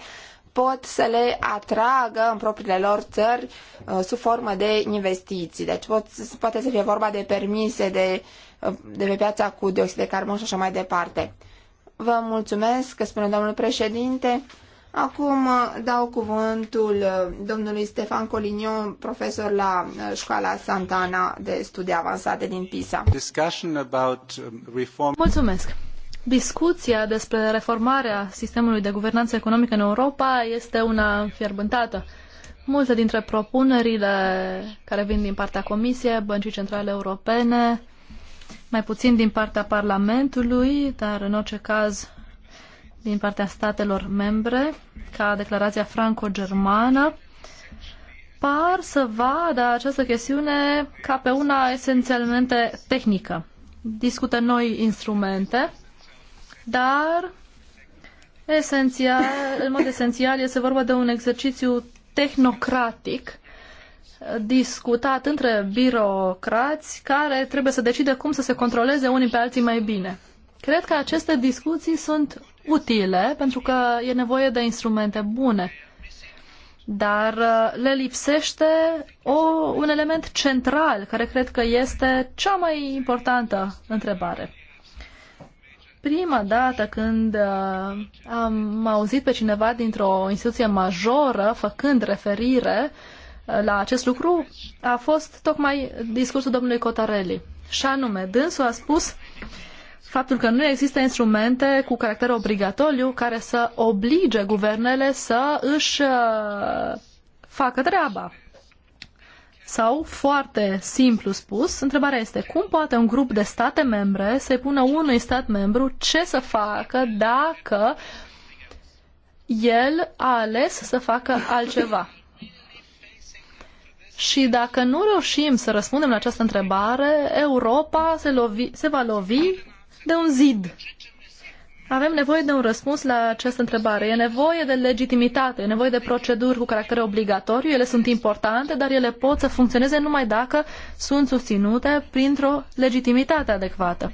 [SPEAKER 3] pot să le atragă în propriile lor țări uh, sub formă de investiții. Deci pot, poate să fie vorba de permise de, uh, de pe piața cu dioxid de carbon și așa mai departe. Vă mulțumesc, spune domnul președinte. Acum uh, dau cuvântul uh, domnului Stefan Colignon, profesor la uh, școala Santana de studii avansate din Pisa.
[SPEAKER 2] Um, Mulțumesc. Discuția despre reformarea sistemului de guvernanță economică în Europa este una fierbântată. Multe dintre propunerile care vin din partea Comisiei, Băncii Centrale Europene, mai puțin din partea Parlamentului, dar în orice caz din partea statelor membre, ca declarația franco-germană, par să vadă această chestiune ca pe una esențialmente tehnică. Discută noi instrumente, dar esențial, în mod esențial este vorba de un exercițiu tehnocratic discutat între birocrați care trebuie să decide cum să se controleze unii pe alții mai bine. Cred că aceste discuții sunt utile, pentru că e nevoie de instrumente bune, dar uh, le lipsește o, un element central, care cred că este cea mai importantă întrebare. Prima dată când uh, am auzit pe cineva dintr-o instituție majoră făcând referire uh, la acest lucru a fost tocmai discursul domnului Cotarelli. Și anume, dânsul a spus uh, faptul că nu există instrumente cu caracter obligatoriu care să oblige guvernele să își uh, facă treaba. Sau, foarte simplu spus, întrebarea este cum poate un grup de state membre să-i pună unui stat membru ce să facă dacă el a ales să facă altceva. Și dacă nu reușim să răspundem la această întrebare, Europa se, lovi, se va lovi de un zid. Avem nevoie de un răspuns la această întrebare. E nevoie de legitimitate, e nevoie de proceduri cu caracter obligatoriu, ele sunt importante, dar ele pot să funcționeze numai dacă sunt susținute printr-o legitimitate adecvată.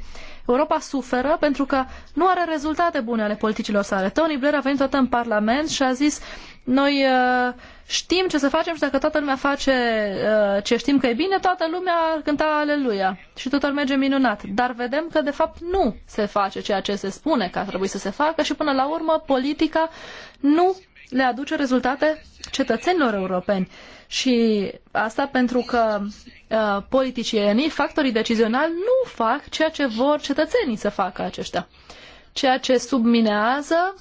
[SPEAKER 2] Europa suferă pentru că nu are rezultate bune ale politicilor sale. Tony Blair a venit toată în Parlament și a zis noi uh, știm ce să facem și dacă toată lumea face uh, ce știm că e bine, toată lumea ar cânta aleluia și totul merge minunat. Dar vedem că de fapt nu se face ceea ce se spune că ar trebui să se facă și până la urmă politica nu le aduce rezultate cetățenilor europeni. Și asta pentru că uh, politicienii, factorii decizionali, nu fac ceea ce vor cetățenii să facă aceștia. Ceea ce subminează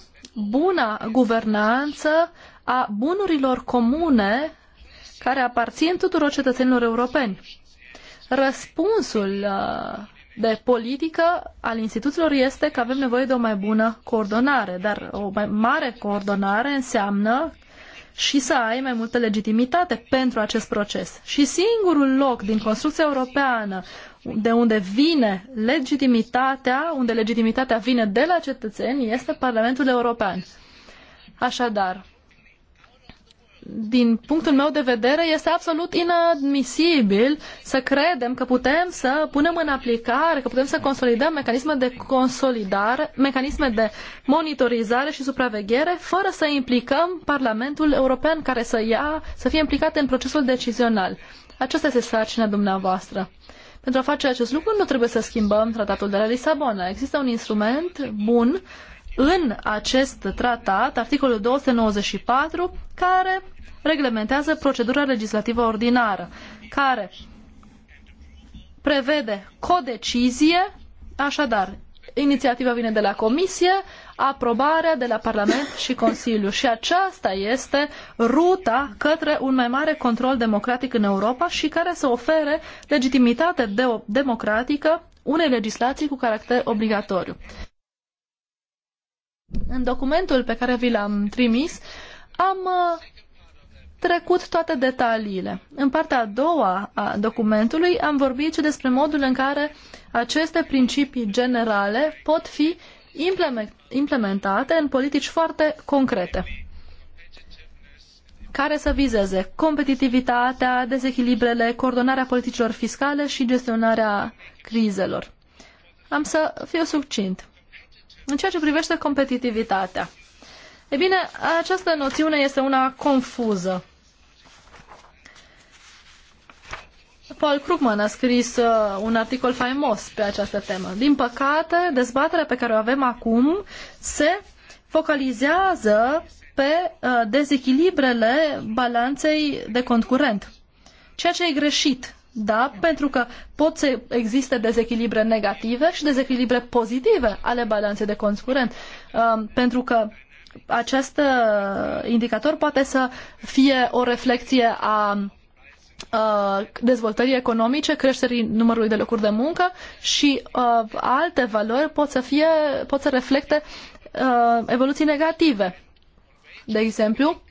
[SPEAKER 2] buna guvernanță a bunurilor comune care aparțin tuturor cetățenilor europeni. Răspunsul uh, de politică al instituțiilor este că avem nevoie de o mai bună coordonare, dar o mai mare coordonare înseamnă și să ai mai multă legitimitate pentru acest proces. Și singurul loc din construcția europeană de unde vine legitimitatea, unde legitimitatea vine de la cetățeni, este Parlamentul European. Așadar, din punctul meu de vedere, este absolut inadmisibil să credem că putem să punem în aplicare, că putem să consolidăm mecanisme de consolidare, mecanisme de monitorizare și supraveghere, fără să implicăm Parlamentul European care să ia, să fie implicat în procesul decizional. Aceasta este sarcina dumneavoastră. Pentru a face acest lucru nu trebuie să schimbăm tratatul de la Lisabona. Există un instrument bun în acest tratat, articolul 294, care reglementează procedura legislativă ordinară, care prevede codecizie, așadar, inițiativa vine de la Comisie, aprobarea de la Parlament și Consiliu. Și aceasta este ruta către un mai mare control democratic în Europa și care să ofere legitimitate de democratică unei legislații cu caracter obligatoriu. În documentul pe care vi l-am trimis, am uh, trecut toate detaliile. În partea a doua a documentului am vorbit și despre modul în care aceste principii generale pot fi implementate în politici foarte concrete care să vizeze competitivitatea, dezechilibrele, coordonarea politicilor fiscale și gestionarea crizelor. Am să fiu succint. În ceea ce privește competitivitatea, E bine, această noțiune este una confuză. Paul Krugman a scris uh, un articol faimos pe această temă. Din păcate, dezbaterea pe care o avem acum se focalizează pe uh, dezechilibrele balanței de cont curent. Ceea ce e greșit, da, pentru că pot să existe dezechilibre negative și dezechilibre pozitive ale balanței de cont curent. Uh, pentru că acest uh, indicator poate să fie o reflecție a uh, dezvoltării economice, creșterii numărului de locuri de muncă și uh, alte valori pot să, fie, pot să reflecte evoluții negative. De exemplu,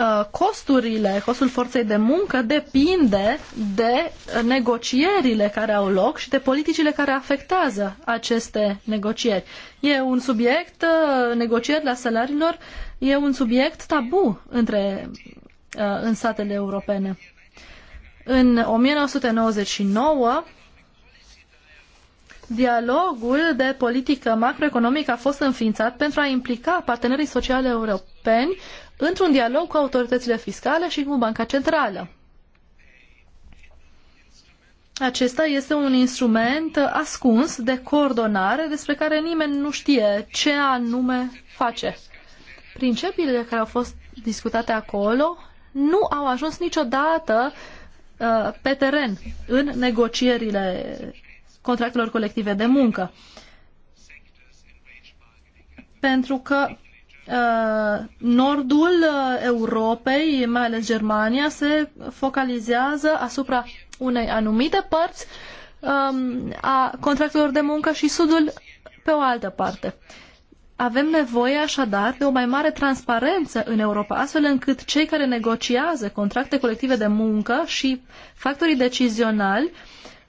[SPEAKER 2] Uh, costurile, costul forței de muncă depinde de negocierile care au loc și de politicile care afectează aceste negocieri. E un subiect, uh, negocierile salariilor, e un subiect tabu între, uh, în statele europene. În 1999, dialogul de politică macroeconomică a fost înființat pentru a implica partenerii sociale europeni într-un dialog cu autoritățile fiscale și cu Banca Centrală. Acesta este un instrument ascuns de coordonare despre care nimeni nu știe ce anume face. Principiile care au fost discutate acolo nu au ajuns niciodată uh, pe teren în negocierile contractelor colective de muncă. Pentru că Uh, nordul uh, Europei, mai ales Germania, se focalizează asupra unei anumite părți um, a contractelor de muncă și sudul pe o altă parte. Avem nevoie așadar de o mai mare transparență în Europa, astfel încât cei care negociază contracte colective de muncă și factorii decizionali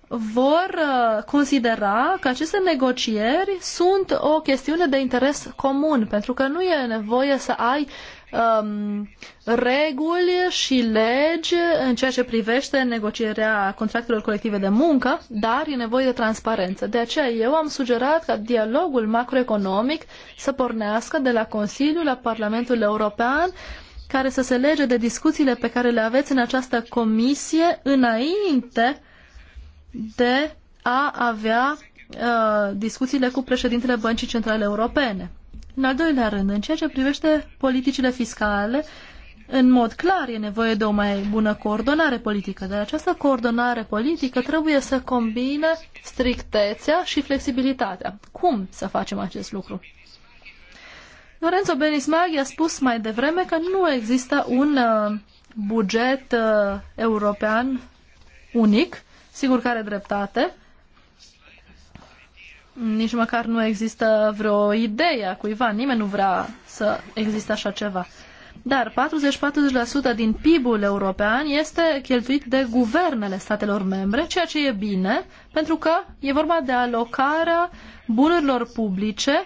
[SPEAKER 2] vor uh, considera că aceste negocieri sunt o chestiune de interes comun, pentru că nu e nevoie să ai um, reguli și legi în ceea ce privește negocierea contractelor colective de muncă, dar e nevoie de transparență. De aceea eu am sugerat ca dialogul macroeconomic să pornească de la Consiliu la Parlamentul European care să se lege de discuțiile pe care le aveți în această comisie înainte de a avea uh, discuțiile cu președintele Băncii Centrale Europene. În al doilea rând, în ceea ce privește politicile fiscale, în mod clar e nevoie de o mai bună coordonare politică, dar această coordonare politică trebuie să combine strictețea și flexibilitatea. Cum să facem acest lucru? Lorenzo Benismaghi a spus mai devreme că nu există un uh, buget uh, european unic Sigur că are dreptate. Nici măcar nu există vreo idee a cuiva, nimeni nu vrea să existe așa ceva. Dar 40-40% din PIB-ul european este cheltuit de guvernele statelor membre, ceea ce e bine, pentru că e vorba de alocarea bunurilor publice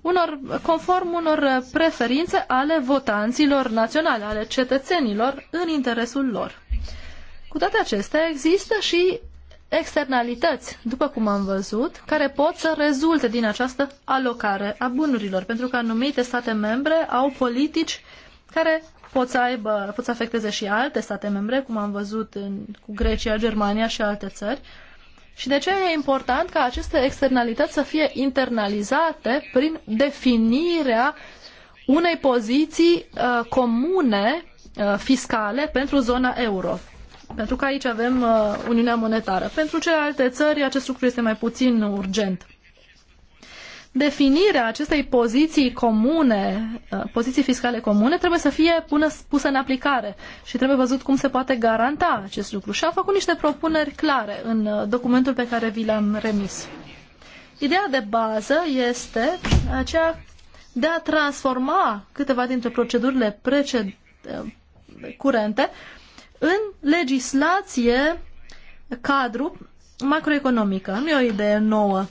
[SPEAKER 2] unor, conform unor preferințe ale votanților naționale, ale cetățenilor, în interesul lor. Cu toate acestea, există și externalități, după cum am văzut, care pot să rezulte din această alocare a bunurilor, pentru că anumite state membre au politici care pot să aibă, pot să afecteze și alte state membre, cum am văzut în, cu Grecia, Germania și alte țări. Și de ce e important ca aceste externalități să fie internalizate prin definirea unei poziții uh, comune uh, fiscale pentru zona euro pentru că aici avem uh, Uniunea Monetară. Pentru celelalte țări acest lucru este mai puțin urgent. Definirea acestei poziții comune, uh, poziții fiscale comune, trebuie să fie pună, pusă în aplicare și trebuie văzut cum se poate garanta acest lucru. Și am făcut niște propuneri clare în uh, documentul pe care vi l-am remis. Ideea de bază este aceea de a transforma câteva dintre procedurile preced, uh, curente în legislație cadru macroeconomică. Nu e o idee nouă.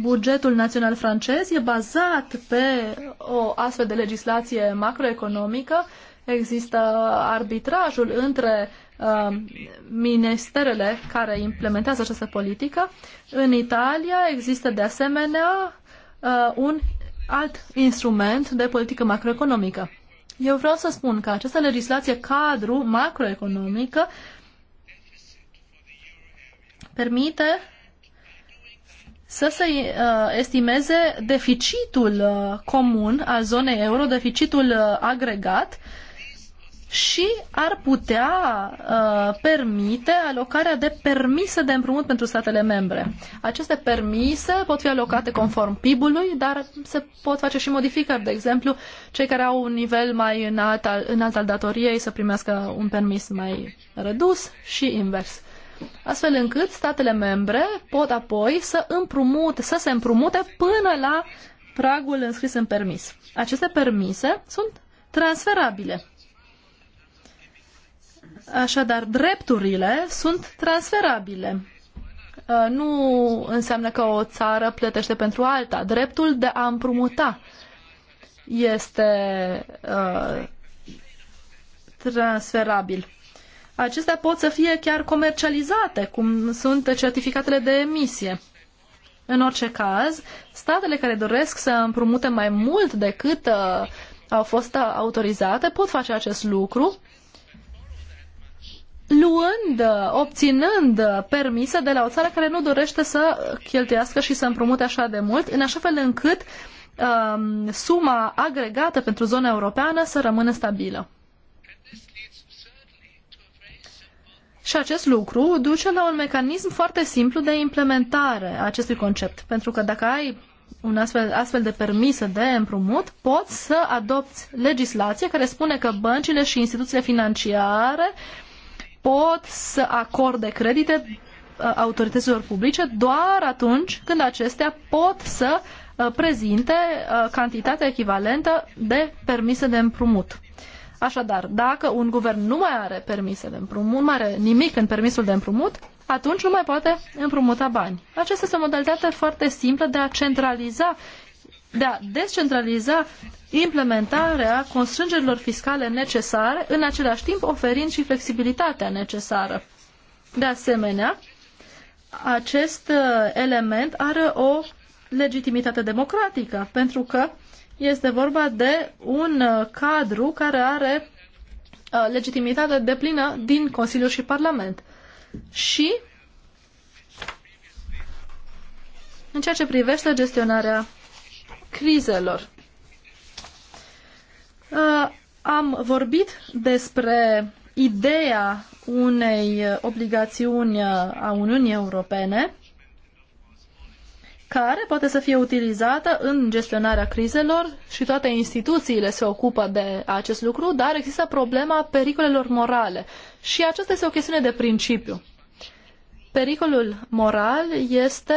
[SPEAKER 2] Bugetul național francez e bazat pe o astfel de legislație macroeconomică. Există arbitrajul între uh, ministerele care implementează această politică. În Italia există de asemenea uh, un alt instrument de politică macroeconomică. Eu vreau să spun că această legislație cadru macroeconomică permite să se uh, estimeze deficitul uh, comun al zonei euro, deficitul uh, agregat și ar putea uh, permite alocarea de permise de împrumut pentru statele membre. Aceste permise pot fi alocate conform PIB-ului, dar se pot face și modificări. De exemplu, cei care au un nivel mai înalt al, înalt al datoriei să primească un permis mai redus și invers. Astfel încât statele membre pot apoi să împrumute, să se împrumute până la pragul înscris în permis. Aceste permise sunt transferabile Așadar, drepturile sunt transferabile. Uh, nu înseamnă că o țară plătește pentru alta. Dreptul de a împrumuta este uh, transferabil. Acestea pot să fie chiar comercializate, cum sunt certificatele de emisie. În orice caz, statele care doresc să împrumute mai mult decât uh, au fost autorizate pot face acest lucru luând, obținând permise de la o țară care nu dorește să cheltuiască și să împrumute așa de mult, în așa fel încât um, suma agregată pentru zona europeană să rămână stabilă. Și acest lucru duce la un mecanism foarte simplu de implementare a acestui concept. Pentru că dacă ai un astfel, astfel de permisă de împrumut, poți să adopți legislație care spune că băncile și instituțiile financiare uh, pot să acorde credite uh, autorităților publice doar atunci când acestea pot să uh, prezinte uh, cantitatea echivalentă de permise de împrumut. Așadar, dacă un guvern nu mai are permise de împrumut, nu mai are nimic în permisul de împrumut, atunci nu mai poate împrumuta bani. Aceasta este o modalitate foarte simplă de a centraliza de a descentraliza implementarea constrângerilor fiscale necesare, în același timp oferind și flexibilitatea necesară. De asemenea, acest uh, element are o legitimitate democratică, pentru că este vorba de un uh, cadru care are uh, legitimitate deplină din Consiliu și Parlament. Și în ceea ce privește gestionarea crizelor. Am vorbit despre ideea unei obligațiuni a Uniunii Europene care poate să fie utilizată în gestionarea crizelor și toate instituțiile se ocupă de acest lucru, dar există problema pericolelor morale și aceasta este o chestiune de principiu. Pericolul moral este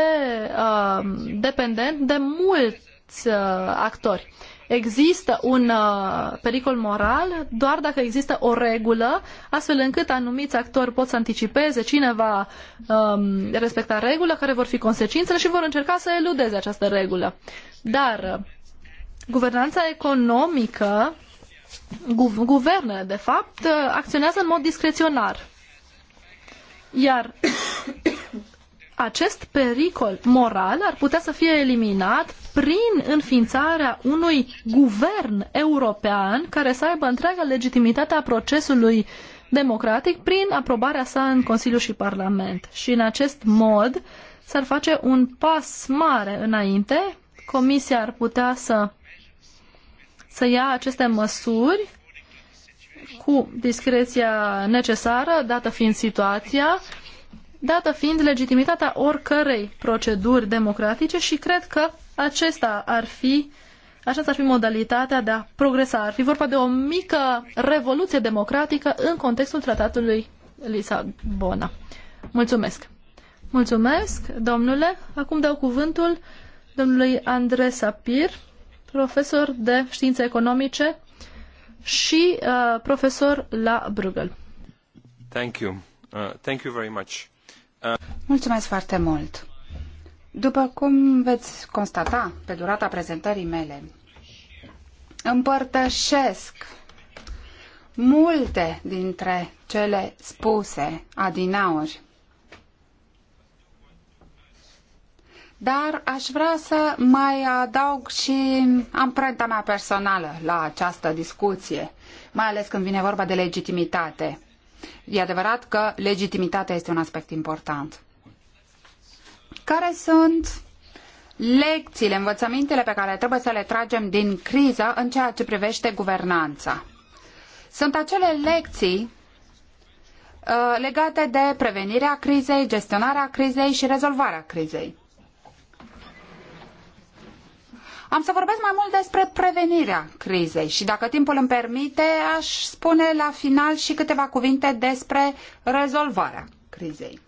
[SPEAKER 2] uh, dependent de mult alți uh, actori. Există un uh, pericol moral doar dacă există o regulă, astfel încât anumiți actori pot să anticipeze cine va um, respecta regulă, care vor fi consecințele și vor încerca să eludeze această regulă. Dar uh, guvernanța economică, gu- guvernele, de fapt, acționează în mod discreționar. Iar acest pericol moral ar putea să fie eliminat prin înființarea unui guvern european care să aibă întreaga legitimitate a procesului democratic prin aprobarea sa în Consiliu și Parlament. Și în acest mod s-ar face un pas mare înainte. Comisia ar putea să, să ia aceste măsuri cu discreția necesară, dată fiind situația, dată fiind legitimitatea oricărei proceduri democratice și cred că acesta ar fi așa ar fi modalitatea de a progresa. Ar fi vorba de o mică revoluție democratică în contextul tratatului Lisabona. Mulțumesc! Mulțumesc, domnule! Acum dau cuvântul domnului Andre Sapir, profesor de științe economice și uh, profesor la Bruegel. Thank you. Uh, thank you very much.
[SPEAKER 1] Mulțumesc foarte mult. După cum veți constata pe durata prezentării mele, împărtășesc multe dintre cele spuse adinauri. Dar aș vrea să mai adaug și amprenta mea personală la această discuție, mai ales când vine vorba de legitimitate. E adevărat că legitimitatea este un aspect important. Care sunt lecțiile, învățămintele pe care trebuie să le tragem din criză în ceea ce privește guvernanța? Sunt acele lecții uh, legate de prevenirea crizei, gestionarea crizei și rezolvarea crizei. Am să vorbesc mai mult despre prevenirea crizei și dacă timpul îmi permite, aș spune la final și câteva cuvinte despre rezolvarea crizei.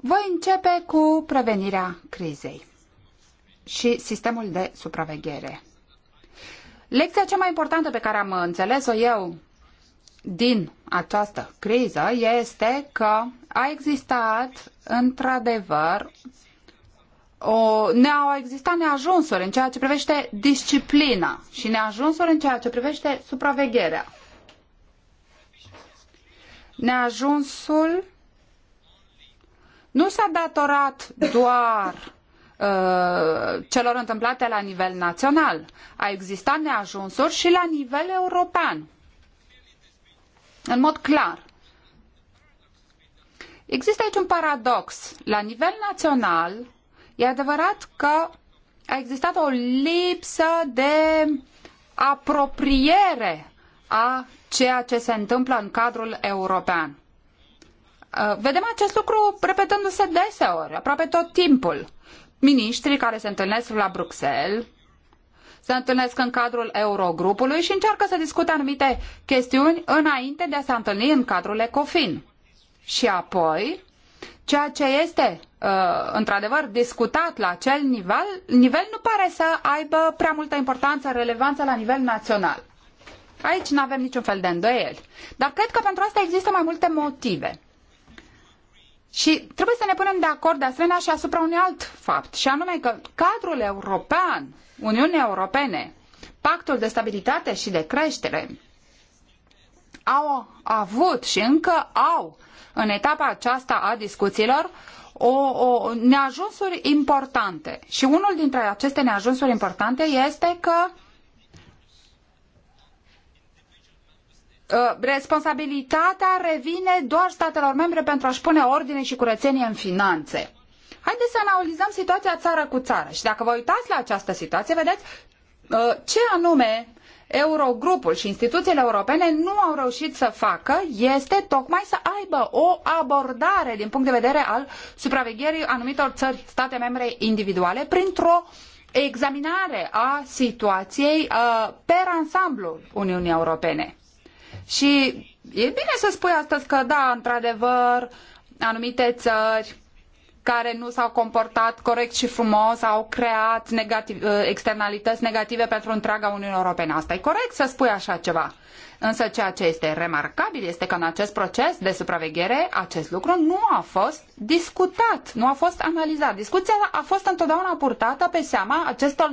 [SPEAKER 1] Voi începe cu prevenirea crizei și sistemul de supraveghere. Lecția cea mai importantă pe care am înțeles-o eu din această criză este că a existat într-adevăr o, ne au existat neajunsuri în ceea ce privește disciplina și neajunsuri în ceea ce privește supravegherea. Neajunsul nu s-a datorat doar uh, celor întâmplate la nivel național. A existat neajunsuri și la nivel european. În mod clar. Există aici un paradox. La nivel național, E adevărat că a existat o lipsă de apropiere a ceea ce se întâmplă în cadrul european. Uh, vedem acest lucru repetându-se deseori, aproape tot timpul. Ministrii care se întâlnesc la Bruxelles, se întâlnesc în cadrul Eurogrupului și încearcă să discute anumite chestiuni înainte de a se întâlni în cadrul ECOFIN. Și apoi ceea ce este uh, într-adevăr discutat la acel nivel, nivel nu pare să aibă prea multă importanță, relevanță la nivel național. Aici nu avem niciun fel de îndoieli. Dar cred că pentru asta există mai multe motive. Și trebuie să ne punem de acord de asemenea și asupra unui alt fapt, și anume că cadrul european, Uniunea Europene, Pactul de Stabilitate și de Creștere, au avut și încă au în etapa aceasta a discuțiilor o, o, neajunsuri importante. Și unul dintre aceste neajunsuri importante este că uh, responsabilitatea revine doar statelor membre pentru a-și pune ordine și curățenie în finanțe. Haideți să analizăm situația țară cu țară și dacă vă uitați la această situație, vedeți uh, ce anume Eurogrupul și instituțiile europene nu au reușit să facă este tocmai să aibă o abordare din punct de vedere al supravegherii anumitor țări, state membre individuale, printr-o examinare a situației uh, per ansamblu Uniunii Europene. Și e bine să spui astăzi că, da, într-adevăr, anumite țări care nu s-au comportat corect și frumos, au creat negativ, ă, externalități negative pentru întreaga Uniune Europeană. Asta e corect să spui așa ceva. Însă ceea ce este remarcabil este că în acest proces de supraveghere acest lucru nu a fost discutat, nu a fost analizat. Discuția a fost întotdeauna purtată pe seama acestor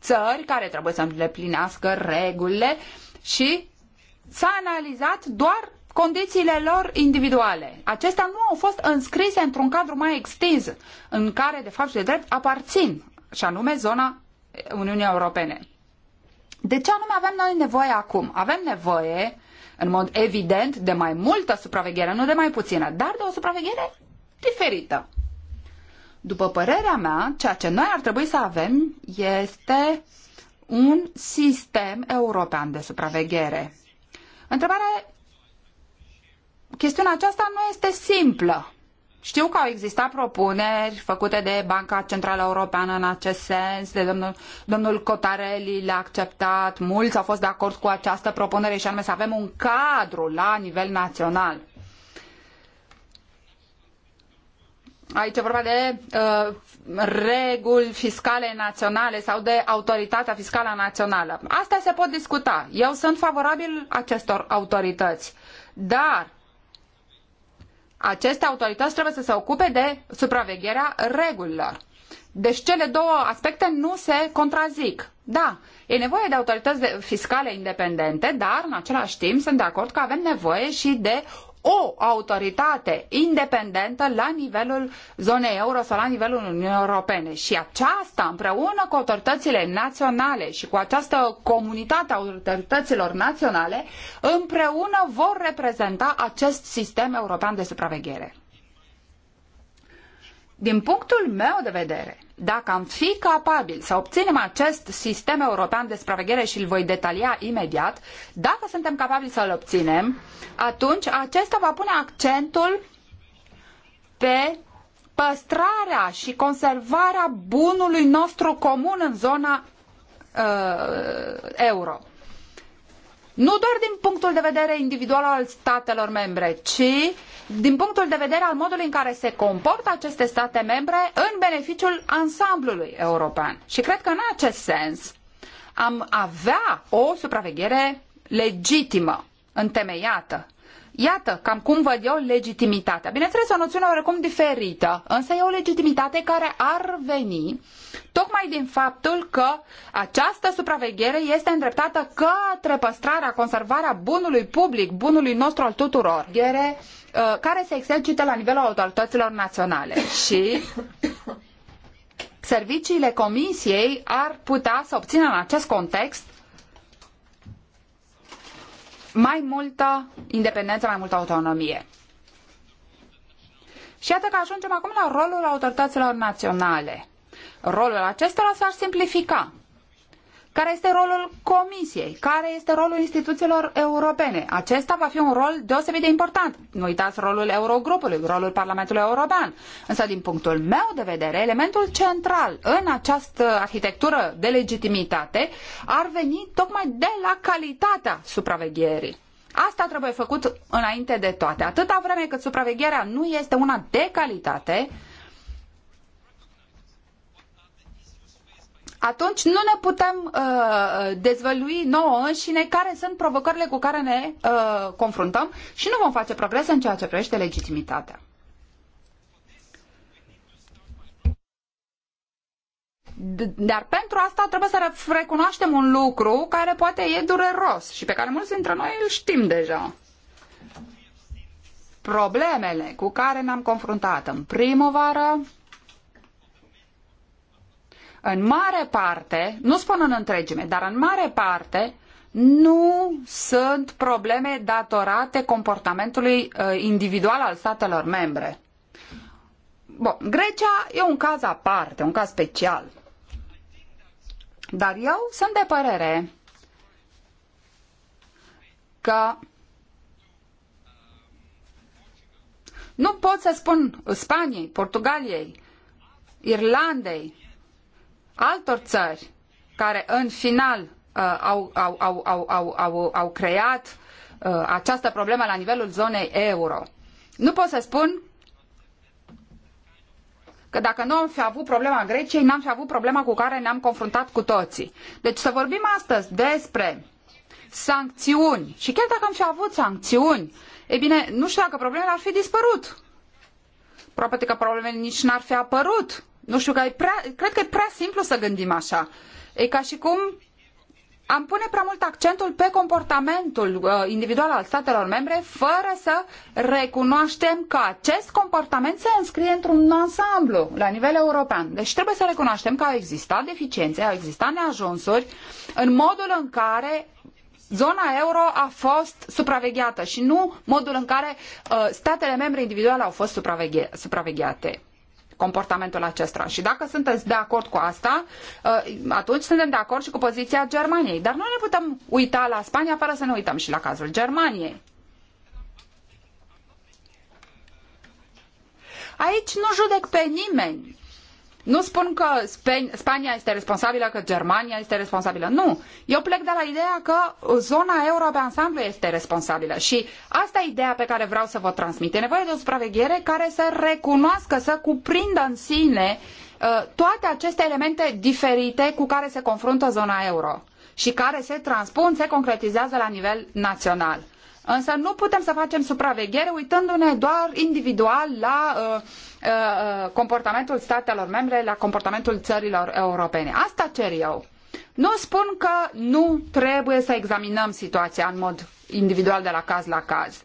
[SPEAKER 1] țări care trebuie să îndeplinească regulile și s-a analizat doar condițiile lor individuale. Acestea nu au fost înscrise într-un cadru mai extins în care, de fapt și de drept, aparțin, și anume zona Uniunii Europene. De ce anume avem noi nevoie acum? Avem nevoie, în mod evident, de mai multă supraveghere, nu de mai puțină, dar de o supraveghere diferită. După părerea mea, ceea ce noi ar trebui să avem este un sistem european de supraveghere. Întrebarea chestiunea aceasta nu este simplă. Știu că au existat propuneri făcute de Banca Centrală Europeană în acest sens, de domnul, domnul Cotarelli le-a acceptat, mulți au fost de acord cu această propunere și anume să avem un cadru la nivel național. Aici e vorba de uh, reguli fiscale naționale sau de autoritatea fiscală națională. Asta se pot discuta. Eu sunt favorabil acestor autorități. Dar aceste autorități trebuie să se ocupe de supravegherea regulilor. Deci cele două aspecte nu se contrazic. Da, e nevoie de autorități fiscale independente, dar în același timp sunt de acord că avem nevoie și de o autoritate independentă la nivelul zonei euro sau la nivelul Uniunii Europene. Și aceasta, împreună cu autoritățile naționale și cu această comunitate a autorităților naționale, împreună vor reprezenta acest sistem european de supraveghere. Din punctul meu de vedere, dacă am fi capabili să obținem acest sistem european de supraveghere și îl voi detalia imediat, dacă suntem capabili să îl obținem, atunci acesta va pune accentul pe păstrarea și conservarea bunului nostru comun în zona uh, euro nu doar din punctul de vedere individual al statelor membre, ci din punctul de vedere al modului în care se comportă aceste state membre în beneficiul ansamblului european. Și cred că în acest sens am avea o supraveghere legitimă, întemeiată Iată cam cum văd eu legitimitatea. Bineînțeles, o noțiune oarecum diferită, însă e o legitimitate care ar veni tocmai din faptul că această supraveghere este îndreptată către păstrarea, conservarea bunului public, bunului nostru al tuturor, uh, care se exercită la nivelul autorităților naționale. Și serviciile comisiei ar putea să obțină în acest context mai multă independență, mai multă autonomie. Și iată că ajungem acum la rolul autorităților naționale. Rolul acestora s-ar simplifica. Care este rolul Comisiei? Care este rolul instituțiilor europene? Acesta va fi un rol deosebit de important. Nu uitați rolul Eurogrupului, rolul Parlamentului European. Însă, din punctul meu de vedere, elementul central în această arhitectură de legitimitate ar veni tocmai de la calitatea supravegherii. Asta trebuie făcut înainte de toate. Atâta vreme cât supravegherea nu este una de calitate, atunci nu ne putem uh, dezvălui nouă înșine care sunt provocările cu care ne uh, confruntăm și nu vom face progrese în ceea ce privește legitimitatea. Dar pentru asta trebuie să recunoaștem un lucru care poate e dureros și pe care mulți dintre noi îl știm deja. Problemele cu care ne-am confruntat în primăvară, în mare parte, nu spun în întregime, dar în mare parte, nu sunt probleme datorate comportamentului uh, individual al statelor membre. Bun, Grecia e un caz aparte, un caz special. Dar eu sunt de părere că nu pot să spun Spaniei, Portugaliei, Irlandei, altor țări care în final uh, au, au, au, au creat uh, această problemă la nivelul zonei euro. Nu pot să spun că dacă nu am fi avut problema Greciei, n-am fi avut problema cu care ne-am confruntat cu toții. Deci să vorbim astăzi despre sancțiuni și chiar dacă am fi avut sancțiuni, e bine, nu știu dacă problemele ar fi dispărut. Probabil că problemele nici n-ar fi apărut nu știu, că e prea, cred că e prea simplu să gândim așa. E ca și cum am pune prea mult accentul pe comportamentul uh, individual al statelor membre, fără să recunoaștem că acest comportament se înscrie într-un ansamblu la nivel european. Deci trebuie să recunoaștem că au existat deficiențe, au existat neajunsuri în modul în care zona euro a fost supravegheată și nu modul în care uh, statele membre individuale au fost supraveghe- supravegheate comportamentul acestora. Și dacă sunteți de acord cu asta, uh, atunci suntem de acord și cu poziția Germaniei. Dar nu ne putem uita la Spania fără să ne uităm și la cazul Germaniei. Aici nu judec pe nimeni. Nu spun că Spania este responsabilă, că Germania este responsabilă. Nu. Eu plec de la ideea că zona euro pe ansamblu este responsabilă. Și asta e ideea pe care vreau să vă transmit. E nevoie de o supraveghere care să recunoască, să cuprindă în sine uh, toate aceste elemente diferite cu care se confruntă zona euro și care se transpun, se concretizează la nivel național. Însă nu putem să facem supraveghere uitându-ne doar individual la uh, uh, uh, comportamentul statelor membre, la comportamentul țărilor europene. Asta cer eu. Nu spun că nu trebuie să examinăm situația în mod individual de la caz la caz.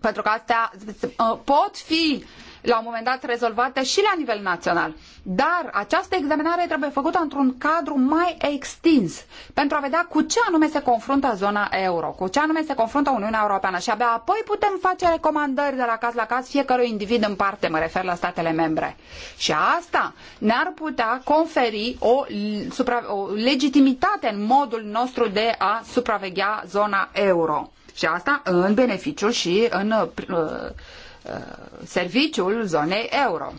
[SPEAKER 1] Pentru că astea uh, pot fi la un moment dat rezolvate și la nivel național. Dar această examinare trebuie făcută într-un cadru mai extins pentru a vedea cu ce anume se confruntă zona euro, cu ce anume se confruntă Uniunea Europeană și abia apoi putem face recomandări de la caz la caz fiecărui individ în parte, mă refer la statele membre. Și asta ne-ar putea conferi o, o legitimitate în modul nostru de a supraveghea zona euro. Și asta în beneficiul și în uh, Uh, serviciul zonei euro.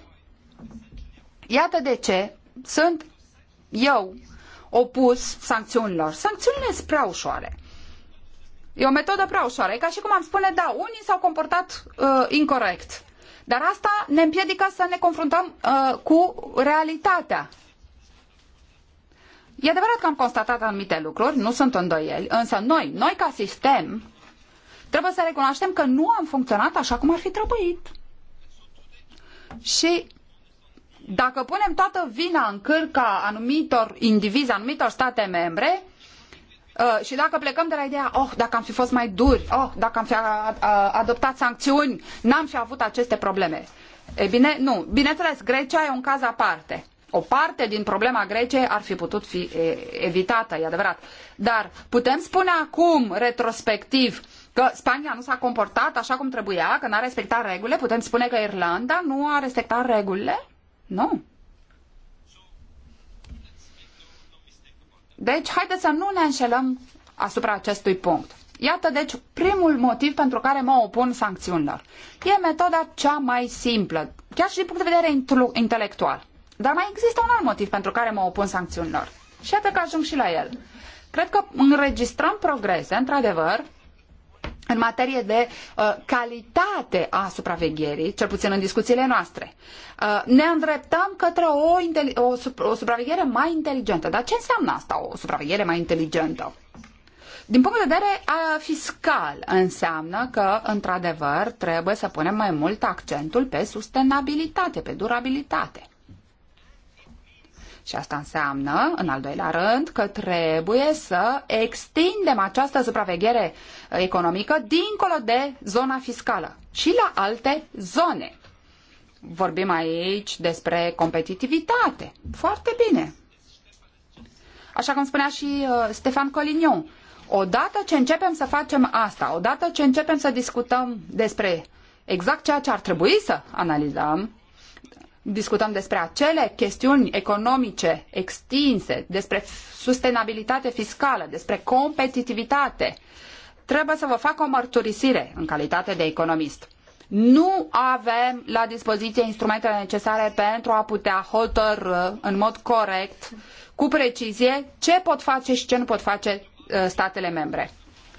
[SPEAKER 1] Iată de ce sunt eu opus sancțiunilor. Sancțiunile sunt prea ușoare. E o metodă prea ușoară. E ca și cum am spune, da, unii s-au comportat uh, incorrect. Dar asta ne împiedică să ne confruntăm uh, cu realitatea. E adevărat că am constatat anumite lucruri, nu sunt îndoieli, însă noi, noi ca sistem, Trebuie să recunoaștem că nu am funcționat așa cum ar fi trebuit. Și dacă punem toată vina în cârca anumitor indivizi, anumitor state membre, uh, și dacă plecăm de la ideea, oh, dacă am fi fost mai duri, oh, dacă am fi adoptat sancțiuni, n-am fi avut aceste probleme. E bine, nu. Bineînțeles, Grecia e un caz aparte. O parte din problema Greciei ar fi putut fi evitată, e adevărat. Dar putem spune acum, retrospectiv, că Spania nu s-a comportat așa cum trebuia, că n-a respectat regulile? Putem spune că Irlanda nu a respectat regulile? Nu. Deci, haideți să nu ne înșelăm asupra acestui punct. Iată, deci, primul motiv pentru care mă opun sancțiunilor. E metoda cea mai simplă, chiar și din punct de vedere intelectual. Dar mai există un alt motiv pentru care mă opun sancțiunilor. Și iată că ajung și la el. Cred că înregistrăm progrese, într-adevăr, în materie de uh, calitate a supravegherii, cel puțin în discuțiile noastre, uh, ne îndreptăm către o, o, o supraveghere mai inteligentă. Dar ce înseamnă asta, o supraveghere mai inteligentă? Din punct de vedere uh, fiscal, înseamnă că, într-adevăr, trebuie să punem mai mult accentul pe sustenabilitate, pe durabilitate. Și asta înseamnă, în al doilea rând, că trebuie să extindem această supraveghere uh, economică dincolo de zona fiscală și la alte zone. Vorbim aici despre competitivitate. Foarte bine. Așa cum spunea și uh, Stefan Colignon, odată ce începem să facem asta, odată ce începem să discutăm despre exact ceea ce ar trebui să analizăm, discutăm despre acele chestiuni economice extinse, despre sustenabilitate fiscală, despre competitivitate, trebuie să vă fac o mărturisire în calitate de economist. Nu avem la dispoziție instrumentele necesare pentru a putea hotărâ în mod corect, cu precizie, ce pot face și ce nu pot face uh, statele membre.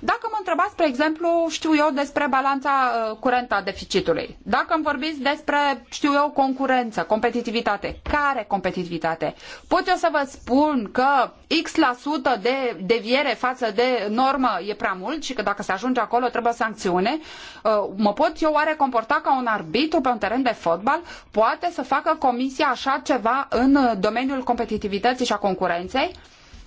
[SPEAKER 1] Dacă mă întrebați, spre exemplu, știu eu despre balanța uh, curentă a deficitului, dacă îmi vorbiți despre, știu eu, concurență, competitivitate, care competitivitate? Pot eu să vă spun că X% la sută de deviere față de normă e prea mult și că dacă se ajunge acolo trebuie sancțiune? Uh, mă pot eu oare comporta ca un arbitru pe un teren de fotbal? Poate să facă comisia așa ceva în uh, domeniul competitivității și a concurenței?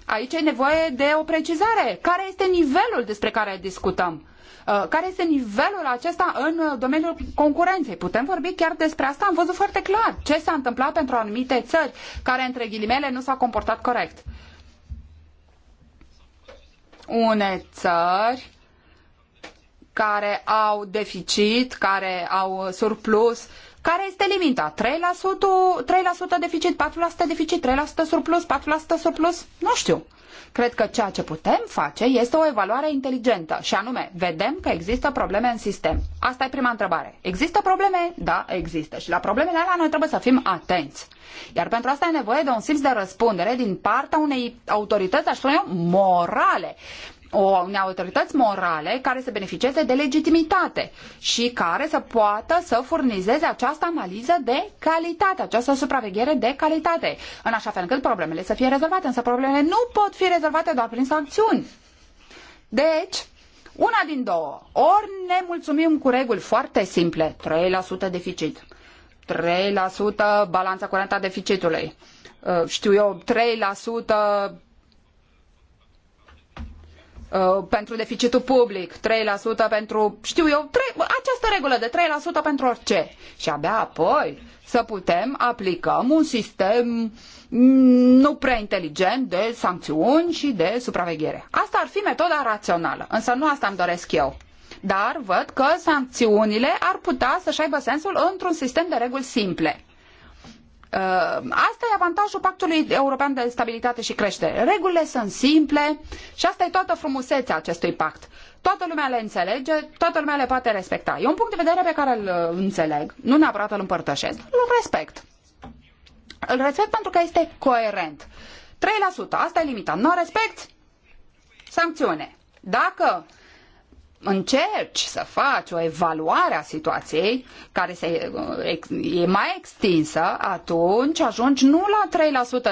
[SPEAKER 1] aici e nevoie de o precizare. Care este nivelul despre care discutăm? Uh, care este nivelul acesta în uh, domeniul concurenței? Putem vorbi chiar despre asta? Am văzut foarte clar ce s-a întâmplat pentru anumite țări care, între ghilimele, nu s-au comportat corect. Une țări care au deficit, care au surplus care este limita? 3%, 3% deficit, 4% deficit, 3% surplus, 4% surplus? Nu știu. Cred că ceea ce putem face este o evaluare inteligentă și anume, vedem că există probleme în sistem. Asta e prima întrebare. Există probleme? Da, există. Și la problemele alea noi trebuie să fim atenți. Iar pentru asta e nevoie de un simț de răspundere din partea unei autorități, aș spune eu, morale o, unei autorități morale care să beneficieze de legitimitate și care să poată să furnizeze această analiză de calitate, această supraveghere de calitate, în așa fel încât problemele să fie rezolvate. Însă problemele nu pot fi rezolvate doar prin sancțiuni. Deci, una din două. Ori ne mulțumim cu reguli foarte simple, 3% deficit, 3% balanța curentă a deficitului, uh, știu eu, sută Uh, pentru deficitul public, 3% pentru, știu eu, 3, această regulă de 3% pentru orice. Și abia apoi să putem aplicăm un sistem nu prea inteligent de sancțiuni și de supraveghere. Asta ar fi metoda rațională, însă nu asta îmi doresc eu. Dar văd că sancțiunile ar putea să-și aibă sensul într-un sistem de reguli simple. Uh, asta e avantajul Pactului European de Stabilitate și Creștere. Regulile sunt simple și asta e toată frumusețea acestui pact. Toată lumea le înțelege, toată lumea le poate respecta. E un punct de vedere pe care îl uh, înțeleg, nu neapărat îl împărtășesc, îl respect. Îl respect pentru că este coerent. 3%, asta e limita. Nu respect, sancțiune. Dacă uh, încerci să faci o evaluare a situației care se, e mai extinsă, atunci ajungi nu la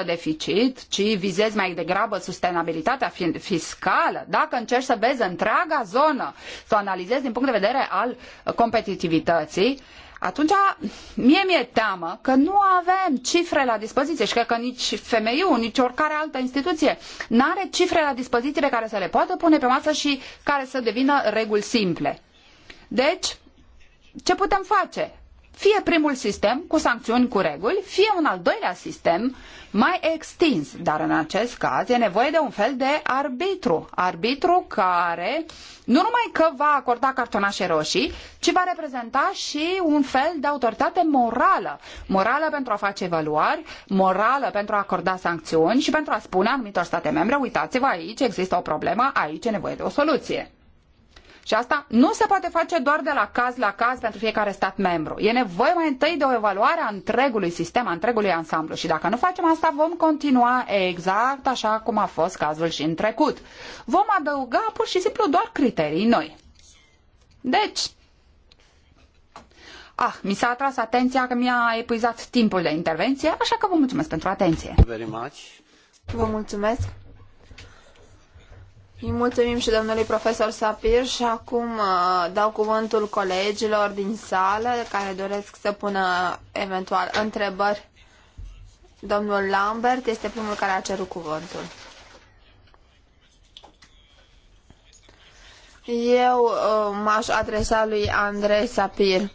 [SPEAKER 1] 3% deficit, ci vizezi mai degrabă sustenabilitatea fiscală. Dacă încerci să vezi întreaga zonă, să o analizezi din punct de vedere al competitivității, atunci mie mi-e teamă că nu avem cifre la dispoziție și cred că nici FMI-ul, nici oricare altă instituție nu are cifre la dispoziție pe care să le poată pune pe masă și care să devină reguli simple. Deci, ce putem face? Fie primul sistem cu sancțiuni cu reguli, fie un al doilea sistem mai extins, dar în acest caz e nevoie de un fel de arbitru. Arbitru care nu numai că va acorda cartonașe roșii, ci va reprezenta și un fel de autoritate morală. Morală pentru a face evaluări, morală pentru a acorda sancțiuni și pentru a spune anumitor state membre, uitați-vă aici, există o problemă, aici e nevoie de o soluție. Și asta nu se poate face doar de la caz la caz pentru fiecare stat membru. E nevoie mai întâi de o evaluare a întregului sistem, a întregului ansamblu. Și dacă nu facem asta, vom continua exact așa cum a fost cazul și în trecut. Vom adăuga pur și simplu doar criterii noi. Deci, Ah, mi s-a atras atenția că mi-a epuizat timpul de intervenție, așa că vă mulțumesc pentru atenție.
[SPEAKER 3] Vă mulțumesc. Îi mulțumim și domnului profesor Sapir și acum uh, dau cuvântul colegilor din sală care doresc să pună eventual întrebări. Domnul Lambert este primul care a cerut cuvântul. Eu uh, m-aș adresa lui Andrei Sapir.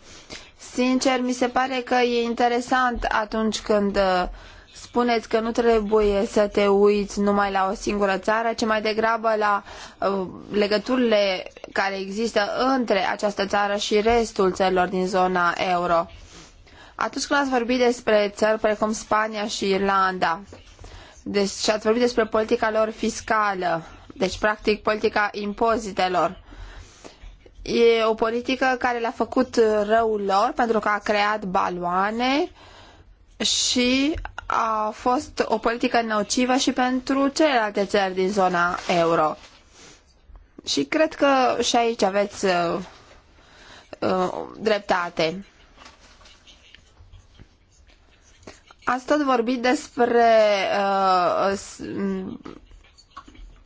[SPEAKER 3] Sincer, mi se pare că e interesant atunci când uh, spuneți că nu trebuie să te uiți numai la o singură țară, ci mai degrabă la uh, legăturile care există între această țară și restul țărilor din zona euro. Atunci când ați vorbit despre țări precum Spania și Irlanda, deci și ați vorbit despre politica lor fiscală, deci practic politica impozitelor, e o politică care le-a făcut răul lor pentru că a creat baloane și a fost o politică nocivă și pentru celelalte țări din zona euro. Și cred că și aici aveți uh, uh, dreptate. Ați tot vorbit despre uh,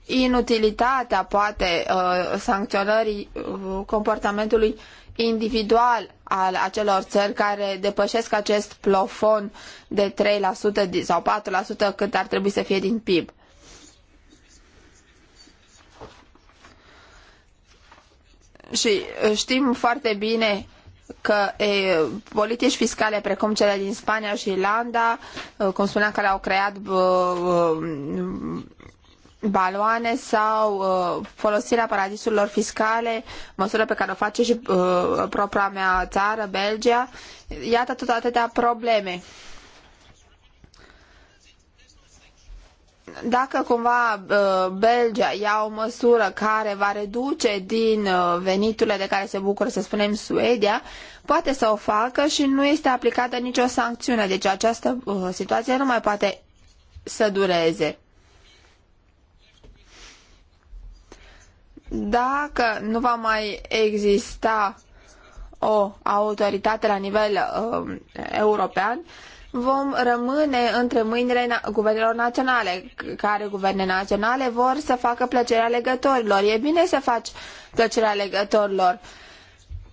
[SPEAKER 3] inutilitatea, poate, uh, sancționării uh, comportamentului individual al acelor țări care depășesc acest plafon de 3% sau 4% cât ar trebui să fie din PIB. Și știm foarte bine că e, politici fiscale precum cele din Spania și Irlanda, cum spuneam, care au creat baloane sau uh, folosirea paradisurilor fiscale, măsură pe care o face și uh, propria mea țară, Belgia. Iată tot atâtea probleme. Dacă cumva uh, Belgia ia o măsură care va reduce din uh, veniturile de care se bucură, să spunem, Suedia, poate să o facă și nu este aplicată nicio sancțiune. Deci această uh, situație nu mai poate să dureze. dacă nu va mai exista o autoritate la nivel uh, european, vom rămâne între mâinile na- guvernelor naționale, care guverne naționale vor să facă plăcerea legătorilor. E bine să faci plăcerea legătorilor.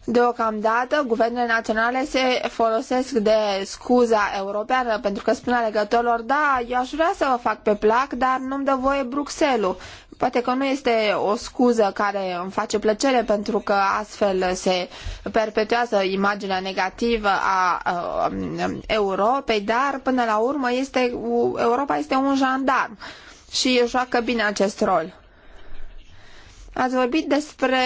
[SPEAKER 3] Deocamdată, guvernele naționale se folosesc de scuza europeană pentru că spun alegătorilor, da, eu aș vrea să vă fac pe plac, dar nu-mi dă voie Bruxelles. Poate că nu este o scuză care îmi face plăcere pentru că astfel se perpetuează imaginea negativă a, a um, Europei, dar până la urmă este, Europa este un jandarm și joacă bine acest rol. Ați vorbit despre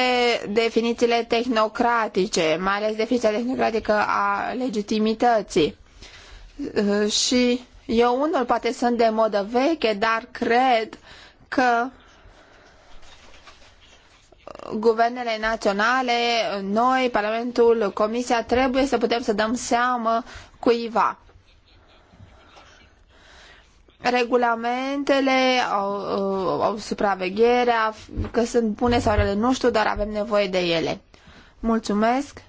[SPEAKER 3] definițiile tehnocratice, mai ales definiția tehnocratică a legitimității. Și eu unul poate sunt de modă veche, dar cred că guvernele naționale, noi, Parlamentul, Comisia, trebuie să putem să dăm seamă cuiva. Regulamentele, au, au supravegherea, că sunt bune sau rele, nu știu, dar avem nevoie de ele. Mulțumesc.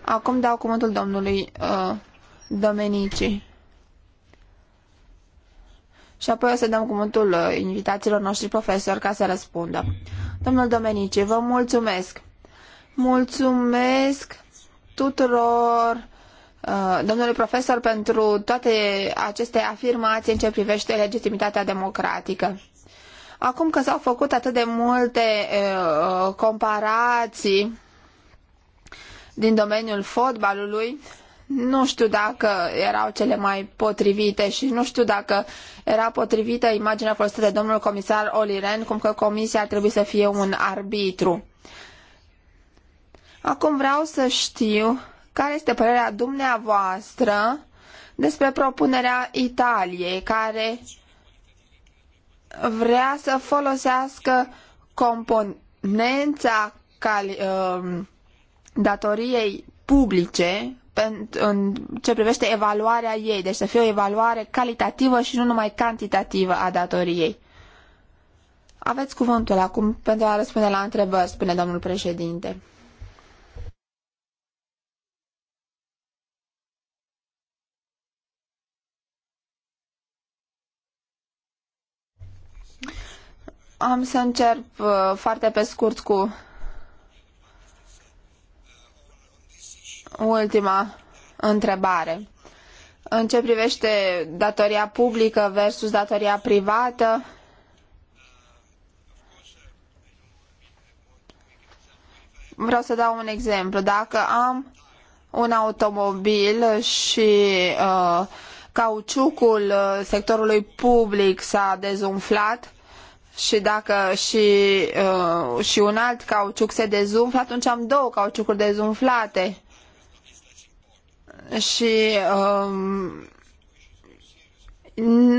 [SPEAKER 3] Acum dau cuvântul domnului uh, Domenici și apoi o să dăm cuvântul uh, invitațiilor noștri profesori ca să răspundă. Domnul Domenici, vă mulțumesc! Mulțumesc tuturor uh, domnului profesor pentru toate aceste afirmații în ce privește legitimitatea democratică. Acum că s-au făcut atât de multe uh, comparații din domeniul fotbalului, nu știu dacă erau cele mai potrivite și nu știu dacă era potrivită imaginea folosită de domnul comisar Olli Rehn, cum că comisia ar trebui să fie un arbitru. Acum vreau să știu care este părerea dumneavoastră despre propunerea Italiei, care vrea să folosească componența ă, datoriei publice în ce privește evaluarea ei, deci să fie o evaluare calitativă și nu numai cantitativă a datoriei. Aveți cuvântul acum pentru a răspunde la întrebări, spune domnul președinte. Am să încerc uh, foarte pe scurt cu ultima întrebare. În ce privește datoria publică versus datoria privată, vreau să dau un exemplu. Dacă am un automobil și uh, cauciucul uh, sectorului public s-a dezumflat și dacă și, uh, și un alt cauciuc se dezumflă, atunci am două cauciucuri dezumflate și um,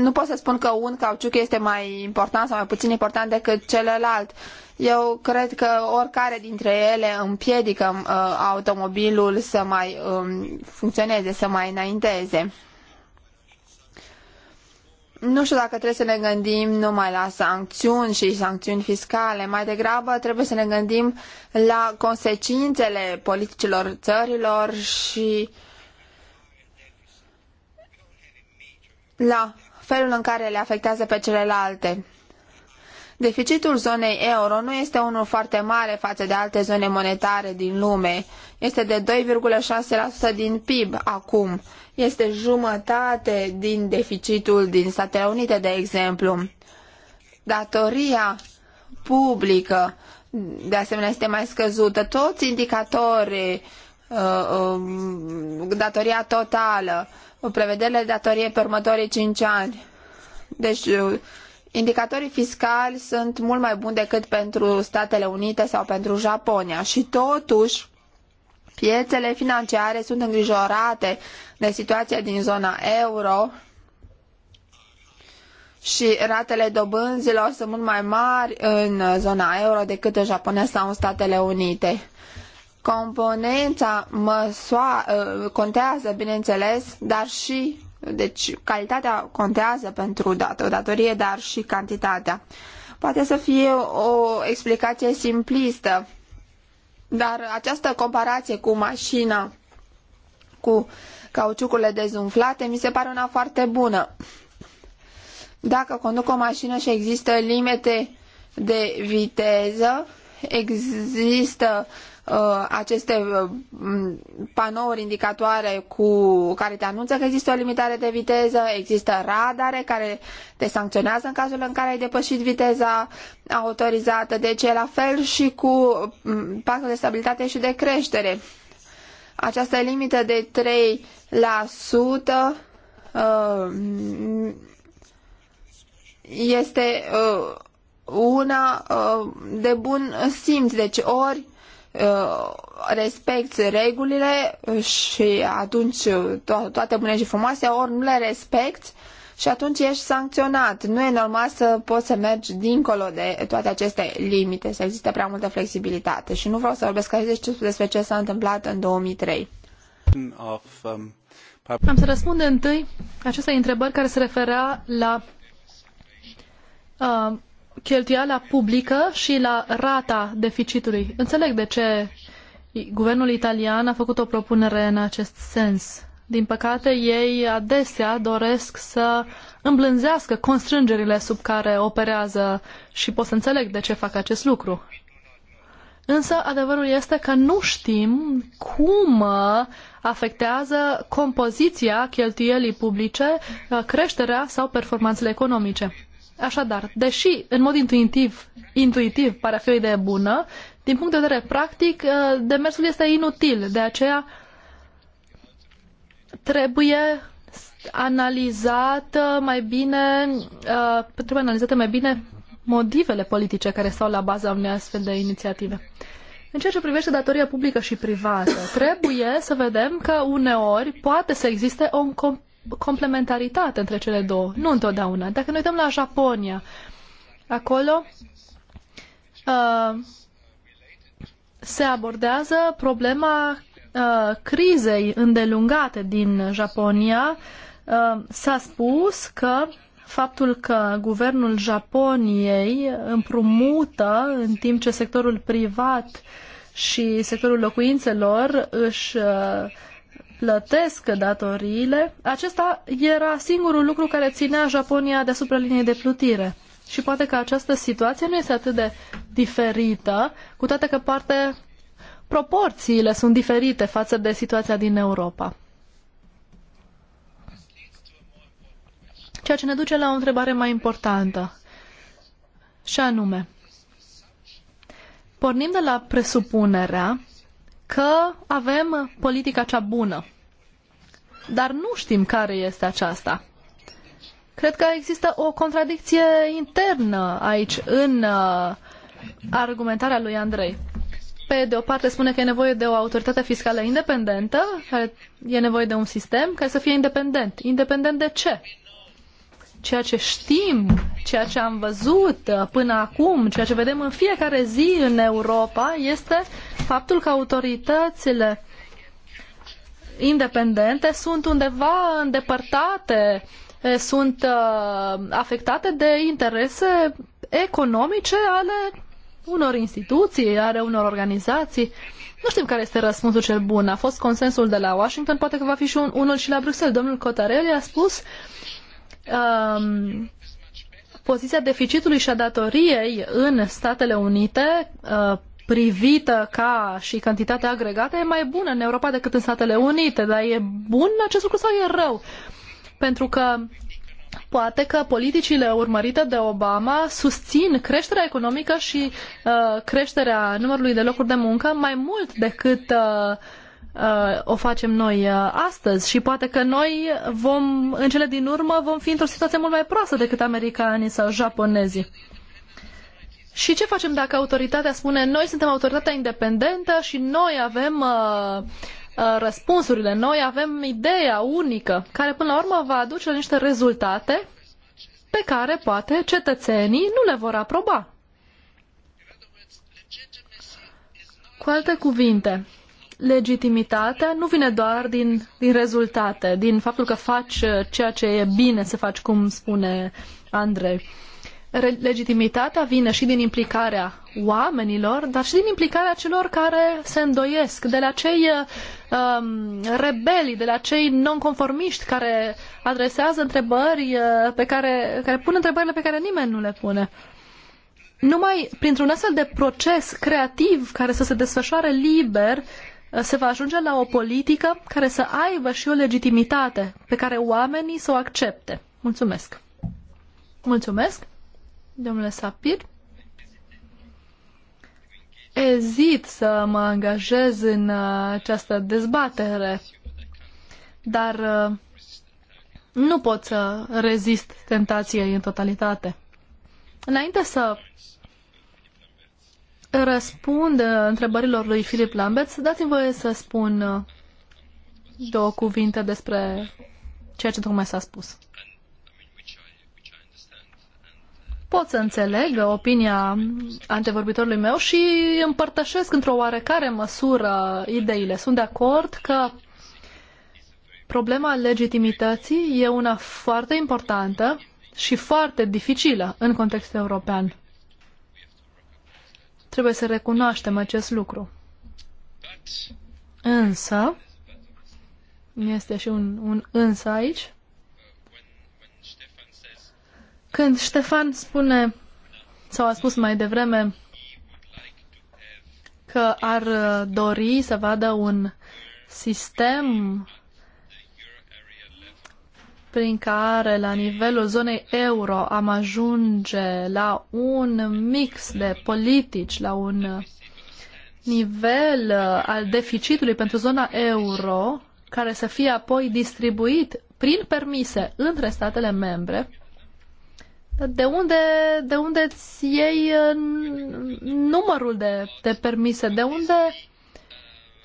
[SPEAKER 3] nu pot să spun că un cauciuc este mai important sau mai puțin important decât celălalt. Eu cred că oricare dintre ele împiedică uh, automobilul să mai um, funcționeze, să mai înainteze. Nu știu dacă trebuie să ne gândim numai la sancțiuni și sancțiuni fiscale, mai degrabă trebuie să ne gândim la consecințele politicilor țărilor și uh, la felul în care le afectează pe celelalte. Deficitul zonei euro nu este unul foarte mare față de alte zone monetare din lume. Este de 2,6% din PIB acum. Este jumătate din deficitul din Statele Unite, de exemplu. Datoria publică, de asemenea, este mai scăzută. Toți indicatorii, uh, um, datoria totală, prevederile datoriei pe următorii cinci ani. Deci, uh, indicatorii fiscali sunt mult mai buni decât pentru Statele Unite sau pentru Japonia și totuși piețele financiare sunt îngrijorate de situația din zona euro și ratele dobânzilor sunt mult mai mari în zona euro decât în Japonia sau în Statele Unite. Componența măsoa, ă, contează, bineînțeles, dar și, deci calitatea contează pentru o datorie, dar și cantitatea. Poate să fie o explicație simplistă, dar această comparație cu mașina, cu cauciucurile dezumflate, mi se pare una foarte bună. Dacă conduc o mașină și există limite de viteză, există Uh, aceste uh, panouri indicatoare cu care te anunță că există o limitare de viteză, există radare care te sancționează în cazul în care ai depășit viteza autorizată. Deci e la fel și cu pactul de stabilitate și de creștere. Această limită de 3% uh, este una de bun simț. Deci ori Uh, respecti regulile și atunci to- toate bune și frumoase, ori nu le respecti și atunci ești sancționat. Nu e normal să poți să mergi dincolo de toate aceste limite, să existe prea multă flexibilitate. Și nu vreau să vorbesc aici despre ce s-a
[SPEAKER 2] întâmplat în 2003. Am să răspund întâi acestei întrebări care se referea la uh, cheltuiala publică și la rata deficitului. Înțeleg de ce guvernul italian a făcut o propunere în acest sens. Din păcate, ei adesea doresc să îmblânzească constrângerile sub care operează și pot să înțeleg de ce fac acest lucru. Însă adevărul este că nu știm cum afectează compoziția cheltuielii publice, creșterea sau performanțele economice. Așadar, deși în mod intuitiv, intuitiv pare a fi o idee bună, din punct de vedere practic, uh, demersul este inutil. De aceea trebuie analizată mai bine, uh, trebuie analizate mai bine motivele politice care stau la baza unei astfel de inițiative. În ceea ce privește datoria publică și privată, trebuie să vedem că uneori poate să existe o complementaritate între cele două. Nu întotdeauna. Dacă ne uităm la Japonia, acolo uh, se abordează problema uh, crizei îndelungate din Japonia. Uh, s-a spus că faptul că guvernul Japoniei împrumută în timp ce sectorul privat și sectorul locuințelor își uh, plătesc datoriile, acesta era singurul lucru care ținea Japonia deasupra liniei de plutire. Și poate că această situație nu este atât de diferită, cu toate că parte proporțiile sunt diferite față de situația din Europa. Ceea ce ne duce la o întrebare mai importantă, și anume, pornim de la presupunerea că avem politica cea bună. Dar nu știm care este aceasta. Cred că există o contradicție internă aici în uh, argumentarea lui Andrei. Pe de o parte spune că e nevoie de o autoritate fiscală independentă, care e nevoie de un sistem care să fie independent. Independent de ce? ceea ce știm, ceea ce am văzut uh, până acum, ceea ce vedem în fiecare zi în Europa, este faptul că autoritățile independente sunt undeva îndepărtate, eh, sunt uh, afectate de interese economice ale unor instituții, ale unor organizații. Nu știm care este răspunsul cel bun. A fost consensul de la Washington, poate că va fi și un, unul și la Bruxelles. Domnul Cotarelli a spus um, poziția deficitului și a datoriei în Statele Unite uh, privită ca și cantitatea agregată e mai bună în Europa decât în Statele Unite, dar e bun acest lucru sau e rău? Pentru că poate că politicile urmărite de Obama susțin creșterea economică și uh, creșterea numărului de locuri de muncă mai mult decât uh, o facem noi uh, astăzi și poate că noi vom, în cele din urmă vom fi într-o situație mult mai proastă decât americanii sau japonezii. Și ce facem dacă autoritatea spune noi suntem autoritatea independentă și noi avem uh, uh, răspunsurile, noi avem ideea unică care până la urmă va aduce niște rezultate pe care poate cetățenii nu le vor aproba. Cu alte cuvinte, legitimitatea nu vine doar din, din rezultate, din faptul că faci uh, ceea ce e bine să faci, cum spune Andrei. Legitimitatea vine și din implicarea oamenilor, dar și din implicarea celor care se îndoiesc, de la cei uh, um, rebeli, de la cei nonconformiști care adresează întrebări uh, pe care, care pun întrebările pe care nimeni nu le pune. Numai printr-un astfel de proces creativ care să se desfășoare liber, se va ajunge la o politică care să aibă și o legitimitate pe care oamenii să o accepte. Mulțumesc! Mulțumesc, domnule Sapir. Ezit să mă angajez în uh, această dezbatere, dar uh, nu pot să rezist tentației în totalitate. Înainte să răspund uh, întrebărilor lui Filip Lambert, dați-mi voie să spun uh, două cuvinte despre ceea ce tocmai s-a spus. Pot să înțeleg opinia antevorbitorului meu și împărtășesc într-o oarecare măsură ideile. Sunt de acord că problema legitimității e una foarte importantă și foarte dificilă în contextul european. Trebuie să recunoaștem acest lucru. Însă, este și un, un însă aici, când Ștefan spune, sau a spus mai devreme, că ar dori să vadă un sistem prin care la nivelul zonei euro am ajunge la un mix de politici, la un nivel uh, al deficitului pentru zona euro, care să fie apoi distribuit prin permise între statele membre, de unde, de unde îți iei uh, numărul de, de permise? De unde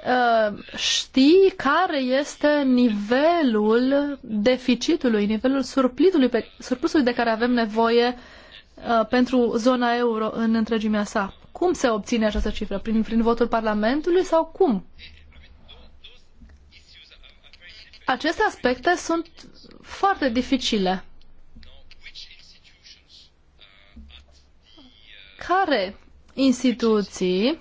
[SPEAKER 2] Uh, ști care este nivelul deficitului, nivelul surplitului pe, surplusului de care avem nevoie uh, pentru zona euro în întregimea sa. Cum se obține această cifră? Prin, prin votul Parlamentului sau cum? Aceste aspecte sunt foarte dificile. Care instituții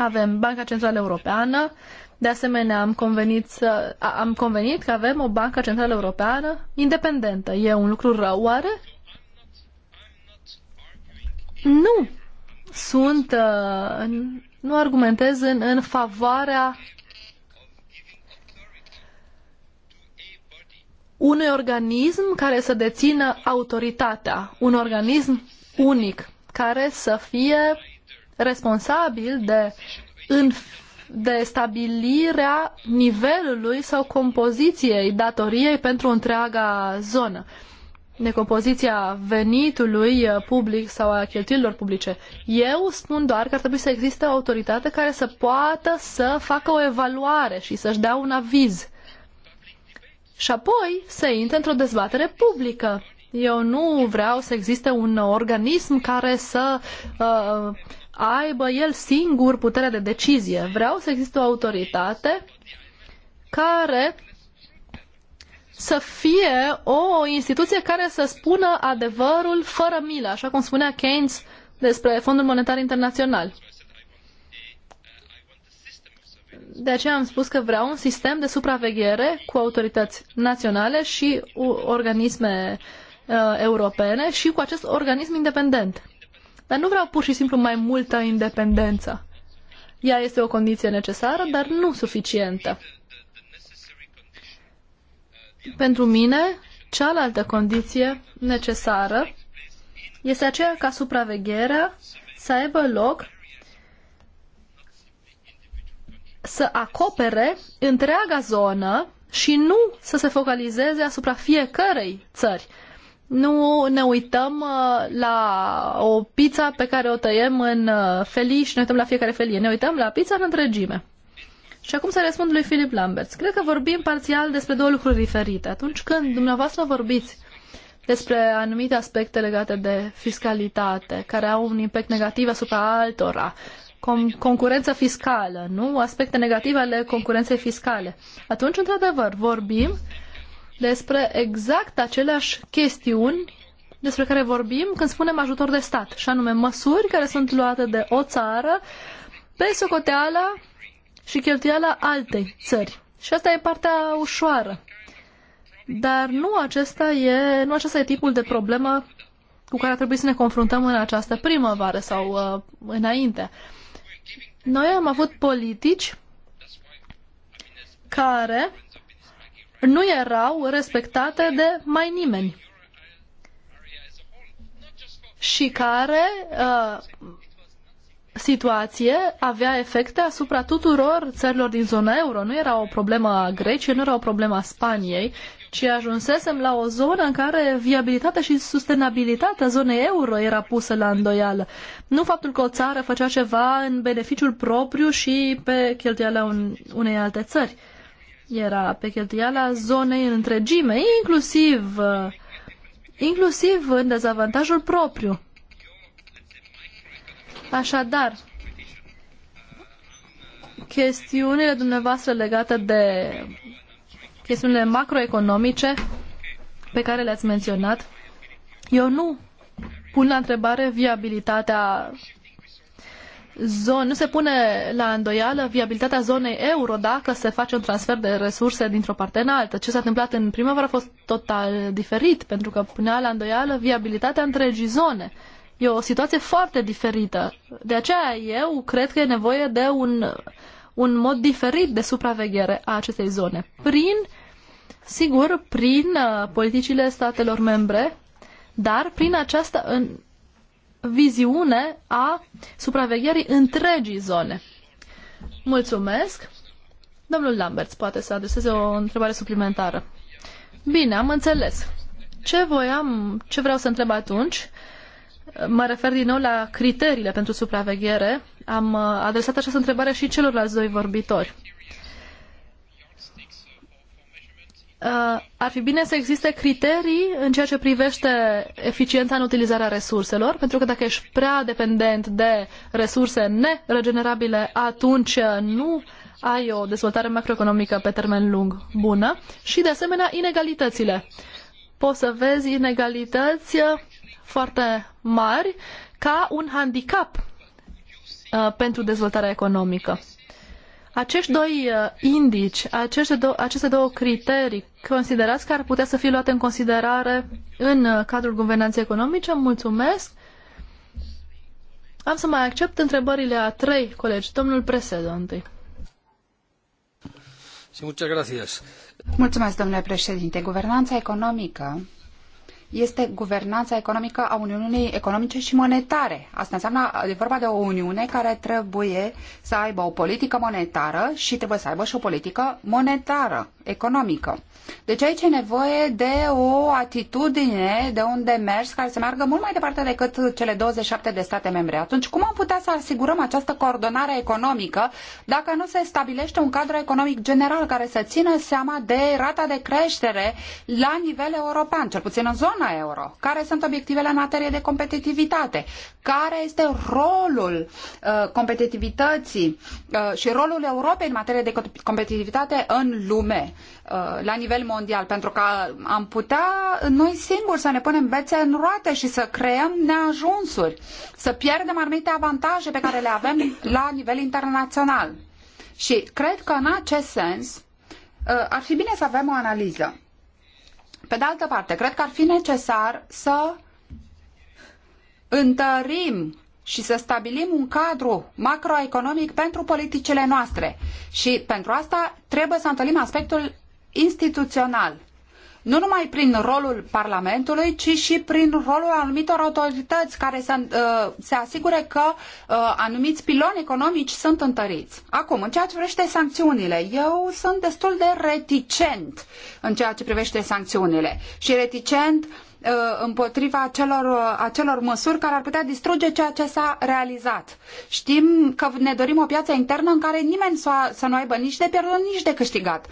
[SPEAKER 2] avem Banca Centrală Europeană, de asemenea am convenit, să, am convenit că avem o Banca Centrală Europeană independentă. E un lucru rău, oare? Nu. Sunt, uh, nu argumentez în, în favoarea unui organism care să dețină autoritatea, un organism unic care să fie responsabil de, în, de stabilirea nivelului sau compoziției datoriei pentru întreaga zonă compoziția venitului uh, public sau a cheltuielilor publice. Eu spun doar că ar trebui să existe o autoritate care să poată să facă o evaluare și să-și dea un aviz. Și apoi să intre într-o dezbatere publică. Eu nu vreau să existe un organism care să uh, aibă el singur puterea de decizie. Vreau să existe o autoritate care să fie o instituție care să spună adevărul fără milă, așa cum spunea Keynes despre Fondul Monetar Internațional. De aceea am spus că vreau un sistem de supraveghere cu autorități naționale și organisme uh, europene și cu acest organism independent. Dar nu vreau pur și simplu mai multă independență. Ea este o condiție necesară, dar nu suficientă. Pentru mine, cealaltă condiție necesară este aceea ca supravegherea să aibă loc să acopere întreaga zonă și nu să se focalizeze asupra fiecărei țări nu ne uităm uh, la o pizza pe care o tăiem în uh, felii și ne uităm la fiecare felie. Ne uităm la pizza în întregime. Și acum să răspund lui Philip Lambert. Cred că vorbim parțial despre două lucruri diferite. Atunci când dumneavoastră vorbiți despre anumite aspecte legate de fiscalitate, care au un impact negativ asupra altora, con- concurență fiscală, nu? Aspecte negative ale concurenței fiscale. Atunci, într-adevăr, vorbim despre exact aceleași chestiuni despre care vorbim când spunem ajutor de stat, și anume măsuri care sunt luate de o țară pe socoteala și cheltuiala altei țări. Și asta e partea ușoară. Dar nu acesta e, nu acesta e tipul de problemă cu care trebuie să ne confruntăm în această primăvară sau uh, înainte. Noi am avut politici care nu erau respectate de mai nimeni și care uh, situație avea efecte asupra tuturor țărilor din zona euro. Nu era o problemă a Greciei, nu era o problemă a Spaniei, ci ajunsesem la o zonă în care viabilitatea și sustenabilitatea zonei euro era pusă la îndoială. Nu faptul că o țară făcea ceva în beneficiul propriu și pe cheltuiala un, unei alte țări era pe cheltuiala zonei în întregime, inclusiv, uh, inclusiv în dezavantajul propriu. Așadar, chestiunile dumneavoastră legate de chestiunile macroeconomice pe care le-ați menționat, eu nu pun la întrebare viabilitatea zone, nu se pune la îndoială viabilitatea zonei euro dacă se face un transfer de resurse dintr-o parte în alta. Ce s-a întâmplat în primăvară a fost total diferit, pentru că punea la îndoială viabilitatea întregii zone. E o situație foarte diferită. De aceea eu cred că e nevoie de un, un mod diferit de supraveghere a acestei zone. Prin, sigur, prin uh, politicile statelor membre, dar prin această, în, viziune a supravegherii întregii zone. Mulțumesc. Domnul Lambert poate să adreseze o întrebare suplimentară. Bine, am înțeles. Ce voiam, ce vreau să întreb atunci, mă refer din nou la criteriile pentru supraveghere. Am uh, adresat această întrebare și celorlalți doi vorbitori. Uh, ar fi bine să existe criterii în ceea ce privește eficiența în utilizarea resurselor, pentru că dacă ești prea dependent de resurse neregenerabile, atunci nu ai o dezvoltare macroeconomică pe termen lung bună și, de asemenea, inegalitățile. Poți să vezi inegalități foarte mari ca un handicap uh, pentru dezvoltarea economică. Acești doi uh, indici, aceste, do- aceste două criterii, considerați că ar putea să fie luate în considerare în uh, cadrul guvernanței economice? Mulțumesc! Am să mai accept întrebările a trei colegi. Domnul președinte. Mulțumesc,
[SPEAKER 1] domnule președinte. Guvernanța economică este guvernanța economică a Uniunii Economice și Monetare. Asta înseamnă, e vorba de o Uniune care trebuie să aibă o politică monetară și trebuie să aibă și o politică monetară economică. Deci aici e nevoie de o atitudine, de un demers care să meargă mult mai departe decât cele 27 de state membre. Atunci, cum am putea să asigurăm această coordonare economică dacă nu se stabilește un cadru economic general care să țină seama de rata de creștere la nivel european, cel puțin în zona euro? Care sunt obiectivele în materie de competitivitate? Care este rolul uh, competitivității uh, și rolul Europei în materie de competitivitate în lume? Uh, la nivel mondial, pentru că am putea noi singuri să ne punem bețe în roate și să creăm neajunsuri, să pierdem anumite avantaje pe care le avem la nivel internațional. Și cred că în acest sens uh, ar fi bine să avem o analiză. Pe de altă parte, cred că ar fi necesar să întărim și să stabilim un cadru macroeconomic pentru politicile noastre. Și pentru asta trebuie să întâlnim aspectul instituțional. Nu numai prin rolul Parlamentului, ci și prin rolul anumitor autorități care se, uh, se asigure că uh, anumiți piloni economici sunt întăriți. Acum, în ceea ce privește sancțiunile, eu sunt destul de reticent în ceea ce privește sancțiunile și reticent uh, Uh, împotriva acelor, uh, acelor măsuri care ar putea distruge ceea ce s-a realizat. Știm că ne dorim o piață internă în care nimeni să nu aibă nici de pierdut, nici de câștigat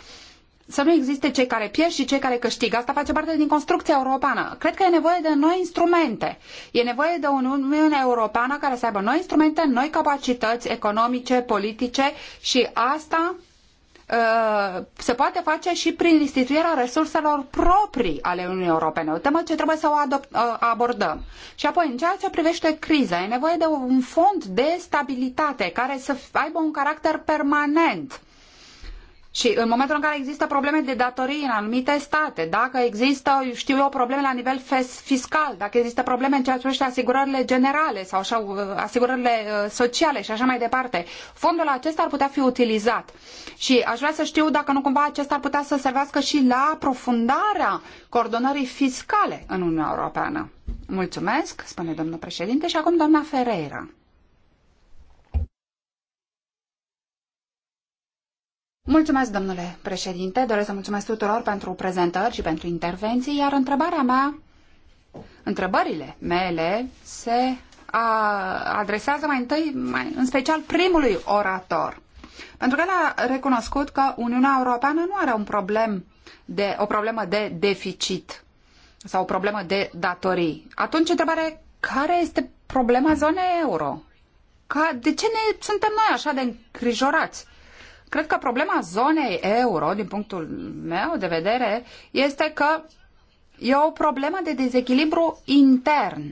[SPEAKER 1] să nu existe cei care pierd și cei care câștigă. Asta face parte din construcția europeană. Cred că e nevoie de noi instrumente. E nevoie de o Uniune Europeană care să aibă noi instrumente, noi capacități economice, politice și asta Uh, se poate face și prin instituirea resurselor proprii ale Uniunii Europene, o temă ce trebuie să o uh, abordăm. Și apoi, în ceea ce privește criza, e nevoie de un fond de stabilitate care să aibă un caracter permanent și în momentul în care există probleme de datorii în anumite state, dacă există, știu eu, probleme la nivel fiscal, dacă există probleme în ceea ce privește asigurările generale sau așa, uh, asigurările uh, sociale și așa mai departe, fondul acesta ar putea fi utilizat. Și aș vrea să știu dacă nu cumva acesta ar putea să servească și la aprofundarea coordonării fiscale în Uniunea Europeană. Mulțumesc, spune domnul președinte, și acum doamna Ferreira. Mulțumesc, domnule președinte. Doresc să mulțumesc tuturor pentru prezentări și pentru intervenții, iar întrebarea mea, întrebările mele se adresează mai întâi, mai, în special primului orator. Pentru că el a recunoscut că Uniunea Europeană nu are un problem de, o problemă de deficit sau o problemă de datorii. Atunci, întrebare, care este problema zonei euro? Ca, de ce ne, suntem noi așa de îngrijorați? Cred că problema zonei euro, din punctul meu de vedere, este că e o problemă de dezechilibru intern.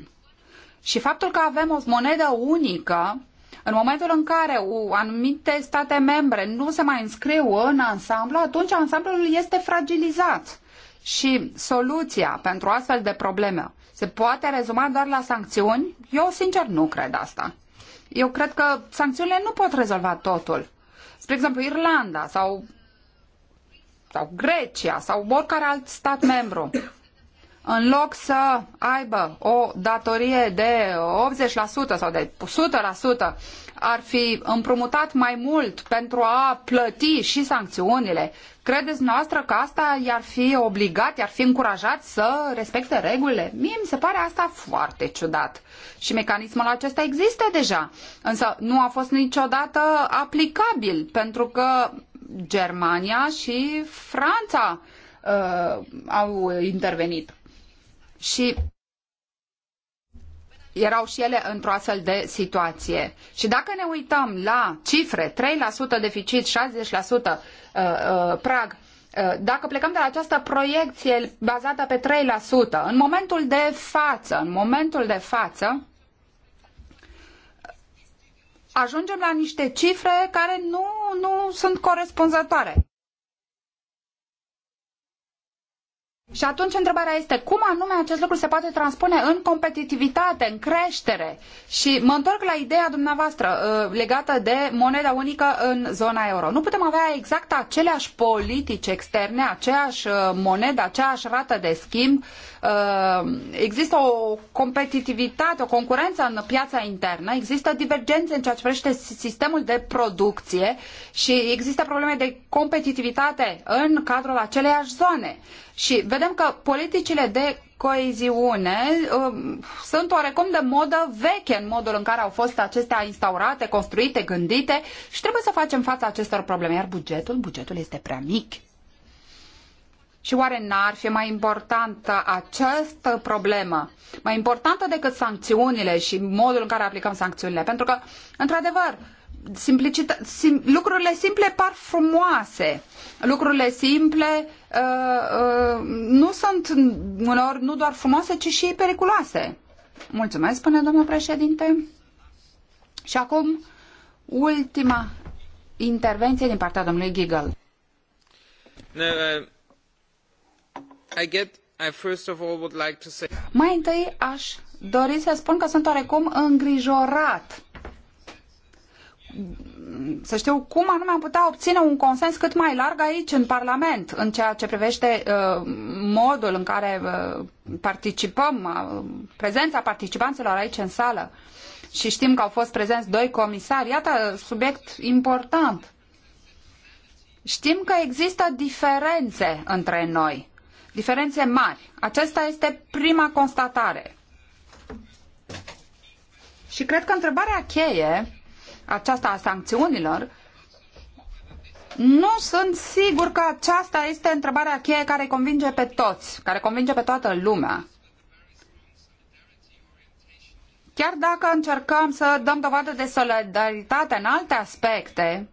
[SPEAKER 1] Și faptul că avem o monedă unică, în momentul în care anumite state membre nu se mai înscriu în ansamblu, atunci ansamblul este fragilizat. Și soluția pentru astfel de probleme se poate rezuma doar la sancțiuni? Eu, sincer, nu cred asta. Eu cred că sancțiunile nu pot rezolva totul spre exemplu, Irlanda sau, sau Grecia sau oricare alt stat membru, în loc să aibă o datorie de 80% sau de 100%, ar fi împrumutat mai mult pentru a plăti și sancțiunile, credeți noastră că asta i-ar fi obligat, i-ar fi încurajat să respecte regulile? Mie mi se pare asta foarte ciudat. Și mecanismul acesta există deja, însă nu a fost niciodată aplicabil, pentru că Germania și Franța uh, au intervenit. Și erau și ele într-o astfel de situație. Și dacă ne uităm la cifre, 3% deficit, 60% uh, uh, prag, uh, dacă plecăm de la această proiecție bazată pe 3%, în momentul de față, în momentul de față, ajungem la niște cifre care nu, nu sunt corespunzătoare. Și atunci întrebarea este cum anume acest lucru se poate transpune în competitivitate, în creștere. Și mă întorc la ideea dumneavoastră uh, legată de moneda unică în zona euro. Nu putem avea exact aceleași politici externe, aceeași uh, monedă, aceeași rată de schimb. Uh, există o competitivitate, o concurență în piața internă, există divergențe în ceea ce privește sistemul de producție și există probleme de competitivitate în cadrul aceleiași zone. Și vedem că politicile de coeziune um, sunt oarecum de modă veche în modul în care au fost acestea instaurate, construite, gândite și trebuie să facem față acestor probleme. Iar bugetul, bugetul este prea mic. Și oare n-ar fi mai importantă această problemă, mai importantă decât sancțiunile și modul în care aplicăm sancțiunile? Pentru că, într-adevăr, sim, lucrurile simple par frumoase. Lucrurile simple Uh, uh, nu sunt uneori nu doar frumoase, ci și periculoase. Mulțumesc, spune domnul președinte. Și acum, ultima intervenție din partea domnului Giggle.
[SPEAKER 3] No, uh, I get, I first of all would like to say...
[SPEAKER 1] Mai întâi aș dori să spun că sunt oarecum îngrijorat să știu cum anume am putea obține un consens cât mai larg aici, în Parlament, în ceea ce privește uh, modul în care uh, participăm, uh, prezența participanților aici în sală. Și știm că au fost prezenți doi comisari. Iată, subiect important. Știm că există diferențe între noi, diferențe mari. Aceasta este prima constatare. Și cred că întrebarea cheie aceasta a sancțiunilor, nu sunt sigur că aceasta este întrebarea cheie care convinge pe toți, care convinge pe toată lumea. Chiar dacă încercăm să dăm dovadă de solidaritate în alte aspecte,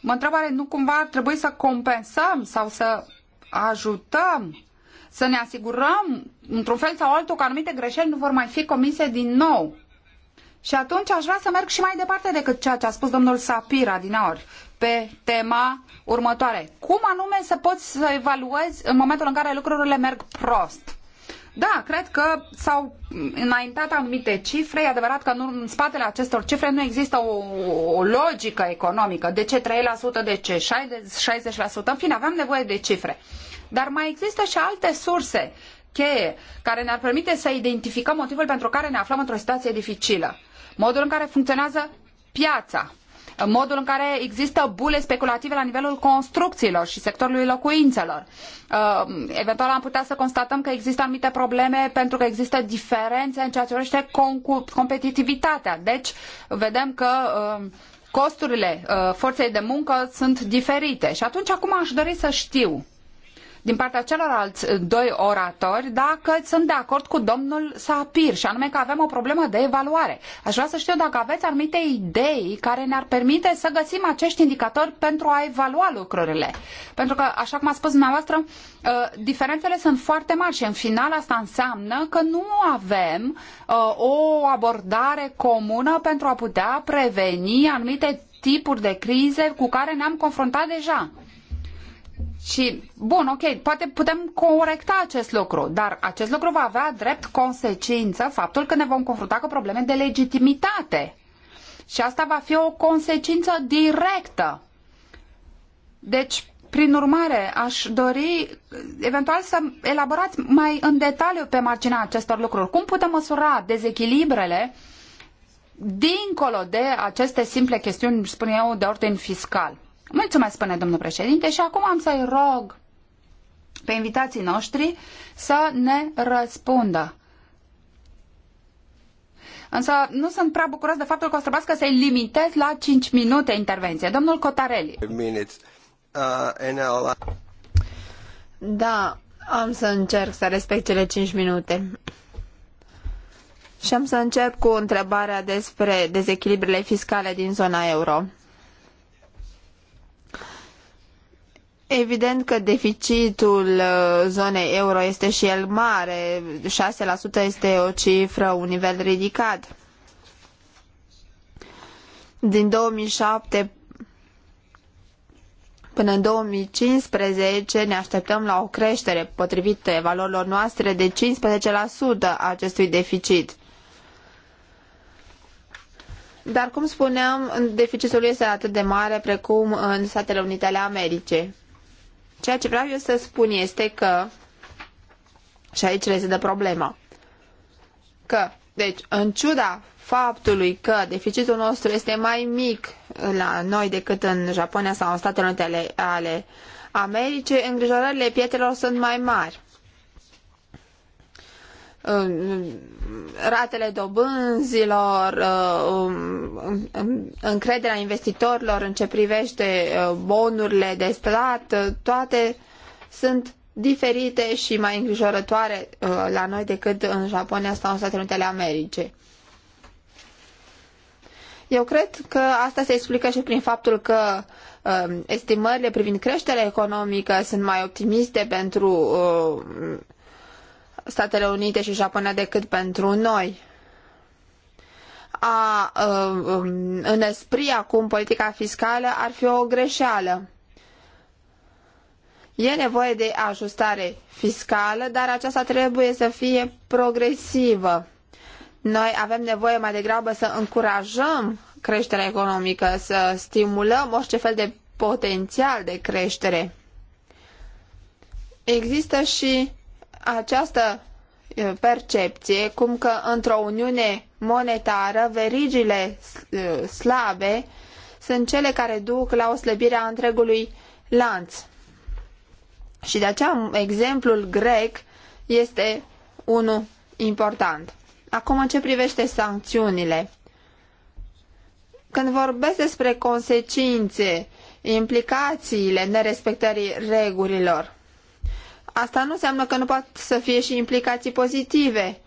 [SPEAKER 1] mă întrebare nu cumva ar trebui să compensăm sau să ajutăm, să ne asigurăm într-un fel sau altul că anumite greșeli nu vor mai fi comise din nou. Și atunci aș vrea să merg și mai departe decât ceea ce a spus domnul Sapira din aur pe tema următoare. Cum anume să poți să evaluezi în momentul în care lucrurile merg prost? Da, cred că s-au înaintat anumite cifre. E adevărat că în spatele acestor cifre nu există o, o logică economică. De ce 3%, de ce 60%? În fine, avem nevoie de cifre. Dar mai există și alte surse cheie care ne-ar permite să identificăm motivul pentru care ne aflăm într-o situație dificilă modul în care funcționează piața, modul în care există bule speculative la nivelul construcțiilor și sectorului locuințelor. Uh, eventual am putea să constatăm că există anumite probleme pentru că există diferențe în ceea ce privește competitivitatea. Deci vedem că uh, costurile uh, forței de muncă sunt diferite. Și atunci acum aș dori să știu din partea celorlalți doi oratori dacă sunt de acord cu domnul Sapir și anume că avem o problemă de evaluare. Aș vrea să știu dacă aveți anumite idei care ne-ar permite să găsim acești indicatori pentru a evalua lucrurile. Pentru că, așa cum a spus dumneavoastră, ă, diferențele sunt foarte mari și în final asta înseamnă că nu avem ă, o abordare comună pentru a putea preveni anumite tipuri de crize cu care ne-am confruntat deja. Și, bun, ok, poate putem corecta acest lucru, dar acest lucru va avea drept consecință faptul că ne vom confrunta cu probleme de legitimitate. Și asta va fi o consecință directă. Deci, prin urmare, aș dori eh, eventual să elaborați mai în detaliu pe marginea acestor lucruri. Cum putem măsura dezechilibrele dincolo de aceste simple chestiuni, spun eu, de ordin fiscal? Mulțumesc, spune domnul președinte, și acum am să-i rog pe invitații noștri să ne răspundă. Însă nu sunt prea bucuros de faptul că o să trebuiască să-i limitez la 5 minute intervenție. Domnul Cotarelli.
[SPEAKER 3] Uh, da, am să încerc să respect cele 5 minute. Și am să încep cu întrebarea despre dezechilibrele fiscale din zona euro. Evident că deficitul uh, zonei euro este și el mare, 6% este o cifră, un nivel ridicat. Din 2007 până în 2015 ne așteptăm la o creștere potrivit valorilor noastre de 15% a acestui deficit. Dar, cum spuneam, deficitul este atât de mare precum în Statele Unite ale Americii. Ceea ce vreau eu să spun este că, și aici rezidă problema, că, deci, în ciuda faptului că deficitul nostru este mai mic la noi decât în Japonia sau în Statele Unite ale, ale Americii, îngrijorările pietrelor sunt mai mari ratele dobânzilor, uh, um, încrederea investitorilor în ce privește uh, bonurile de stat, uh, toate sunt diferite și mai îngrijorătoare la noi decât în Japonia sau în Statele Unite ale Americii. Eu cred că asta se explică și prin faptul că um, estimările privind creșterea economică sunt mai optimiste pentru Statele Unite și Japonia decât pentru noi. A uh, um, înăspri acum politica fiscală ar fi o greșeală. E nevoie de ajustare fiscală, dar aceasta trebuie să fie progresivă. Noi avem nevoie mai degrabă să încurajăm creșterea economică, să stimulăm orice fel de potențial de creștere. Există și această percepție, cum că într-o uniune monetară verigile slabe sunt cele care duc la o slăbire a întregului lanț. Și de aceea exemplul grec este unul important. Acum, în ce privește sancțiunile? Când vorbesc despre consecințe, implicațiile nerespectării regulilor, Asta nu înseamnă că nu pot să fie și implicații pozitive.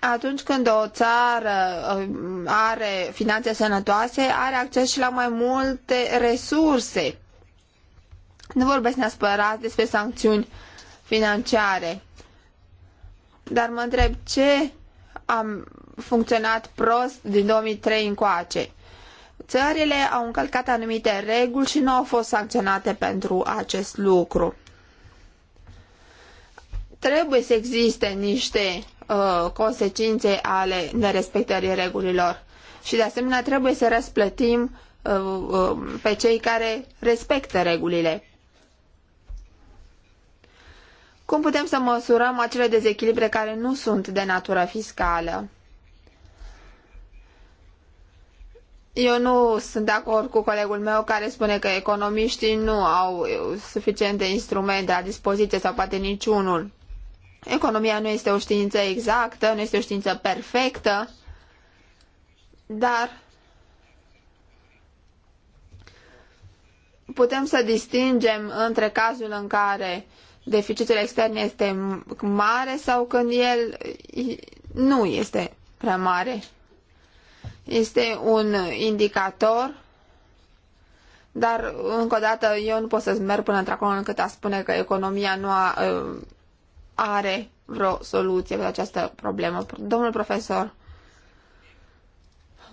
[SPEAKER 3] Atunci când o țară uh, are finanțe sănătoase, are acces și la mai multe resurse. Nu vorbesc neapărat despre sancțiuni financiare, dar mă întreb ce am funcționat prost din 2003 încoace. Țările au încălcat anumite reguli și nu au fost sancționate pentru acest lucru trebuie să existe niște uh, consecințe ale nerespectării regulilor și de asemenea trebuie să răsplătim uh, uh, pe cei care respectă regulile. Cum putem să măsurăm acele dezechilibre care nu sunt de natură fiscală? Eu nu sunt de acord cu colegul meu care spune că economiștii nu au uh, suficiente instrumente la dispoziție sau poate niciunul. Economia nu este o știință exactă, nu este o știință perfectă, dar putem să distingem între cazul în care deficitul extern este mare sau când el nu este prea mare. Este un indicator, dar încă o dată eu nu pot să merg până într-acolo încât a spune că economia nu a are vreo soluție pentru această problemă. Domnul profesor,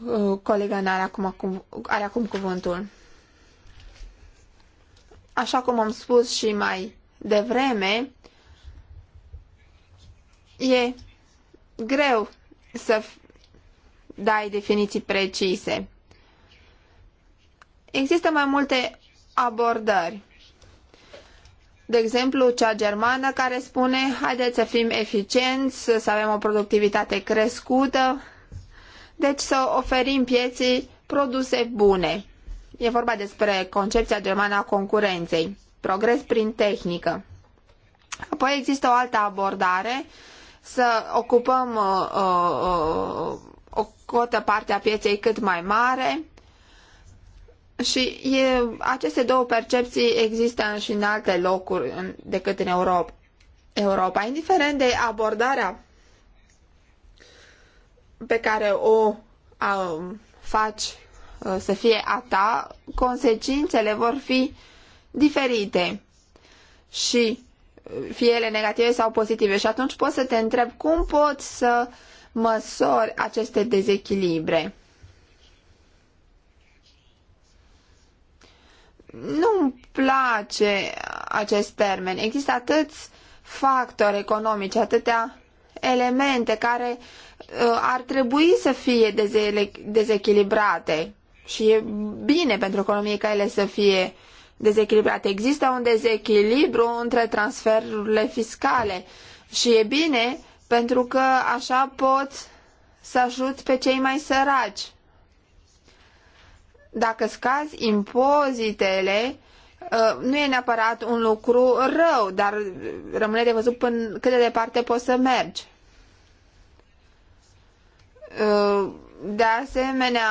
[SPEAKER 3] uh, colega mea are acum, are acum cuvântul. Așa cum am spus și mai devreme, e greu să dai definiții precise. Există mai multe abordări de exemplu, cea germană care spune haideți să fim eficienți, să avem o productivitate crescută, deci să oferim pieții produse bune. E vorba despre concepția germană a concurenței, progres prin tehnică. Apoi există o altă abordare, să ocupăm uh, uh, uh o cotă parte a pieței cât mai mare, și e, aceste două percepții există și în alte locuri în, decât în Europa. Europa, indiferent de abordarea pe care o a, faci să fie a ta, consecințele vor fi diferite și fie ele negative sau pozitive. Și atunci poți să te întrebi cum poți să măsori aceste dezechilibre. Nu-mi place acest termen. Există atâți factori economici, atâtea elemente care uh, ar trebui să fie dezechilibrate și e bine pentru economie ca ele să fie dezechilibrate. Există un dezechilibru între transferurile fiscale și e bine pentru că așa pot să ajut pe cei mai săraci dacă scazi impozitele, uh, nu e neapărat un lucru rău, dar rămâne de văzut până cât de departe poți să mergi. Uh, de asemenea,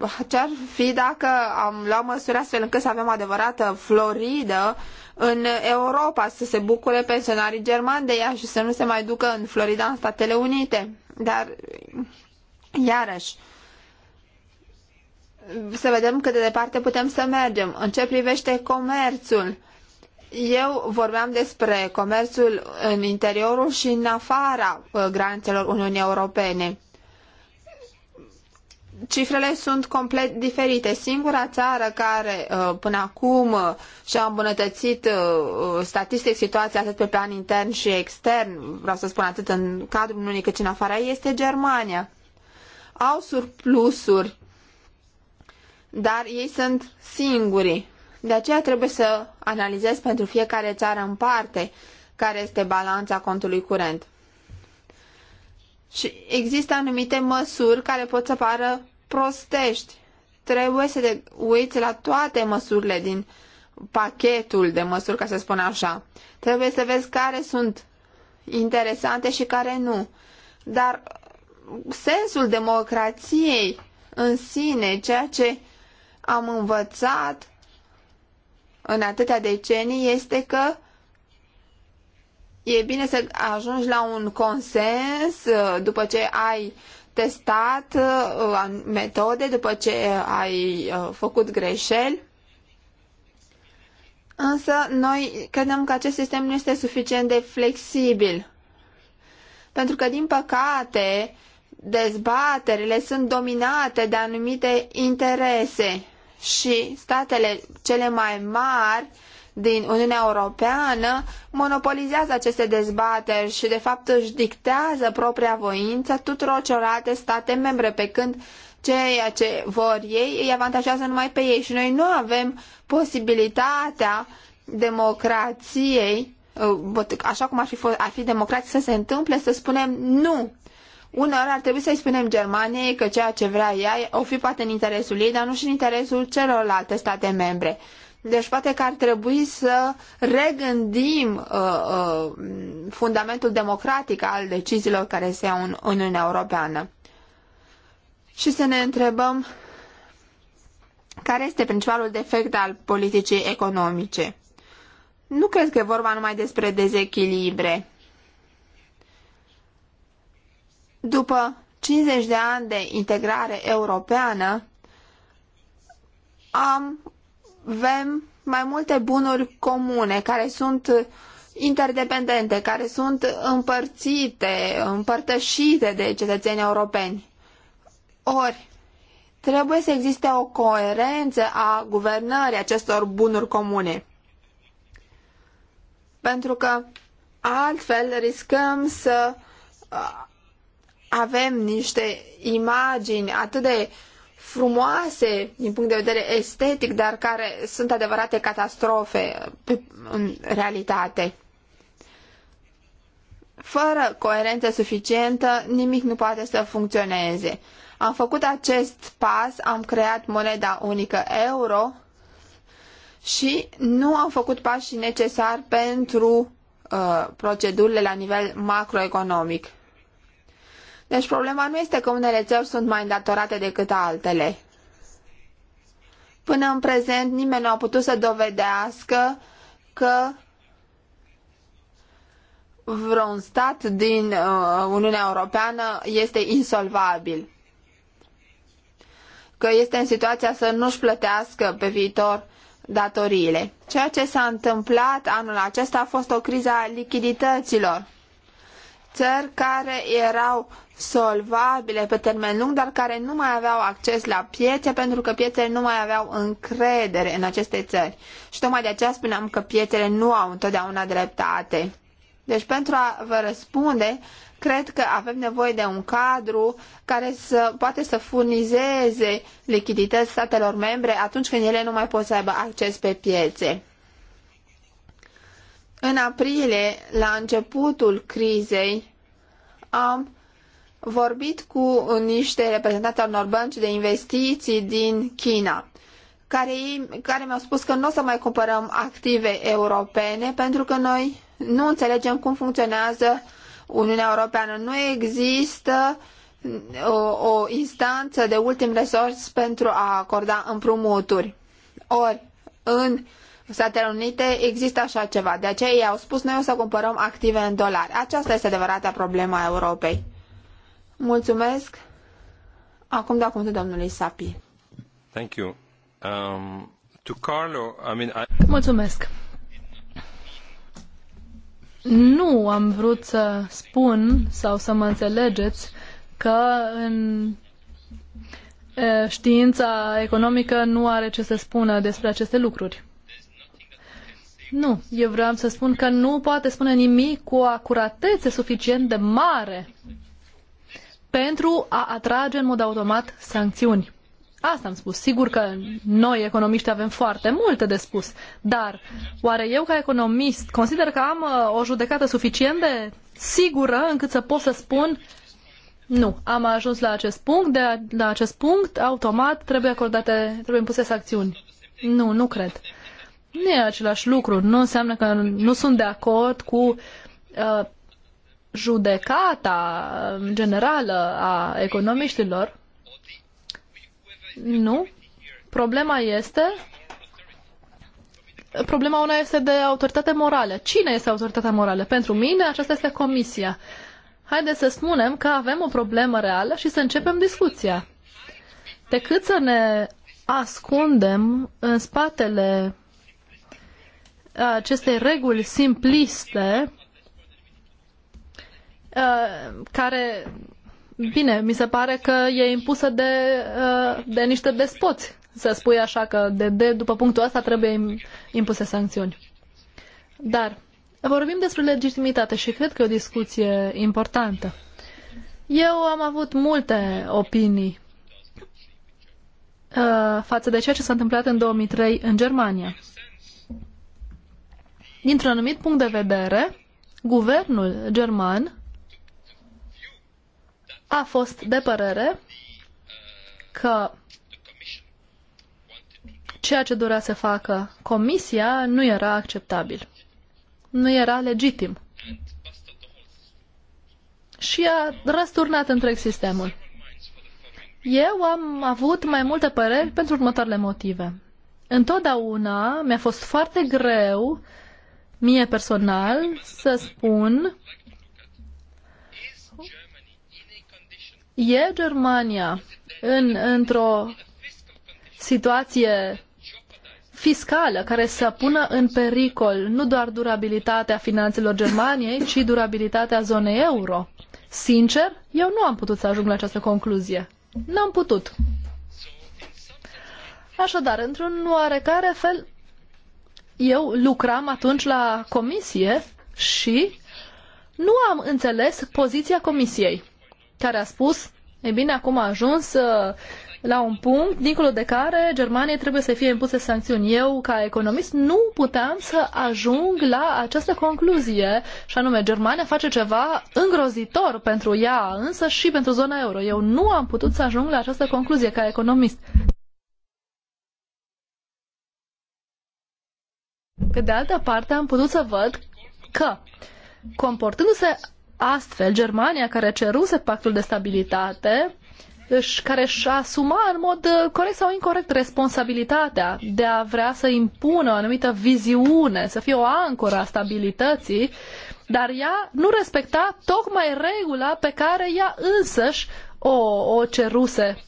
[SPEAKER 3] uh, ce ar fi dacă am luat măsuri astfel încât să avem adevărată Floridă în Europa, să se bucure pensionarii germani de ea și să nu se mai ducă în Florida, în Statele Unite? Dar, iarăși, uh, să vedem cât de departe putem să mergem. În ce privește comerțul, eu vorbeam despre comerțul în interiorul și în afara uh, granițelor Uniunii Europene. Cifrele sunt complet diferite. Singura țară care uh, până acum și-a îmbunătățit uh, statistic situația atât pe plan intern și extern, vreau să spun atât în cadrul Uniunii cât și în afara, este Germania. Au surplusuri dar ei sunt singuri De aceea trebuie să analizez pentru fiecare țară în parte care este balanța contului curent. Și există anumite măsuri care pot să pară prostești. Trebuie să te uiți la toate măsurile din pachetul de măsuri, ca să spun așa. Trebuie să vezi care sunt interesante și care nu. Dar sensul democrației în sine, ceea ce am învățat în atâtea decenii este că e bine să ajungi la un consens uh, după ce ai testat uh, metode, după ce ai uh, făcut greșeli. Însă noi credem că acest sistem nu este suficient de flexibil. Pentru că, din păcate, dezbaterile sunt dominate de anumite interese și statele cele mai mari din Uniunea Europeană monopolizează aceste dezbateri și de fapt își dictează propria voință tuturor celorlalte state membre, pe când ceea ce vor ei îi avantajează numai pe ei și noi nu avem posibilitatea democrației, ă, așa cum ar fi, fost, ar fi democrație să se întâmple, să spunem nu Uneori ar trebui să-i spunem Germaniei că ceea ce vrea ea o fi poate în interesul ei, dar nu și în interesul celorlalte state membre. Deci poate că ar trebui să regândim uh, uh, fundamentul democratic al deciziilor care se iau în Uniunea Europeană. Și să ne întrebăm care este principalul defect al politicii economice. Nu cred că e vorba numai despre dezechilibre. După 50 de ani de integrare europeană, am, avem mai multe bunuri comune care sunt interdependente, care sunt împărțite, împărtășite de cetățenii europeni. Ori, trebuie să existe o coerență a guvernării acestor bunuri comune. Pentru că altfel riscăm să avem niște imagini atât de frumoase din punct de vedere estetic, dar care sunt adevărate catastrofe în realitate. Fără coerență suficientă, nimic nu poate să funcționeze. Am făcut acest pas, am creat moneda unică euro și nu am făcut pașii necesari pentru uh, procedurile la nivel macroeconomic. Deci problema nu este că unele țări sunt mai îndatorate decât altele. Până în prezent nimeni nu a putut să dovedească că vreun stat din uh, Uniunea Europeană este insolvabil, că este în situația să nu-și plătească pe viitor datoriile. Ceea ce s-a întâmplat anul acesta a fost o criză a lichidităților. Țări care erau solvabile pe termen lung, dar care nu mai aveau acces la piețe pentru că piețele nu mai aveau încredere în aceste țări. Și tocmai de aceea spuneam că piețele nu au întotdeauna dreptate. Deci pentru a vă răspunde, cred că avem nevoie de un cadru care să poate să furnizeze lichidități statelor membre atunci când ele nu mai pot să aibă acces pe piețe. În aprilie, la începutul crizei, am vorbit cu niște reprezentanți al unor bănci de investiții din China care, care mi-au spus că nu o să mai cumpărăm active europene pentru că noi nu înțelegem cum funcționează Uniunea Europeană. Nu există o, o instanță de ultim resurs pentru a acorda împrumuturi. Ori, în Statele Unite există așa ceva. De aceea ei au spus noi o să cumpărăm active în dolari. Aceasta este adevărata problema a Europei. Mulțumesc. Acum da cuvântul domnului Sapi.
[SPEAKER 1] Thank you. Um, to Carlo, I mean, I...
[SPEAKER 2] Mulțumesc. Nu am vrut să spun sau să mă înțelegeți că în știința economică nu are ce să spună despre aceste lucruri. Nu, eu vreau să spun că nu poate spune nimic cu o acuratețe suficient de mare pentru a atrage în mod automat sancțiuni. Asta am spus. Sigur că noi, economiști, avem foarte multe de spus, dar oare eu, ca economist, consider că am uh, o judecată suficient de sigură încât să pot să spun nu, am ajuns la acest punct, de a, la acest punct, automat, trebuie acordate, trebuie impuse sancțiuni. Nu, nu cred. Nu e același lucru. Nu înseamnă că nu sunt de acord cu uh, judecata generală a economiștilor, nu. Problema este problema una este de autoritate morală. Cine este autoritatea morală? Pentru mine aceasta este comisia. Haideți să spunem că avem o problemă reală și să începem discuția. Decât să ne ascundem în spatele acestei reguli simpliste Uh, care, bine, mi se pare că e impusă de, uh, de niște despoți, să spui așa că de, de după punctul ăsta trebuie impuse sancțiuni. Dar vorbim despre legitimitate și cred că e o discuție importantă. Eu am avut multe opinii uh, față de ceea ce s-a întâmplat în 2003 în Germania. Dintr-un anumit punct de vedere, guvernul german a fost de părere că ceea ce dorea să facă comisia nu era acceptabil, nu era legitim. Și a răsturnat întreg sistemul. Eu am avut mai multe păreri pentru următoarele motive. Întotdeauna mi-a fost foarte greu, mie personal, să spun E Germania în, într-o situație fiscală care să pună în pericol nu doar durabilitatea finanțelor Germaniei, ci durabilitatea zonei euro. Sincer, eu nu am putut să ajung la această concluzie. N-am putut. Așadar, într-un oarecare fel, eu lucram atunci la comisie și nu am înțeles poziția comisiei care a spus, e bine, acum a ajuns uh, la un punct dincolo de care Germania trebuie să fie impuse sancțiuni. Eu, ca economist, nu puteam să ajung la această concluzie, și anume Germania face ceva îngrozitor pentru ea, însă și pentru zona euro. Eu nu am putut să ajung la această concluzie ca economist. Pe de altă parte, am putut să văd că, comportându-se Astfel, Germania, care ceruse pactul de stabilitate, își, care a asuma în mod uh, corect sau incorrect responsabilitatea de a vrea să impună o anumită viziune, să fie o ancoră a stabilității, dar ea nu respecta tocmai regula pe care ea însăși o, o ceruse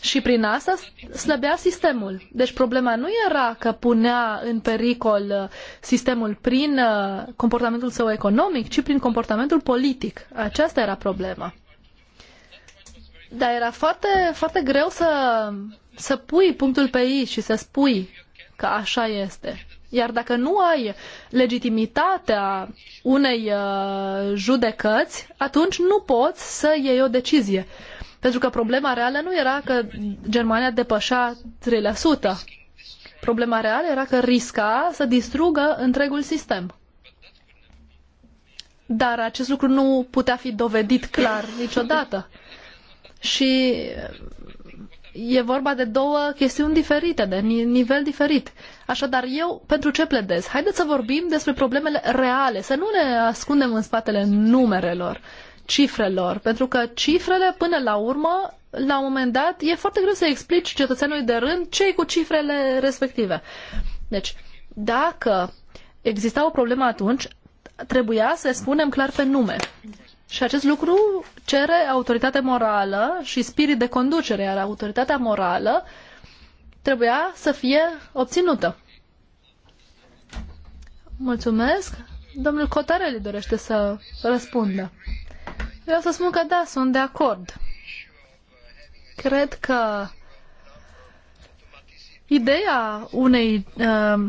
[SPEAKER 2] și prin asta slăbea sistemul. Deci problema nu era că punea în pericol uh, sistemul prin uh, comportamentul său economic, ci prin comportamentul politic. Aceasta era problema. Dar era foarte, foarte greu să, să pui punctul pe ei și să spui că așa este. Iar dacă nu ai legitimitatea unei uh, judecăți, atunci nu poți să iei o decizie. Pentru că problema reală nu era că Germania depășea 3%. Problema reală era că risca să distrugă întregul sistem. Dar acest lucru nu putea fi dovedit clar niciodată. Și e vorba de două chestiuni diferite, de nivel diferit. Așadar, eu pentru ce pledez? Haideți să vorbim despre problemele reale, să nu ne ascundem în spatele numerelor. Uh, cifrelor, pentru că cifrele, până la urmă, la un moment dat, e foarte greu să explici cetățenului de rând ce e cu cifrele respective. Deci, dacă exista o problemă atunci, trebuia să spunem clar pe nume. Și acest lucru cere autoritate morală și spirit de conducere, iar autoritatea morală trebuia să fie obținută. Mulțumesc. Domnul Cotarelli dorește să răspundă. Vreau să spun că da, sunt de acord. Cred că ideea unei uh,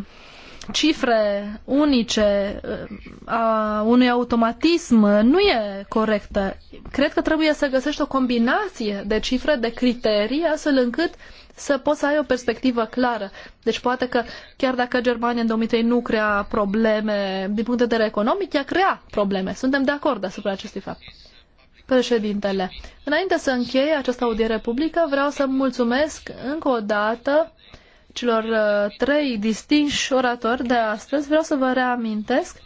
[SPEAKER 2] cifre unice uh, a unui automatism nu e corectă. Cred că trebuie să găsești o combinație de cifre, de criterii, astfel încât să poți să ai o perspectivă clară. Deci poate că chiar dacă Germania în 2003 nu crea probleme din punct de vedere economic, ea crea probleme. Suntem de acord asupra acestui fapt. Președintele, înainte să închei această audiere publică, vreau să mulțumesc încă o dată celor uh, trei distinși oratori de astăzi. Vreau să vă reamintesc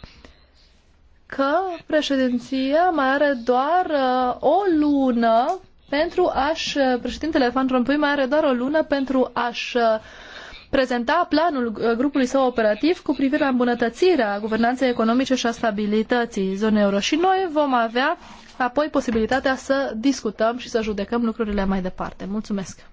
[SPEAKER 2] că președinția mai are doar uh, o lună pentru a-și, uh, președintele Van Rompuy mai are doar o lună pentru a-și prezenta planul grupului său operativ cu privire la îmbunătățirea guvernanței economice și a stabilității zonei euro. Și noi vom avea apoi posibilitatea să discutăm și să judecăm lucrurile mai departe. Mulțumesc!